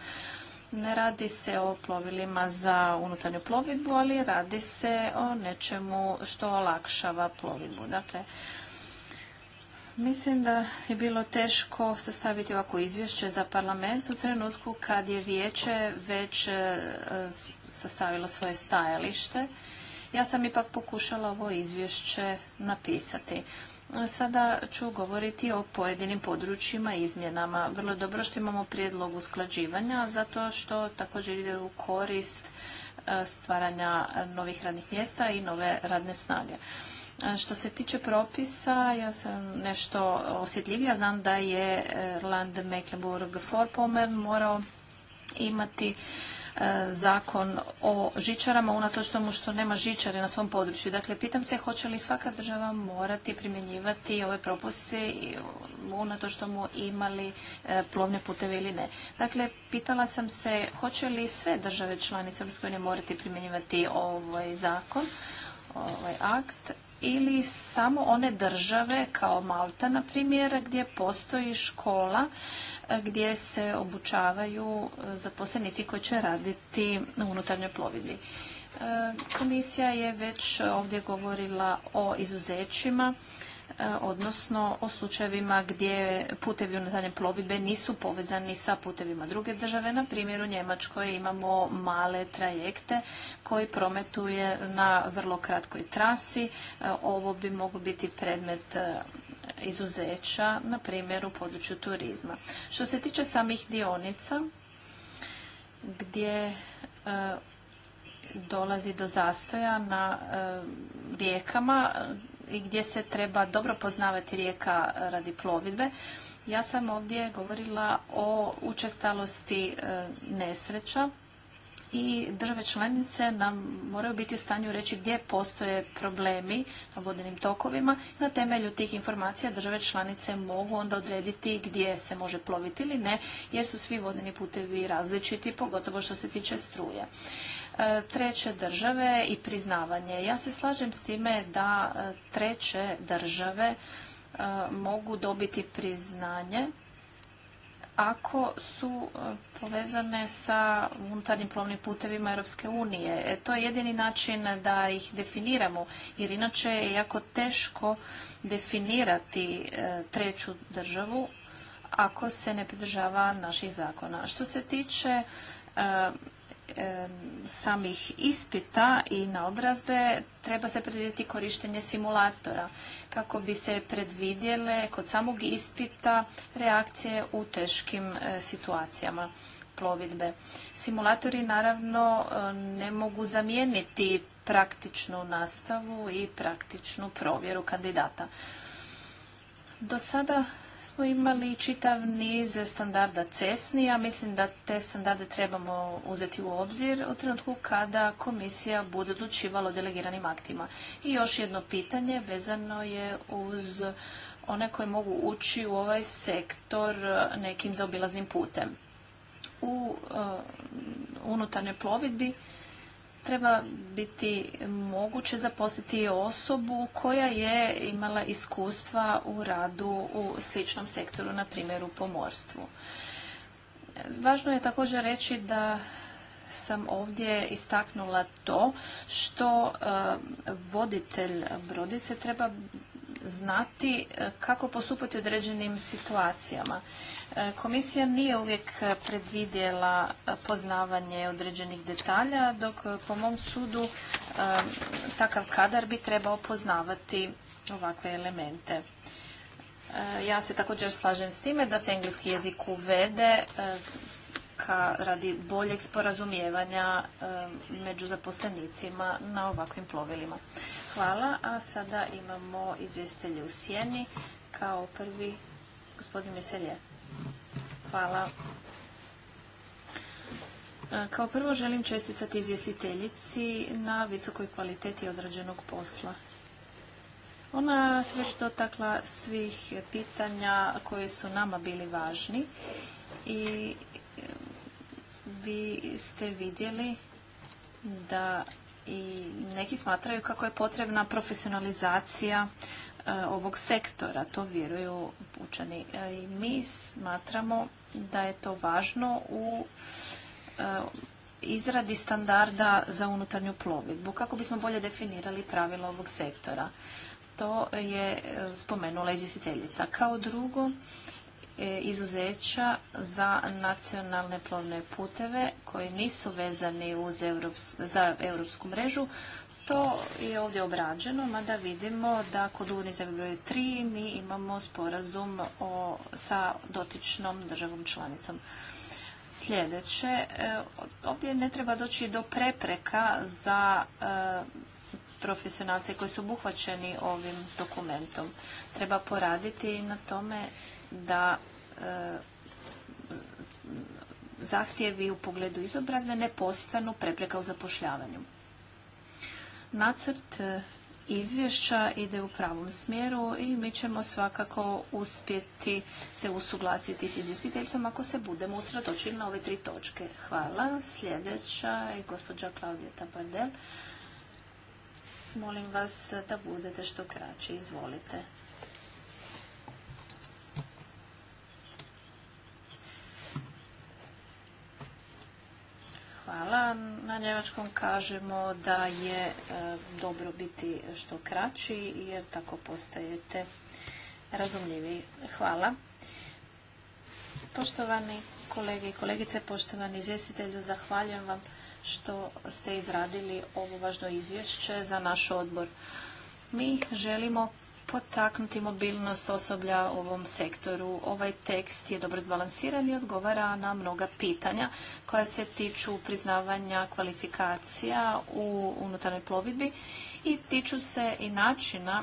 Ne radi se o plovilima za unutarnju plovidbu, ali radi se o nečemu što olakšava plovidbu. Dakle, Mislim da je bilo teško sastaviti ovako izvješće za parlament u trenutku kad je vijeće već e, sastavilo svoje stajalište. Ja sam ipak pokušala ovo izvješće napisati. Sada ću govoriti o pojedinim područjima i izmjenama. Vrlo dobro što imamo prijedlog usklađivanja, zato što također ide u korist e, stvaranja novih radnih mjesta i nove radne snage. E, što se tiče propisa, ja sam nešto osjetljivija. Znam da je e, Land Mecklenburg Vorpommern morao imati E, zakon o žičarama, unatoč tomu što nema žičare na svom području. Dakle, pitam se hoće li svaka država morati primjenjivati ove propise unatoč tomu imali e, plovne puteve ili ne. Dakle, pitala sam se hoće li sve države članice EU morati primjenjivati ovaj zakon, ovaj akt, ili samo one države kao Malta, na primjer, gdje postoji škola gdje se obučavaju e, zaposlenici koji će raditi na unutarnjoj plovidbi. E, komisija je već ovdje govorila o izuzećima, e, odnosno o slučajevima gdje putevi unutarnje plovidbe nisu povezani sa putevima druge države. Na primjer, u Njemačkoj imamo male trajekte koji prometuje na vrlo kratkoj trasi. Ovo bi moglo biti predmet izuzeća, na primjer u području turizma. Što se tiče samih dionica, gdje e, dolazi do zastoja na e, rijekama i gdje se treba dobro poznavati rijeka radi plovidbe. Ja sam ovdje govorila o učestalosti e, nesreća i države članice nam moraju biti u stanju reći gdje postoje problemi na vodenim tokovima. Na temelju tih informacija države članice mogu onda odrediti gdje se može ploviti ili ne, jer su svi vodeni putevi različiti, pogotovo što se tiče struje. E, treće države i priznavanje. Ja se slažem s time da e, treće države e, mogu dobiti priznanje ako su e, povezane sa unutarnjim plovnim putevima Europske unije. E, to je jedini način da ih definiramo, jer inače je jako teško definirati e, treću državu ako se ne pridržava naših zakona. Što se tiče samih ispita i naobrazbe treba se predvidjeti korištenje simulatora kako bi se predvidjele kod samog ispita reakcije u teškim e, situacijama plovidbe. Simulatori naravno e, ne mogu zamijeniti praktičnu nastavu i praktičnu provjeru kandidata. Do sada smo imali čitav niz standarda CESNI, a mislim da te standarde trebamo uzeti u obzir u trenutku kada komisija bude odlučivala o delegiranim aktima. I još jedno pitanje vezano je uz one koje mogu ući u ovaj sektor nekim zaobilaznim putem. U e, unutarnjoj plovidbi treba biti moguće zaposliti osobu koja je imala iskustva u radu u sličnom sektoru, na primjer u pomorstvu. Važno je također reći da sam ovdje istaknula to što e, voditelj brodice treba znati e, kako postupati u određenim situacijama. E, komisija nije uvijek predvidjela poznavanje određenih detalja, dok e, po mom sudu takav kadar bi trebao poznavati ovakve elemente. Ja se također slažem s time da se engleski jezik uvede ka, radi boljeg sporazumijevanja među zaposlenicima na ovakvim plovilima. Hvala, a sada imamo izvjestitelje u sjeni. Kao prvi, gospodin Miselje. Hvala. E, kao prvo želim čestitati izvjestiteljici na visokoj kvaliteti odrađenog posla. Ona se već dotakla svih pitanja koji su nama bili važni i vi ste vidjeli da i neki smatraju kako je potrebna profesionalizacija e, ovog sektora. To vjeruju pučani. E, I mi smatramo da je to važno u e, izradi standarda za unutarnju plovidbu, kako bismo bolje definirali pravila ovog sektora. To je spomenula izvjestiteljica. Kao drugo, E, izuzeća za nacionalne plovne puteve koji nisu vezani uz za europsku mrežu. To je ovdje obrađeno, mada vidimo da kod uvodnice broj 3 mi imamo sporazum o, sa dotičnom državom članicom. Sljedeće, e, ovdje ne treba doći do prepreka za e, profesionalce koji su obuhvaćeni ovim dokumentom. Treba poraditi na tome da e, zahtjevi u pogledu izobrazbe ne postanu prepreka u zapošljavanju. Nacrt e, izvješća ide u pravom smjeru i mi ćemo svakako uspjeti se usuglasiti s izvjestiteljicom ako se budemo usredočili na ove tri točke. Hvala. Sljedeća je gospođa Klaudija Tabardel. Molim vas da budete što kraći. Izvolite. Hvala. Na njemačkom kažemo da je e, dobro biti što kraći jer tako postajete razumljivi. Hvala. Poštovani kolege i kolegice, poštovani izvjestitelju, zahvaljujem vam što ste izradili ovo važno izvješće za naš odbor. Mi želimo potaknuti mobilnost osoblja u ovom sektoru. Ovaj tekst je dobro zbalansiran i odgovara na mnoga pitanja koja se tiču priznavanja kvalifikacija u unutarnjoj plovidbi i tiču se i načina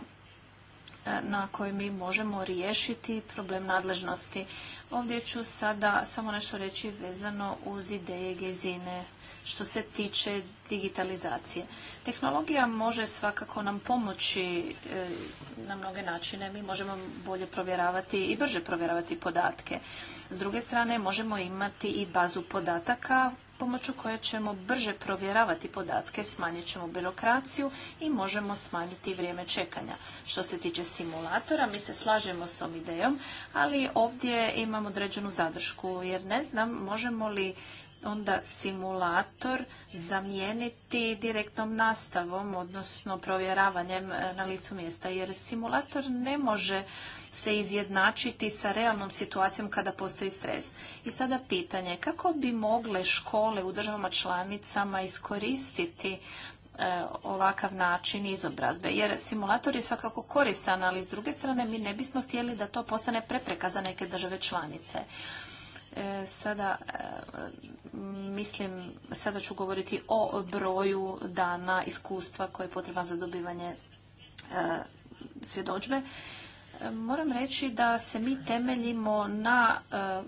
na koji mi možemo riješiti problem nadležnosti. Ovdje ću sada samo nešto reći vezano uz ideje Gezine što se tiče digitalizacije. Tehnologija može svakako nam pomoći e, na mnoge načine. Mi možemo bolje provjeravati i brže provjeravati podatke. S druge strane, možemo imati i bazu podataka pomoću koje ćemo brže provjeravati podatke, smanjit ćemo birokraciju i možemo smanjiti vrijeme čekanja. Što se tiče simulatora, mi se slažemo s tom idejom, ali ovdje imamo određenu zadršku, jer ne znam možemo li onda simulator zamijeniti direktnom nastavom, odnosno provjeravanjem e, na licu mjesta, jer simulator ne može se izjednačiti sa realnom situacijom kada postoji stres. I sada pitanje, kako bi mogle škole u državama članicama iskoristiti e, ovakav način izobrazbe. Jer simulator je svakako koristan, ali s druge strane mi ne bismo htjeli da to postane prepreka za neke države članice. E, sada e, mislim, sada ću govoriti o broju dana iskustva koje je potreban za dobivanje svjedočbe moram reći da se mi temeljimo na e,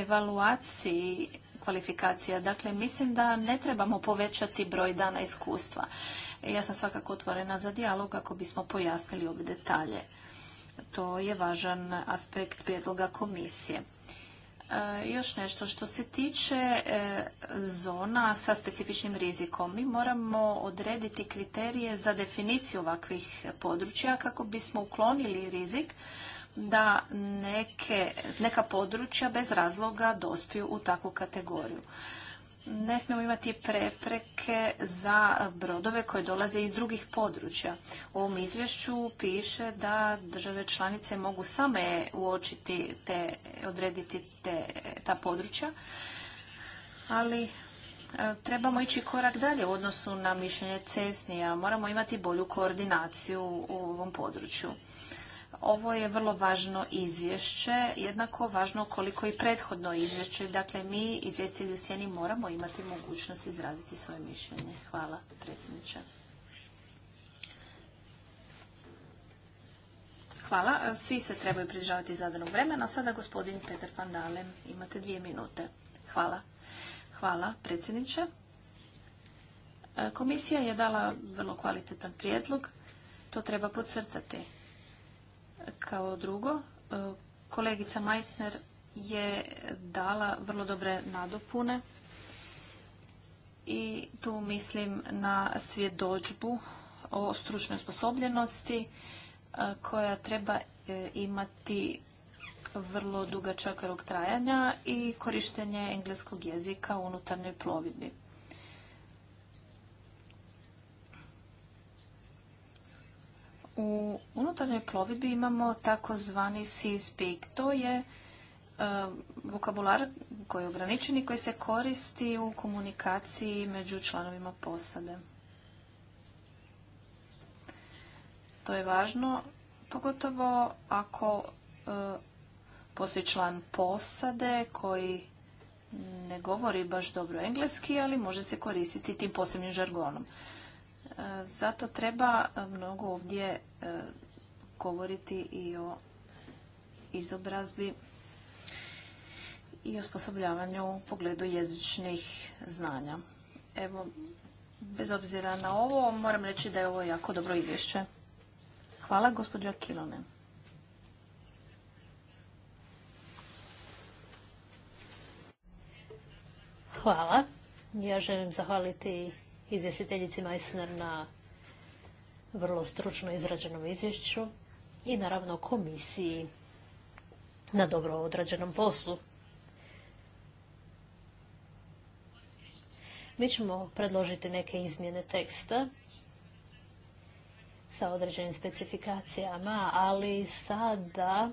evaluaciji kvalifikacija. Dakle, mislim da ne trebamo povećati broj dana iskustva. Ja sam svakako otvorena za dijalog kako bismo pojasnili ove detalje. To je važan aspekt prijedloga komisije. E, još nešto što se tiče e, zona sa specifičnim rizikom. Mi moramo odrediti kriterije za definiciju ovakvih područja kako bismo uklonili rizik da neka područja bez razloga dospiju u takvu kategoriju ne smijemo imati prepreke za brodove koje dolaze iz drugih područja. U ovom izvješću piše da države članice mogu same uočiti te, odrediti te, ta područja, ali e, trebamo ići korak dalje u odnosu na mišljenje cesnija. Moramo imati bolju koordinaciju u ovom području. Ovo je vrlo važno izvješće, jednako važno koliko i prethodno izvješće. Dakle, mi izvjestitelji u sjeni moramo imati mogućnost izraziti svoje mišljenje. Hvala, predsjedniče. Hvala. Svi se trebaju pridržavati zadanog vremena. Sada gospodin Peter Pandalem. Imate dvije minute. Hvala. Hvala, predsjedniče. E, komisija je dala vrlo kvalitetan prijedlog. To treba podcrtati. Kao drugo, e, kolegica Meissner je dala vrlo dobre nadopune i tu mislim na svjedočbu o stručnoj sposobljenosti e, koja treba e, imati vrlo dugačak rok trajanja i korištenje engleskog jezika u unutarnjoj plovidbi. U unutarnjoj plovidbi imamo takozvani seaspeak. To je e, vokabular koji je ograničen i koji se koristi u komunikaciji među članovima posade. To je važno, pogotovo ako e, postoji član posade koji ne govori baš dobro engleski, ali može se koristiti tim posebnim žargonom. E, zato treba e, mnogo ovdje e, govoriti i o izobrazbi i osposobljavanju u pogledu jezičnih znanja. Evo, bez obzira na ovo, moram reći da je ovo jako dobro izvješće. Hvala, gospođa Kilone. Hvala. Ja želim zahvaliti izvjestiteljici Meissner na vrlo stručno izrađenom izvješću i naravno komisiji na dobro odrađenom poslu. Mi ćemo predložiti neke izmjene teksta sa određenim specifikacijama, ali sada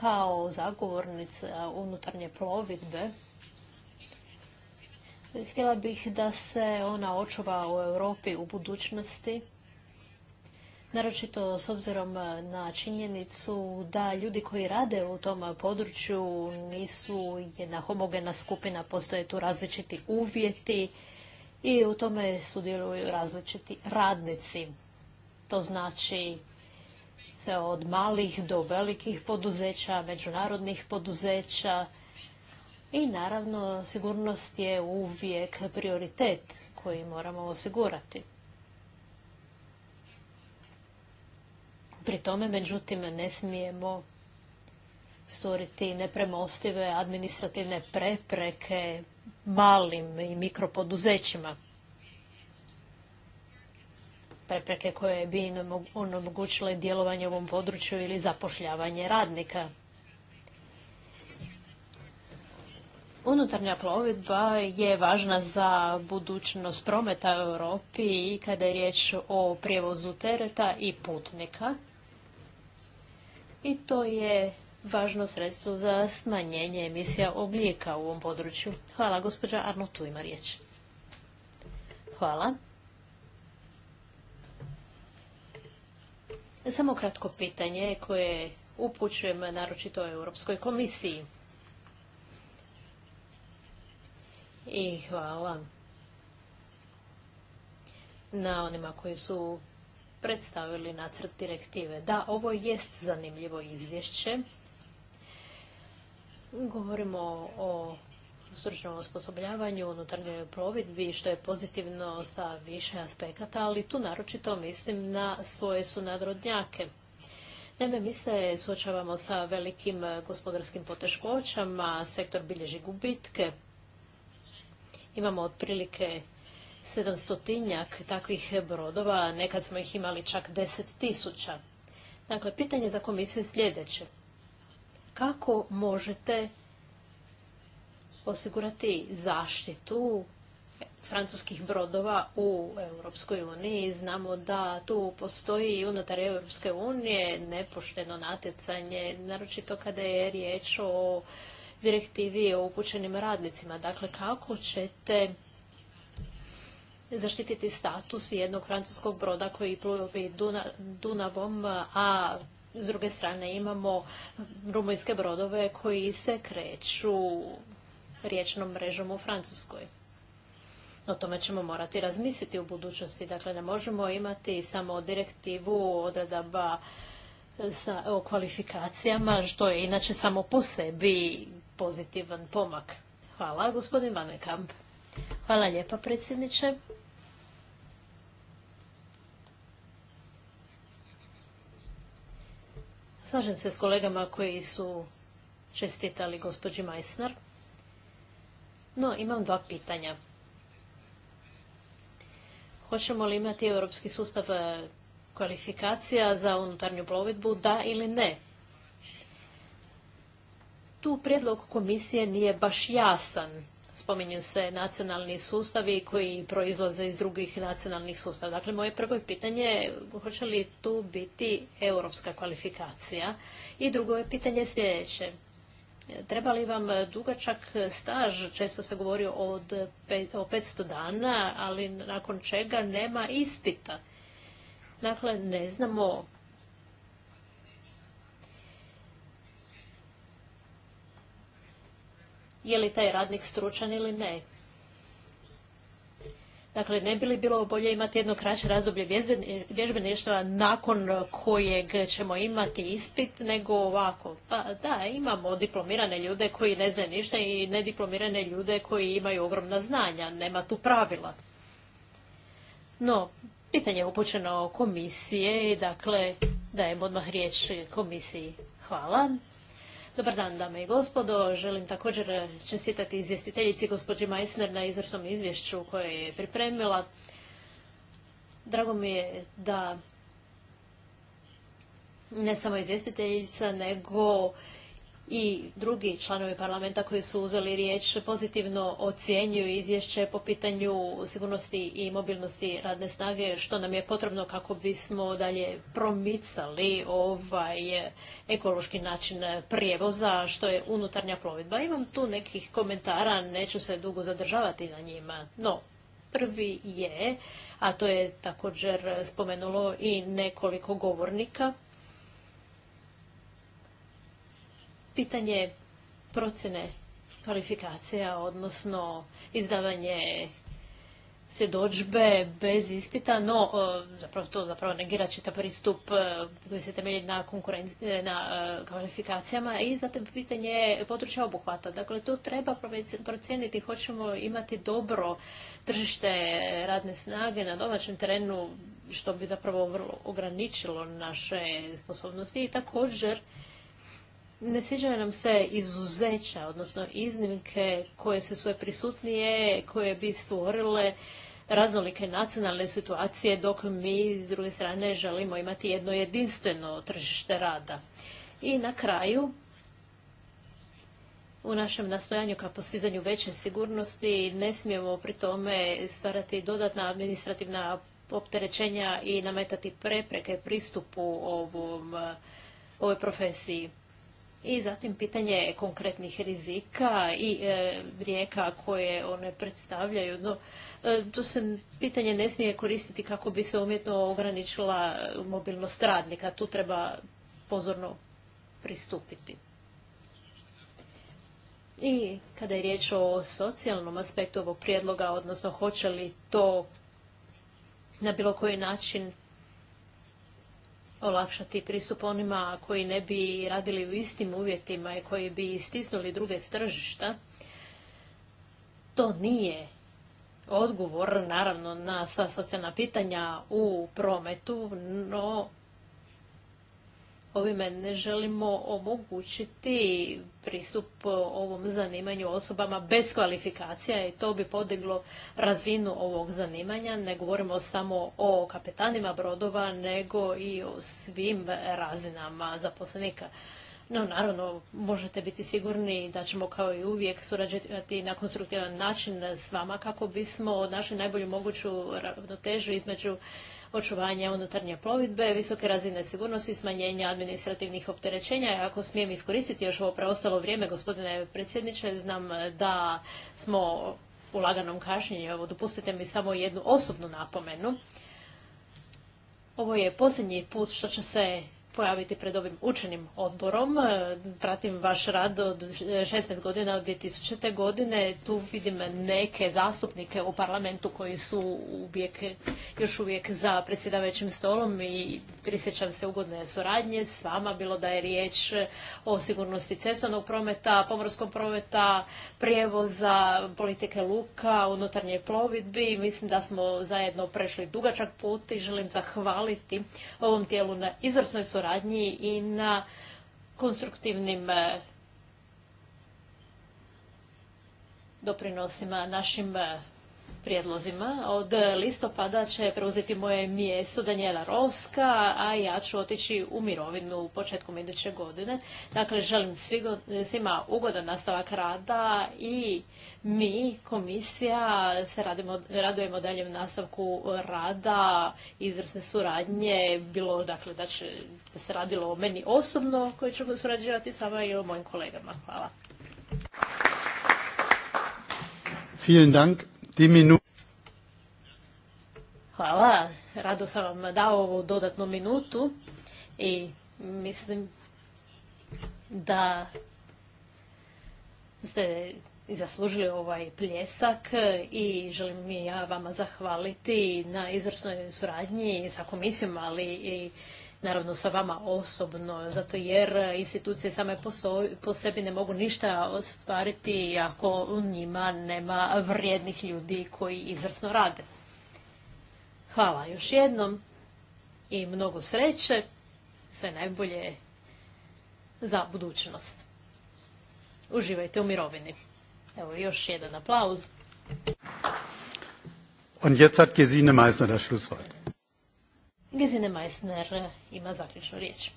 kao zagovornica unutarnje plovidbe Htjela bih da se ona očuva u Europi u budućnosti, naročito s obzirom na činjenicu da ljudi koji rade u tom području nisu jedna homogena skupina, postoje tu različiti uvjeti i u tome sudjeluju različiti radnici. To znači od malih do velikih poduzeća, međunarodnih poduzeća, i naravno, sigurnost je uvijek prioritet koji moramo osigurati. Pri tome, međutim, ne smijemo stvoriti nepremostive administrativne prepreke malim i mikropoduzećima. Prepreke koje bi onemogućile djelovanje u ovom području ili zapošljavanje radnika. Unutarnja plovidba je važna za budućnost prometa u Europi i kada je riječ o prijevozu tereta i putnika. I to je važno sredstvo za smanjenje emisija ugljika u ovom području. Hvala, gospođa Arno, tu ima riječ. Hvala. Samo kratko pitanje koje upućujem naročito Europskoj komisiji. i hvala na onima koji su predstavili nacrt direktive. Da, ovo jest zanimljivo izvješće. Govorimo o stručnom osposobljavanju, unutarnjoj plovidbi, što je pozitivno sa više aspekata, ali tu naročito mislim na svoje nadrodnjake. Naime, mi se suočavamo sa velikim gospodarskim poteškoćama, sektor bilježi gubitke, Imamo otprilike sedamstotinjak takvih brodova, nekad smo ih imali čak deset tisuća. Dakle, pitanje za komisiju je sljedeće. Kako možete osigurati zaštitu francuskih brodova u Europskoj uniji. Znamo da tu postoji i unutar Europske unije nepošteno natjecanje, naročito kada je riječ o direktivi o upućenim radnicima. Dakle, kako ćete zaštititi status jednog francuskog broda koji plovi Dunavom, a s druge strane imamo rumunjske brodove koji se kreću riječnom mrežom u Francuskoj. O tome ćemo morati razmisliti u budućnosti. Dakle, ne možemo imati samo direktivu odredaba o kvalifikacijama, što je inače samo po sebi pozitivan pomak. Hvala, gospodin Vanekamp. Hvala lijepa, predsjedniče. Slažem se s kolegama koji su čestitali gospođi Majsnar. No, imam dva pitanja. Hoćemo li imati europski sustav kvalifikacija za unutarnju plovidbu, da ili ne? Tu prijedlog komisije nije baš jasan. Spominju se nacionalni sustavi koji proizlaze iz drugih nacionalnih sustava. Dakle, moje prvo pitanje je hoće li tu biti europska kvalifikacija? I drugo je pitanje sljedeće. Treba li vam dugačak staž? Često se govori od, o 500 dana, ali nakon čega nema ispita. Dakle, ne znamo je li taj radnik stručan ili ne. Dakle, ne bi li bilo bolje imati jedno kraće razdoblje vježbeništva nakon kojeg ćemo imati ispit nego ovako? Pa da, imamo diplomirane ljude koji ne znaju ništa i nediplomirane ljude koji imaju ogromna znanja. Nema tu pravila. No, pitanje je upućeno komisije dakle, dajem odmah riječ komisiji. Hvala. Dobar dan, dame i gospodo. Želim također eh, čestitati izvjestiteljici gospođi Meissner na izvrsnom izvješću koje je pripremila. Drago mi je da ne samo izvjestiteljica, nego i drugi članovi parlamenta koji su uzeli riječ pozitivno ocjenjuju izvješće po pitanju sigurnosti i mobilnosti radne snage, što nam je potrebno kako bismo dalje promicali ovaj ekološki način prijevoza, što je unutarnja plovidba. Imam tu nekih komentara, neću se dugo zadržavati na njima, no prvi je, a to je također spomenulo i nekoliko govornika, pitanje procjene kvalifikacija, odnosno izdavanje svjedočbe bez ispita, no e, zapravo to zapravo negira čita pristup e, koji se temelji na, e, na kvalifikacijama i je pitanje područja obuhvata. Dakle, tu treba procijeniti hoćemo imati dobro tržište radne snage na domaćem terenu, što bi zapravo ograničilo naše sposobnosti i također ne sviđaju nam se izuzeća, odnosno iznimke koje se sve prisutnije, koje bi stvorile raznolike nacionalne situacije, dok mi s druge strane želimo imati jedno jedinstveno tržište rada. I na kraju, u našem nastojanju ka postizanju veće sigurnosti ne smijemo pri tome stvarati dodatna administrativna opterećenja i nametati prepreke pristupu ovom, ovoj profesiji. I zatim pitanje konkretnih rizika i e, rijeka koje one predstavljaju. E, to se pitanje ne smije koristiti kako bi se umjetno ograničila mobilnost radnika. Tu treba pozorno pristupiti. I kada je riječ o socijalnom aspektu ovog prijedloga, odnosno hoće li to na bilo koji način olakšati pristup onima koji ne bi radili u istim uvjetima i koji bi istisnuli druge s tržišta. To nije odgovor, naravno, na sva socijalna pitanja u prometu, no Ovime ne želimo omogućiti pristup ovom zanimanju osobama bez kvalifikacija i to bi podiglo razinu ovog zanimanja. Ne govorimo samo o kapetanima brodova, nego i o svim razinama zaposlenika. No, naravno, možete biti sigurni da ćemo kao i uvijek surađivati na konstruktivan način s vama kako bismo našli najbolju moguću ravnotežu između očuvanja unutarnje plovidbe, visoke razine sigurnosti, smanjenja administrativnih opterećenja. Ako smijem iskoristiti još ovo preostalo vrijeme, gospodine predsjedniče, znam eh, da smo u laganom kašnjenju. Evo, dopustite mi samo jednu osobnu napomenu. Ovo je posljednji put što ću se pojaviti pred ovim učenim odborom. E, pratim vaš rad od 16 godina, od 2000. godine. Tu vidim neke zastupnike u parlamentu koji su uvijek, još uvijek za predsjedavajućim stolom i prisjećam se ugodne suradnje s vama, bilo da je riječ o sigurnosti cestovnog prometa, pomorskog prometa, prijevoza, politike luka, unutarnje plovidbi. Mislim da smo zajedno prešli dugačak put i želim zahvaliti ovom tijelu na izvrsnoj suradnji suradnji i na konstruktivnim e, doprinosima našim e, prijedlozima. Od listopada će preuzeti moje mjesto Danijela Rovska, a ja ću otići u mirovinu početkom iduće godine. Dakle, želim svima ugodan nastavak rada i mi, komisija, se radujemo daljem nastavku rada, izvrsne suradnje, bilo dakle da, će, se radilo o meni osobno koji ću surađivati s vama i o mojim kolegama. Hvala. Vielen Dank. Hvala. Rado sam vam dao ovu dodatnu minutu i mislim da ste zaslužili ovaj pljesak i želim ja vama zahvaliti na izvrsnoj suradnji sa komisijom, ali i naravno sa vama osobno, zato jer institucije same po sebi ne mogu ništa ostvariti ako u njima nema vrijednih ljudi koji izvrsno rade. Hvala još jednom i mnogo sreće, sve najbolje za budućnost. Uživajte u mirovini. Evo još jedan aplauz. Und jetzt hat Gesine Meissner das Schlusswort. Gesine Meissner ima zaključnu riječ.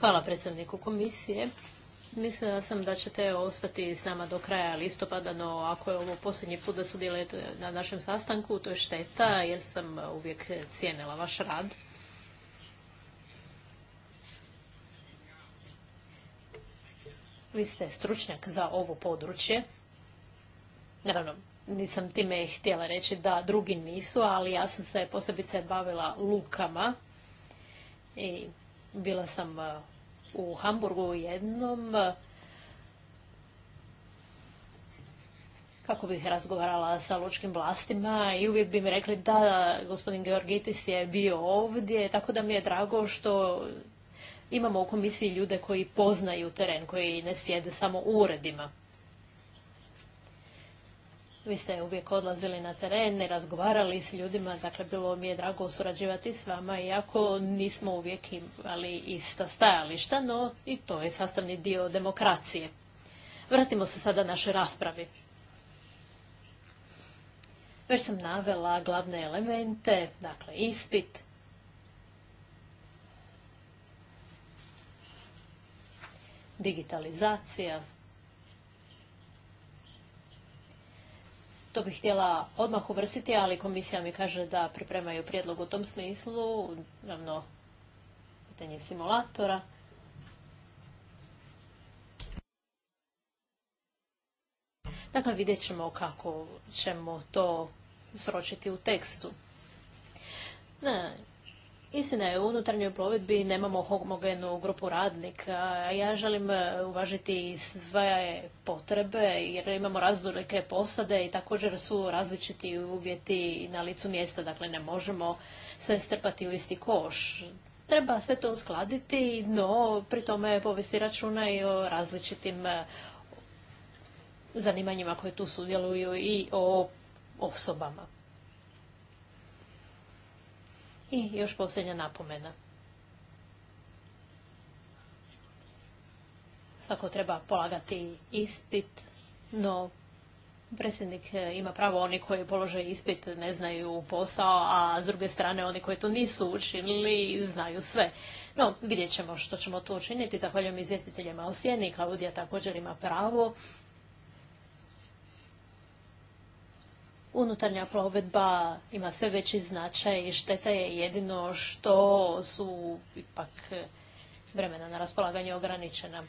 Hvala predstavniku komisije. Mislila sam da ćete ostati s nama do kraja listopada, no ako je ovo posljednji put da sudjelujete na našem sastanku, to je šteta jer sam uvijek cijenila vaš rad. Vi ste stručnjak za ovo područje. Naravno, nisam time htjela reći da drugi nisu, ali ja sam se posebice bavila lukama i bila sam e, u Hamburgu jednom e, kako bih razgovarala sa lučkim vlastima i uvijek bi mi rekli da gospodin Georgitis je bio ovdje, tako da mi je drago što imamo u komisiji ljude koji poznaju teren, koji ne sjede samo u uredima. Vi ste uvijek odlazili na teren, razgovarali s ljudima, dakle bilo mi je drago surađivati s vama, iako nismo uvijek imali ista stajališta, no i to je sastavni dio demokracije. Vratimo se sada našoj raspravi. Već sam navela glavne elemente, dakle ispit. Digitalizacija. To bih htjela odmah uvrstiti, ali komisija mi kaže da pripremaju prijedlog u tom smislu, ravno pitanje simulatora. Dakle, vidjet ćemo kako ćemo to sročiti u tekstu. Ne, Istina je, u unutarnjoj plovidbi nemamo homogenu grupu radnika. a Ja želim e, uvažiti sve potrebe jer imamo razlike posade i također su različiti uvjeti na licu mjesta. Dakle, ne možemo sve strpati u isti koš. Treba sve to uskladiti, no pri tome povesti računa i o različitim e, zanimanjima koje tu sudjeluju i o osobama. I još posljednja napomena. Svako treba polagati ispit, no predsjednik e, ima pravo, oni koji polože ispit ne znaju posao, a s druge strane oni koji to nisu učinili znaju sve. No, vidjet ćemo što ćemo tu učiniti. Zahvaljujem izvjestiteljima o sjeni. Klaudija također ima pravo unutarnja plovidba ima sve veći značaj i šteta je jedino što su ipak e, vremena na raspolaganje ograničena.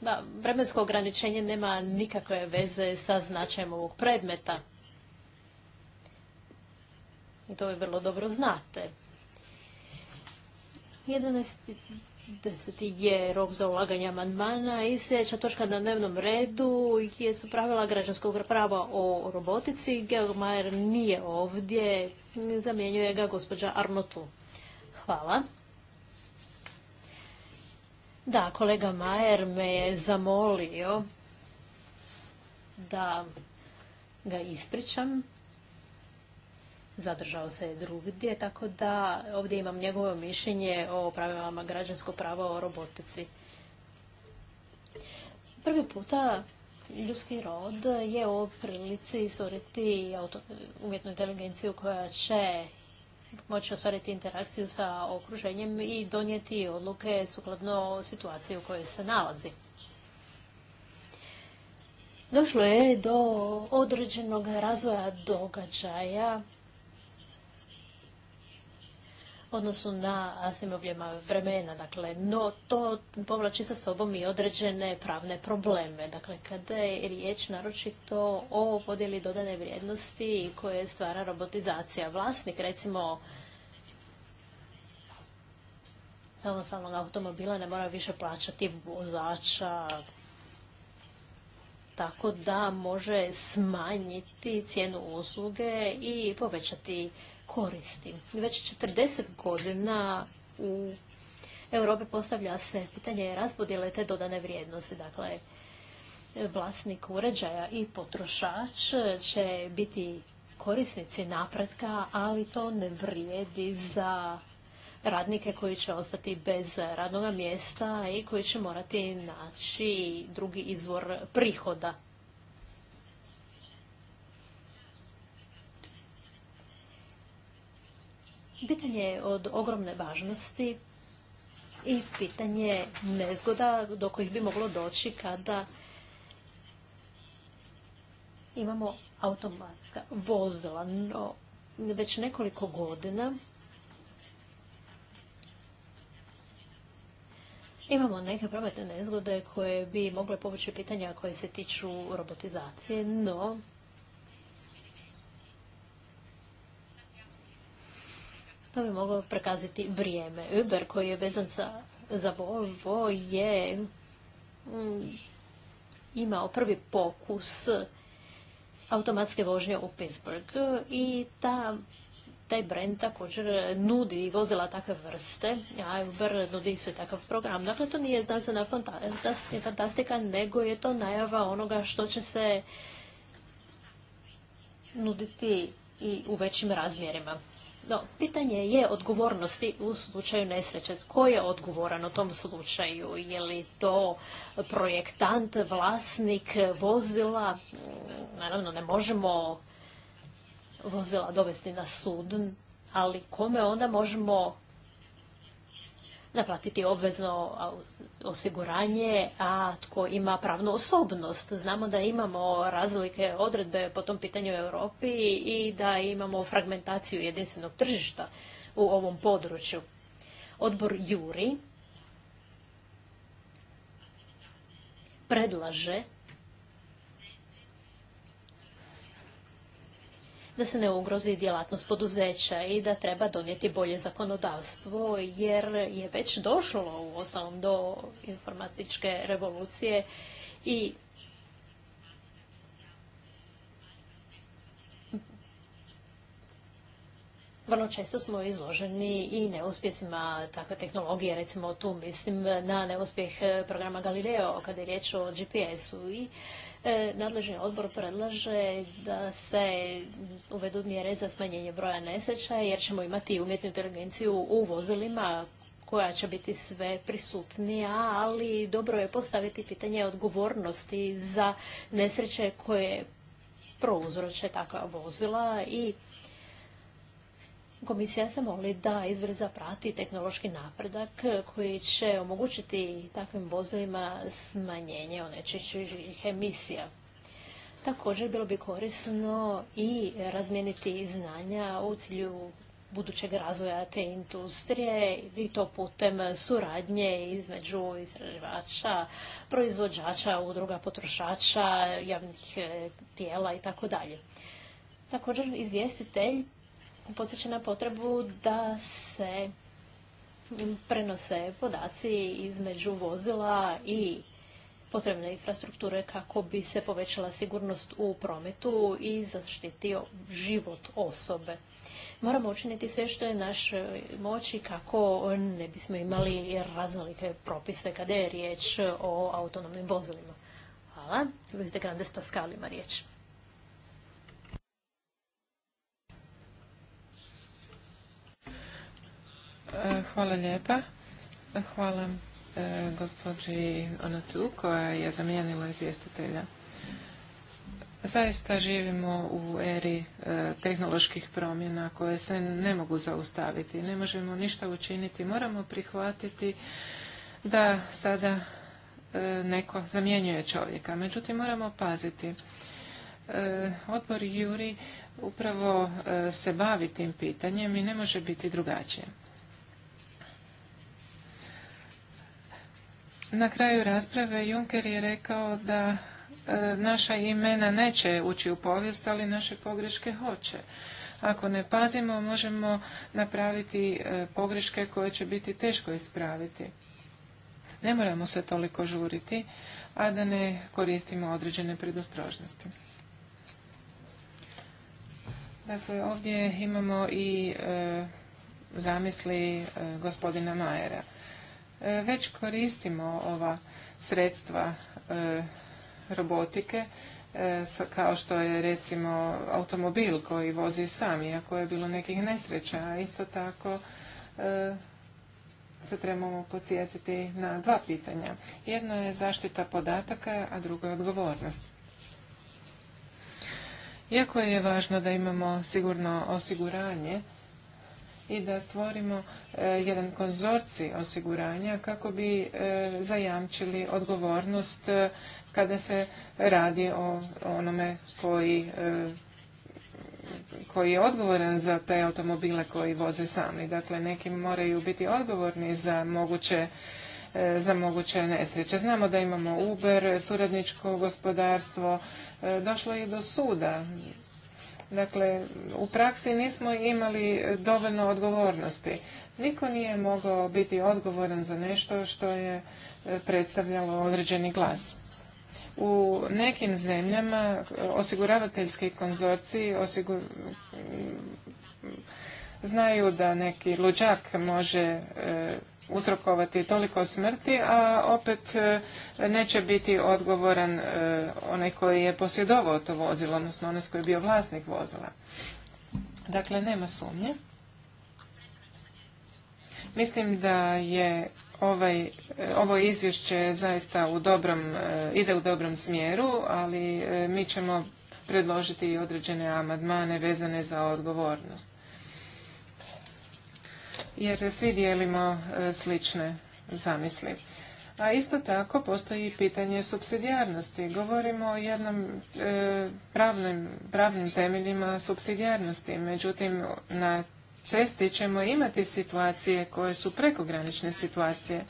Da, vremensko ograničenje nema nikakve veze sa značajem ovog predmeta. I to vi vrlo dobro znate. 11. 10. je rok za ulaganje amandmana i sljedeća točka na dnevnom redu je su pravila građanskog prava o robotici. Georg Mayer nije ovdje, zamjenjuje ga gospođa Arnotu. Hvala. Da, kolega Majer me je zamolio da ga ispričam zadržao se drugdje, tako da ovdje imam njegovo mišljenje o pravilama građansko pravo o robotici. Prvi puta ljudski rod je u prilici stvoriti umjetnu inteligenciju koja će moći ostvariti interakciju sa okruženjem i donijeti odluke sukladno situaciji u kojoj se nalazi. Došlo je do određenog razvoja događaja odnosu na raznim vremena. Dakle, no to povlači sa sobom i određene pravne probleme. Dakle, kada je riječ naročito o podjeli dodane vrijednosti koje stvara robotizacija. Vlasnik, recimo, samostalnog automobila ne mora više plaćati vozača, tako da može smanjiti cijenu usluge i povećati koristi. Već 40 godina u Europi postavlja se pitanje raspodjele te dodane vrijednosti. Dakle, vlasnik uređaja i potrošač će biti korisnici napretka, ali to ne vrijedi za radnike koji će ostati bez radnog mjesta i koji će morati naći drugi izvor prihoda. Pitanje je od ogromne važnosti i pitanje nezgoda do kojih bi moglo doći kada imamo automatska vozila. No, već nekoliko godina Imamo neke prometne nezgode koje bi mogle povući pitanja koje se tiču robotizacije, no to bi moglo prekaziti vrijeme. Uber koji je vezan za, za je mm, imao prvi pokus automatske vožnje u Pittsburgh i ta taj brend također nudi i vozila takve vrste, a Uber nudi sve takav program. Dakle, to nije znanstvena fantastika, nego je to najava onoga što će se nuditi i u većim razmjerima. No, pitanje je odgovornosti u slučaju nesreće. Tko je odgovoran u tom slučaju? Je li to projektant, vlasnik vozila? Naravno, ne možemo vozila dovesti na sud, ali kome onda možemo naplatiti obvezno osiguranje, a tko ima pravnu osobnost. Znamo da imamo razlike odredbe po tom pitanju u Europi i da imamo fragmentaciju jedinstvenog tržišta u ovom području. Odbor Juri predlaže da se ne ugrozi djelatnost poduzeća i da treba donijeti bolje zakonodavstvo jer je već došlo u osnovom do informatičke revolucije i Vrlo često smo izloženi i neuspjesima takve tehnologije, recimo tu mislim na neuspjeh programa Galileo kada je riječ o GPS-u i E, nadležni odbor predlaže da se uvedu mjere za smanjenje broja nesreća jer ćemo imati umjetnu inteligenciju u vozilima koja će biti sve prisutnija, ali dobro je postaviti pitanje odgovornosti za nesreće koje prouzroče takva vozila i Komisija se moli da izvrza prati tehnološki napredak koji će omogućiti takvim vozilima smanjenje onečišćujućih emisija. Također bilo bi korisno i razmijeniti znanja u cilju budućeg razvoja te industrije i to putem suradnje između istraživača, proizvođača, udruga potrošača, javnih tijela i tako dalje. Također izvjestitelj podsjeća na potrebu da se prenose podaci između vozila i potrebne infrastrukture kako bi se povećala sigurnost u prometu i zaštitio život osobe. Moramo učiniti sve što je naš moći kako ne bismo imali raznolike propise kada je riječ o autonomnim vozilima. Hvala. Luis de Grandes Pascal riječ. Hvala lijepa. Hvala e, gospođi Onacu koja je zamijenila izvjestitelja. Zaista živimo u eri e, tehnoloških promjena koje se ne mogu zaustaviti. Ne možemo ništa učiniti. Moramo prihvatiti da sada e, neko zamjenjuje čovjeka. Međutim, moramo paziti. E, odbor Juri upravo se bavi tim pitanjem i ne može biti drugačije. Na kraju rasprave Juncker je rekao da e, naša imena neće ući u povijest, ali naše pogreške hoće. Ako ne pazimo, možemo napraviti e, pogreške koje će biti teško ispraviti. Ne moramo se toliko žuriti, a da ne koristimo određene predostrožnosti. Dakle, ovdje imamo i e, zamisli gospodina Majera. E, već koristimo ova sredstva e, robotike e, kao što je recimo automobil koji vozi sam iako je bilo nekih nesreća. Isto tako se trebamo podsjetiti na dva pitanja. Jedno je zaštita podataka, a drugo je odgovornost. Iako je važno da imamo sigurno osiguranje, i da stvorimo e, jedan konzorci osiguranja kako bi e, zajamčili odgovornost e, kada se radi o onome koji koji je odgovoran za te automobile koji voze sami. Dakle, neki moraju biti odgovorni za moguće za moguće nesreće. Znamo da imamo Uber, suradničko gospodarstvo, došlo je do suda Dakle, u praksi nismo imali dovoljno odgovornosti. Niko nije mogao biti odgovoran za nešto što je e, predstavljalo određeni glas. U nekim zemljama e, osiguravateljski konzorci znaju da neki luđak može e, uzrokovati toliko smrti, a opet e, neće biti odgovoran e, onaj koji je posjedovao to vozilo, odnosno onaj koji je bio vlasnik vozila. Dakle, nema sumnje. Mislim da je ovaj, e, ovo izvješće zaista u dobrom, ide u dobrom smjeru, ali mi ćemo predložiti i određene amandmane vezane za odgovornost jer svi dijelimo e, slične zamisli. A isto tako postoji pitanje subsidijarnosti. Govorimo o jednom e, pravnim, temeljima subsidijarnosti. Međutim, na cesti ćemo imati situacije koje su prekogranične situacije.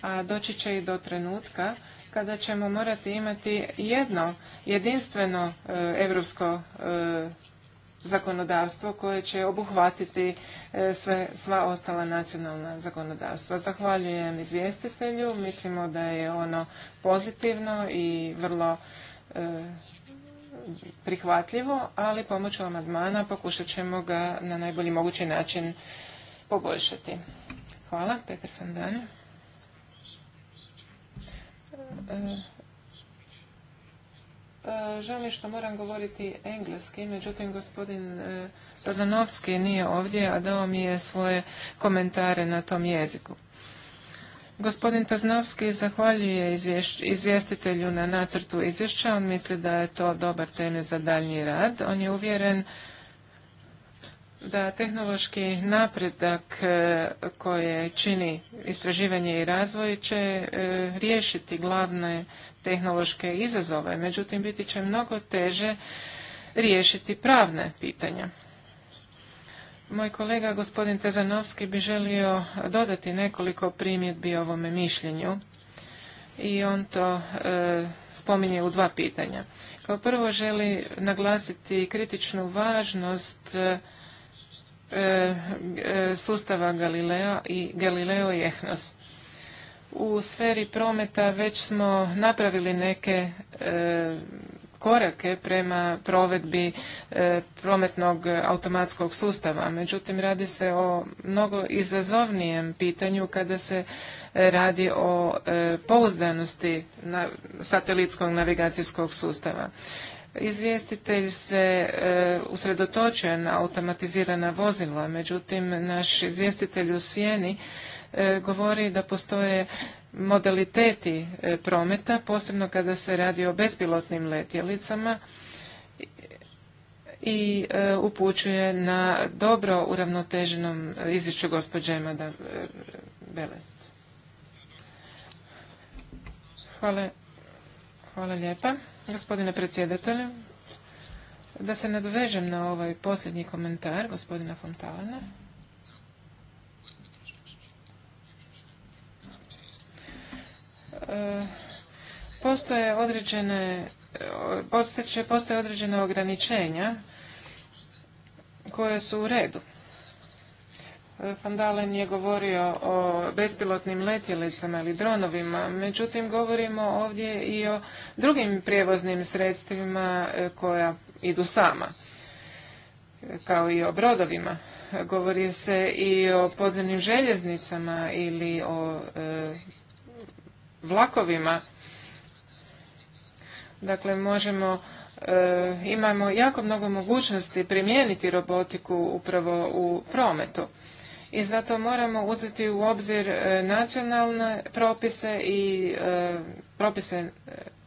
A doći će i do trenutka kada ćemo morati imati jedno jedinstveno europsko e, zakonodavstvo koje će obuhvatiti e, sve, sva ostala nacionalna zakonodavstva. Zahvaljujem izvjestitelju, mislimo da je ono pozitivno i vrlo e, prihvatljivo, ali pomoću amandmana pokušat ćemo ga na najbolji mogući način poboljšati. Hvala, Petar E, žao mi što moram govoriti engleski, međutim gospodin e, Tazanovski nije ovdje, a dao mi je svoje komentare na tom jeziku. Gospodin Tazanovski zahvaljuje izvjestitelju na nacrtu izvješća. On misli da je to dobar temelj za daljnji rad. On je uvjeren da tehnološki napredak e, koje čini istraživanje i razvoj će e, riješiti glavne tehnološke izazove, međutim biti će mnogo teže riješiti pravne pitanja. Moj kolega gospodin Tezanovski bi želio dodati nekoliko primjedbi ovome mišljenju i on to e, spominje u dva pitanja. Kao prvo želi naglasiti kritičnu važnost E, e, sustava Galileo i Galileo i EHNOS. U sferi prometa već smo napravili neke e, korake prema provedbi prometnog automatskog sustava. Međutim, radi se o mnogo izazovnijem pitanju kada se radi o pouzdanosti satelitskog navigacijskog sustava. Izvjestitelj se e, usredotočuje na automatizirana vozila, međutim naš izvjestitelj u Sjeni e, govori da postoje modaliteti e, prometa, posebno kada se radi o bespilotnim letjelicama i upućuje na dobro uravnoteženom izvješću gospođe Emada Belest. hvala lijepa. Gospodine predsjedatelju, da se nadovežem na ovaj posljednji komentar gospodina Fontana. E, postoje određene određena ograničenja koje su u redu. Van Dalen je govorio o bespilotnim letjelicama ili dronovima, međutim govorimo ovdje i o drugim prijevoznim sredstvima e, koja idu sama, kao i o brodovima. Govori se i o podzemnim željeznicama ili o e, vlakovima. Dakle, možemo e, imamo jako mnogo mogućnosti primijeniti robotiku upravo u prometu i zato moramo uzeti u obzir e, nacionalne propise i e, propise e,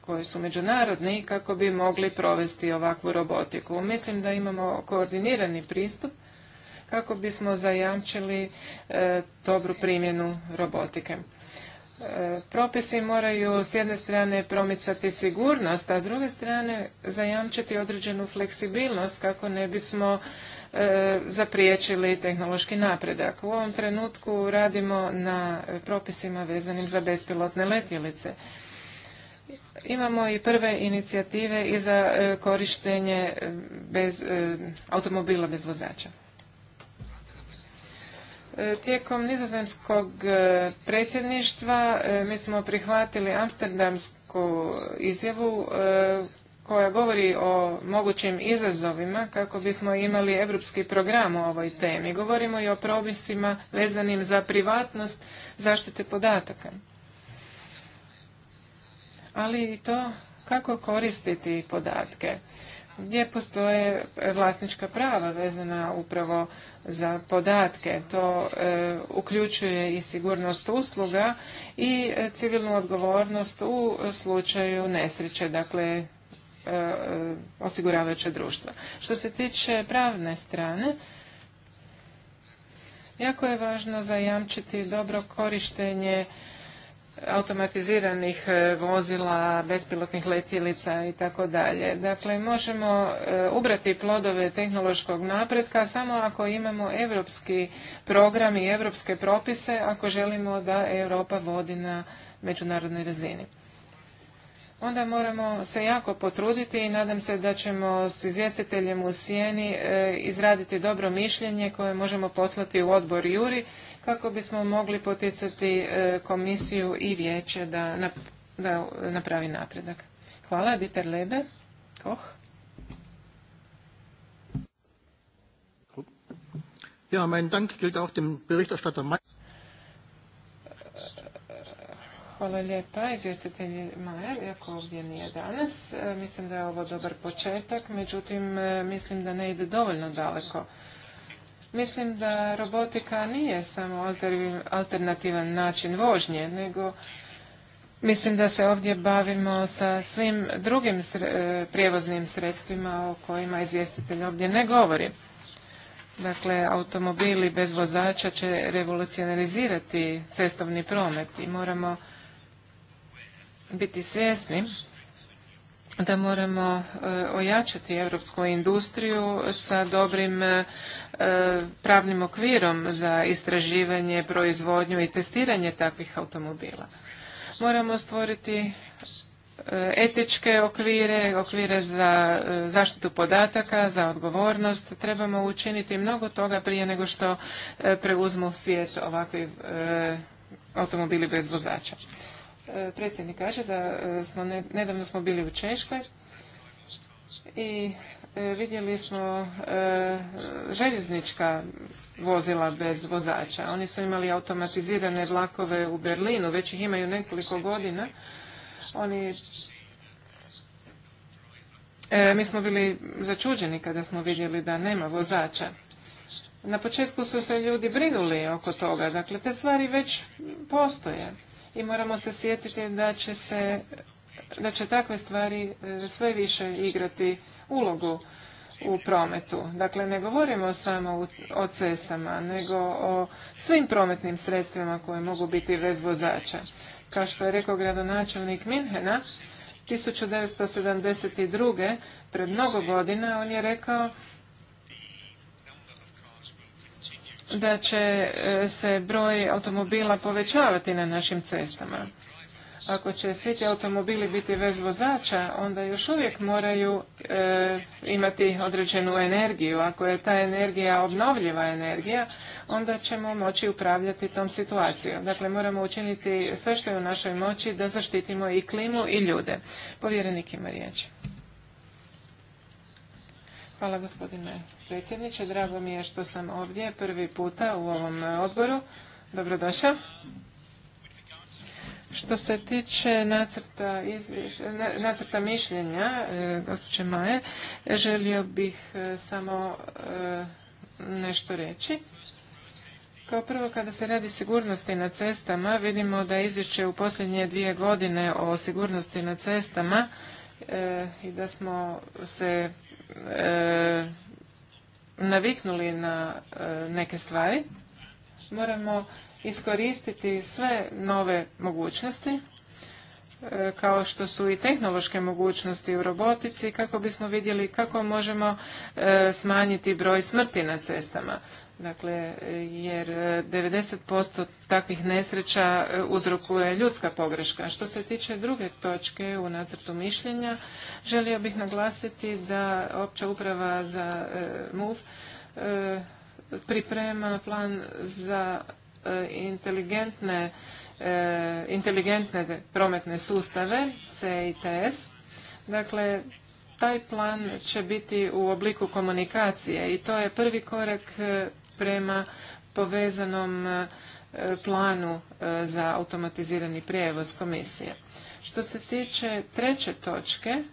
koje su međunarodni kako bi mogli provesti ovakvu robotiku. Mislim da imamo koordinirani pristup kako bismo zajamčili dobru primjenu robotike. propisi moraju s jedne strane promicati sigurnost, a s druge strane zajamčiti određenu fleksibilnost kako ne bismo E, zapriječili tehnološki napredak. U ovom trenutku radimo na propisima vezanim za bespilotne letjelice. Imamo i prve inicijative i za e, korištenje e, bez, automobila bez vozača. Tijekom nizozemskog predsjedništva mi smo prihvatili amsterdamsku izjavu koja govori o mogućim izazovima kako bismo imali europski program o ovoj temi. Govorimo i o propisima vezanim za privatnost zaštite podataka. Ali i to kako koristiti podatke gdje postoje vlasnička prava vezana upravo za podatke. To e, uključuje i sigurnost usluga i civilnu odgovornost u slučaju nesreće, dakle E, osiguravajuća društva. Što se tiče pravne strane, jako je važno zajamčiti dobro korištenje automatiziranih e, vozila, bespilotnih letjelica i tako dalje. Dakle, možemo e, ubrati plodove tehnološkog napretka samo ako imamo evropski program i evropske propise, ako želimo da Europa vodi na međunarodnoj razini onda moramo se jako potruditi i nadam se da ćemo s izvjestiteljem u sjeni e, izraditi dobro mišljenje koje možemo poslati u odbor Juri kako bismo mogli poticati e, komisiju i vijeće da, napravi napredak. Hvala, Dieter Lebe. Koh. Ja, mein Dank gilt auch dem Berichterstatter e, Hvala lijepa. Izvjestitelj Majer, iako ovdje nije danas, e, mislim da je ovo dobar početak, međutim e, mislim da ne ide dovoljno daleko. Mislim da robotika nije samo alternativan način vožnje, nego mislim da se ovdje bavimo sa svim drugim e, prijevoznim sredstvima o kojima izvjestitelj ovdje ne govori. Dakle, automobili bez vozača će revolucionalizirati cestovni promet i moramo biti svjesni da moramo e, ojačati europsku industriju sa dobrim e, pravnim okvirom za istraživanje, proizvodnju i testiranje takvih automobila. Moramo stvoriti e, etičke okvire, okvire za zaštitu podataka, za odgovornost. Trebamo učiniti mnogo toga prije nego što preuzmu svijet ovakvi automobili bez vozača predsjednik kaže da e, smo nedavno smo bili u Češkoj i e, vidjeli smo e, željeznička vozila bez vozača. Oni su imali automatizirane vlakove u Berlinu, već ih imaju nekoliko godina. Oni mi smo bili začuđeni kada smo vidjeli da nema vozača. Na početku su se ljudi brinuli oko toga, dakle te stvari već postoje i moramo se sjetiti da će se da će takve stvari e, sve više igrati ulogu u prometu. Dakle, ne govorimo samo o cestama, nego o svim prometnim sredstvima koje mogu biti bez vozača. Kao što je rekao gradonačelnik Minhena, 1972. pred mnogo godina on je rekao da će e, se broj automobila povećavati na našim cestama. Ako će svi ti automobili biti bez vozača, onda još uvijek moraju e, imati određenu energiju. Ako je ta energija obnovljiva energija, onda ćemo moći upravljati tom situacijom. Dakle, moramo učiniti sve što je u našoj moći da zaštitimo i klimu i ljude. Povjerenik ima riječ. Hvala gospodine predsjedniče. Drago mi je što sam ovdje prvi puta u ovom e, odboru. Dobrodošao. Što se tiče nacrta, nacrta mišljenja e, gospođe Maje, želio bih e, samo nešto reći. Kao prvo, kada se radi sigurnosti na cestama, vidimo da izvješće u posljednje dvije godine o sigurnosti na cestama i da smo se naviknuli na e, neke stvari, moramo iskoristiti sve nove mogućnosti, e, kao što su i tehnološke mogućnosti u robotici, kako bismo vidjeli kako možemo e, smanjiti broj smrti na cestama. Dakle, jer 90% e, takvih nesreća e, uzrokuje ljudska pogreška. Što se tiče druge točke u nacrtu mišljenja, želio bih naglasiti da opća uprava za e, MUF priprema plan za inteligentne, inteligentne prometne sustave CITS. Dakle, taj plan će biti u obliku komunikacije i to je prvi korak prema povezanom e, planu e, za automatizirani prijevoz komisije. Što se tiče treće točke,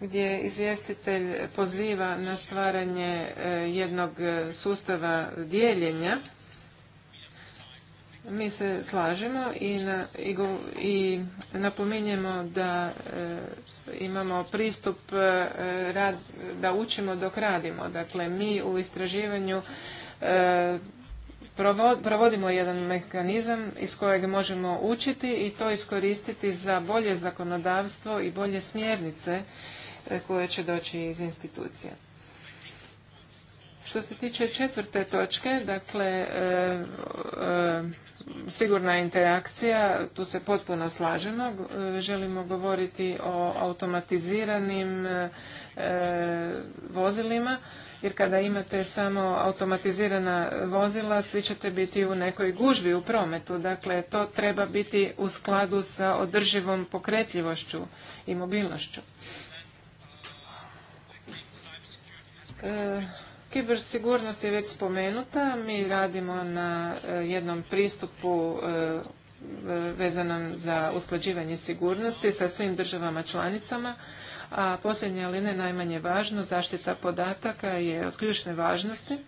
gdje izvjestitelj poziva na stvaranje e, jednog sustava dijeljenja, mi se slažemo i, i, napominjemo da imamo pristup da učimo dok radimo. Dakle, mi u istraživanju E, provodimo jedan mehanizam iz kojeg možemo učiti i to iskoristiti za bolje zakonodavstvo i bolje smjernice e, koje će doći iz institucija. Što se tiče četvrte točke, dakle, e, sigurna interakcija, tu se potpuno slažemo. E, želimo govoriti o automatiziranim e, vozilima, jer kada imate samo automatizirana vozila, svi ćete biti u nekoj gužvi u prometu. Dakle, to treba biti u skladu sa održivom pokretljivošću i mobilnošću. E, Kibersigurnost je već spomenuta. Mi radimo na e, jednom pristupu e, vezanom za usklađivanje sigurnosti sa svim državama članicama, a posljednje ali ne najmanje važno, zaštita podataka je od ključne važnosti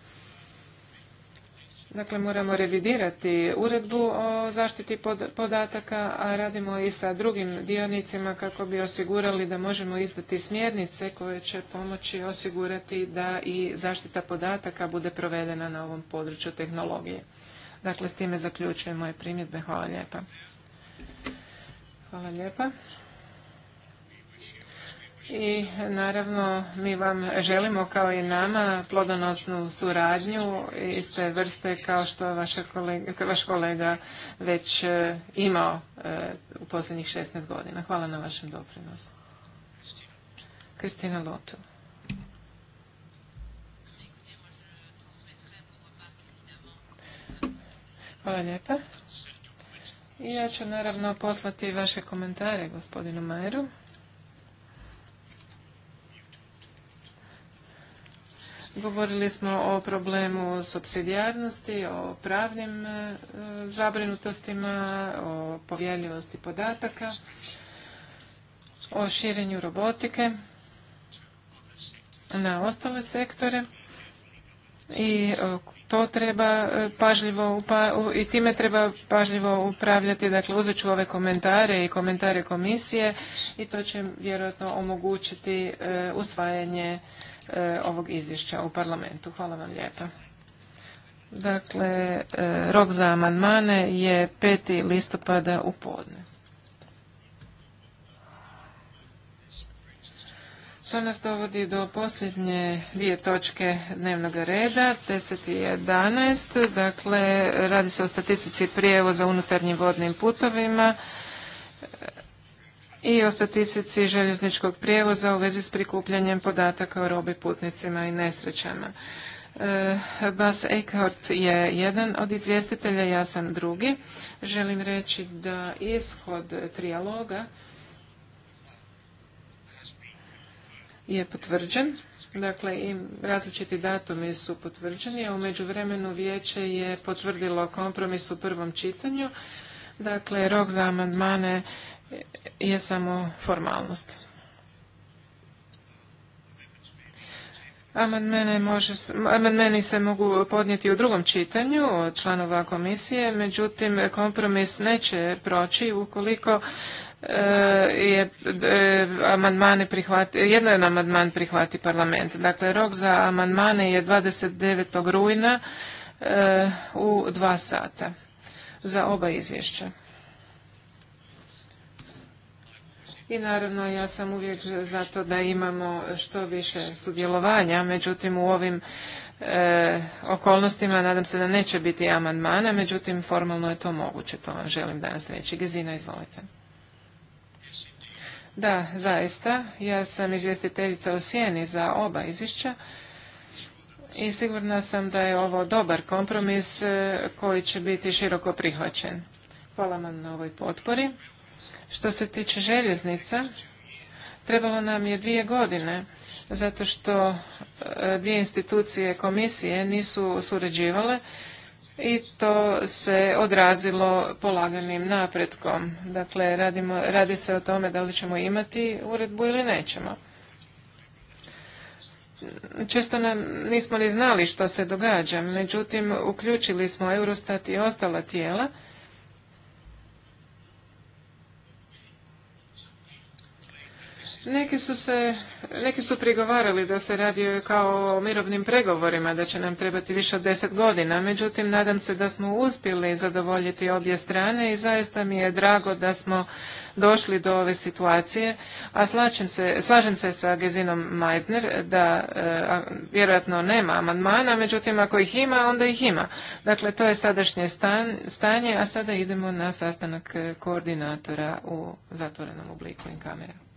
Dakle, moramo revidirati uredbu o zaštiti podataka, a radimo i sa drugim dionicima kako bi osigurali da možemo izdati smjernice koje će pomoći osigurati da i zaštita podataka bude provedena na ovom području tehnologije. Dakle, s time zaključujem i primjedbe. Hvala lijepa. Hvala lijepa. I naravno mi vam želimo kao i nama plodonosnu suradnju iste vrste kao što je vaš kolega već e, imao e, u posljednjih 16 godina. Hvala na vašem doprinosu. Kristina Lotu. Hvala lijepa. Ja ću naravno poslati vaše komentare gospodinu Majeru. Govorili smo o problemu subsidijarnosti, o pravnim e, zabrinutostima, o povjerljivosti podataka, o širenju robotike na ostale sektore i e, to treba e, pažljivo i time treba pažljivo upravljati. Dakle, uzet ću ove komentare i komentare komisije i to će vjerojatno omogućiti usvajanje E, ovog izvješća u parlamentu. Hvala vam lijepa. Dakle, e, rok za amandmane je 5. listopada u podne. To nas dovodi do posljednje dvije točke dnevnog reda, 10 i 11. Dakle, radi se o statistici prijevoza unutarnjim vodnim putovima i o statistici željezničkog prijevoza u vezi s prikupljanjem podataka o robi putnicima i nesrećama. E, Bas Eckhart je jedan od izvjestitelja, ja sam drugi. Želim reći da ishod trijaloga je potvrđen. Dakle, i različiti datumi su potvrđeni, a u međuvremenu vijeće je potvrdilo kompromis u prvom čitanju. Dakle, rok za amandmane je samo formalnost. Amandmeni se mogu podnijeti u drugom čitanju od članova komisije, međutim kompromis neće proći ukoliko e, je e, amandmane prihvati, jedan amandman prihvati parlament. Dakle, rok za amandmane je 29. rujna e, u dva sata za oba izvješća. i naravno ja sam uvijek za to da imamo što više sudjelovanja, međutim u ovim e, okolnostima nadam se da neće biti amandmana, međutim formalno je to moguće, to vam želim danas reći. Gezina, izvolite. Da, zaista, ja sam izvjestiteljica u Sijeni za oba izvješća i sigurna sam da je ovo dobar kompromis e, koji će biti široko prihvaćen. Hvala vam na ovoj potpori. Što se tiče željeznica, trebalo nam je dvije godine, zato što e, dvije institucije komisije nisu surađivale i to se odrazilo polaganim napretkom. Dakle, radimo, radi se o tome da li ćemo imati uredbu ili nećemo. Često nam nismo ni znali što se događa, međutim uključili smo Eurostat i ostala tijela Neki su, se, neki su prigovarali da se radi kao o mirovnim pregovorima, da će nam trebati više od deset godina. Međutim, nadam se da smo uspjeli zadovoljiti obje strane i zaista mi je drago da smo došli do ove situacije. A slažem se, slažem se sa Gezinom Meisner da e, vjerojatno nema amandmana, međutim ako ih ima, onda ih ima. Dakle, to je sadašnje stanje, a sada idemo na sastanak e, koordinatora u zatvorenom obliku in kamera.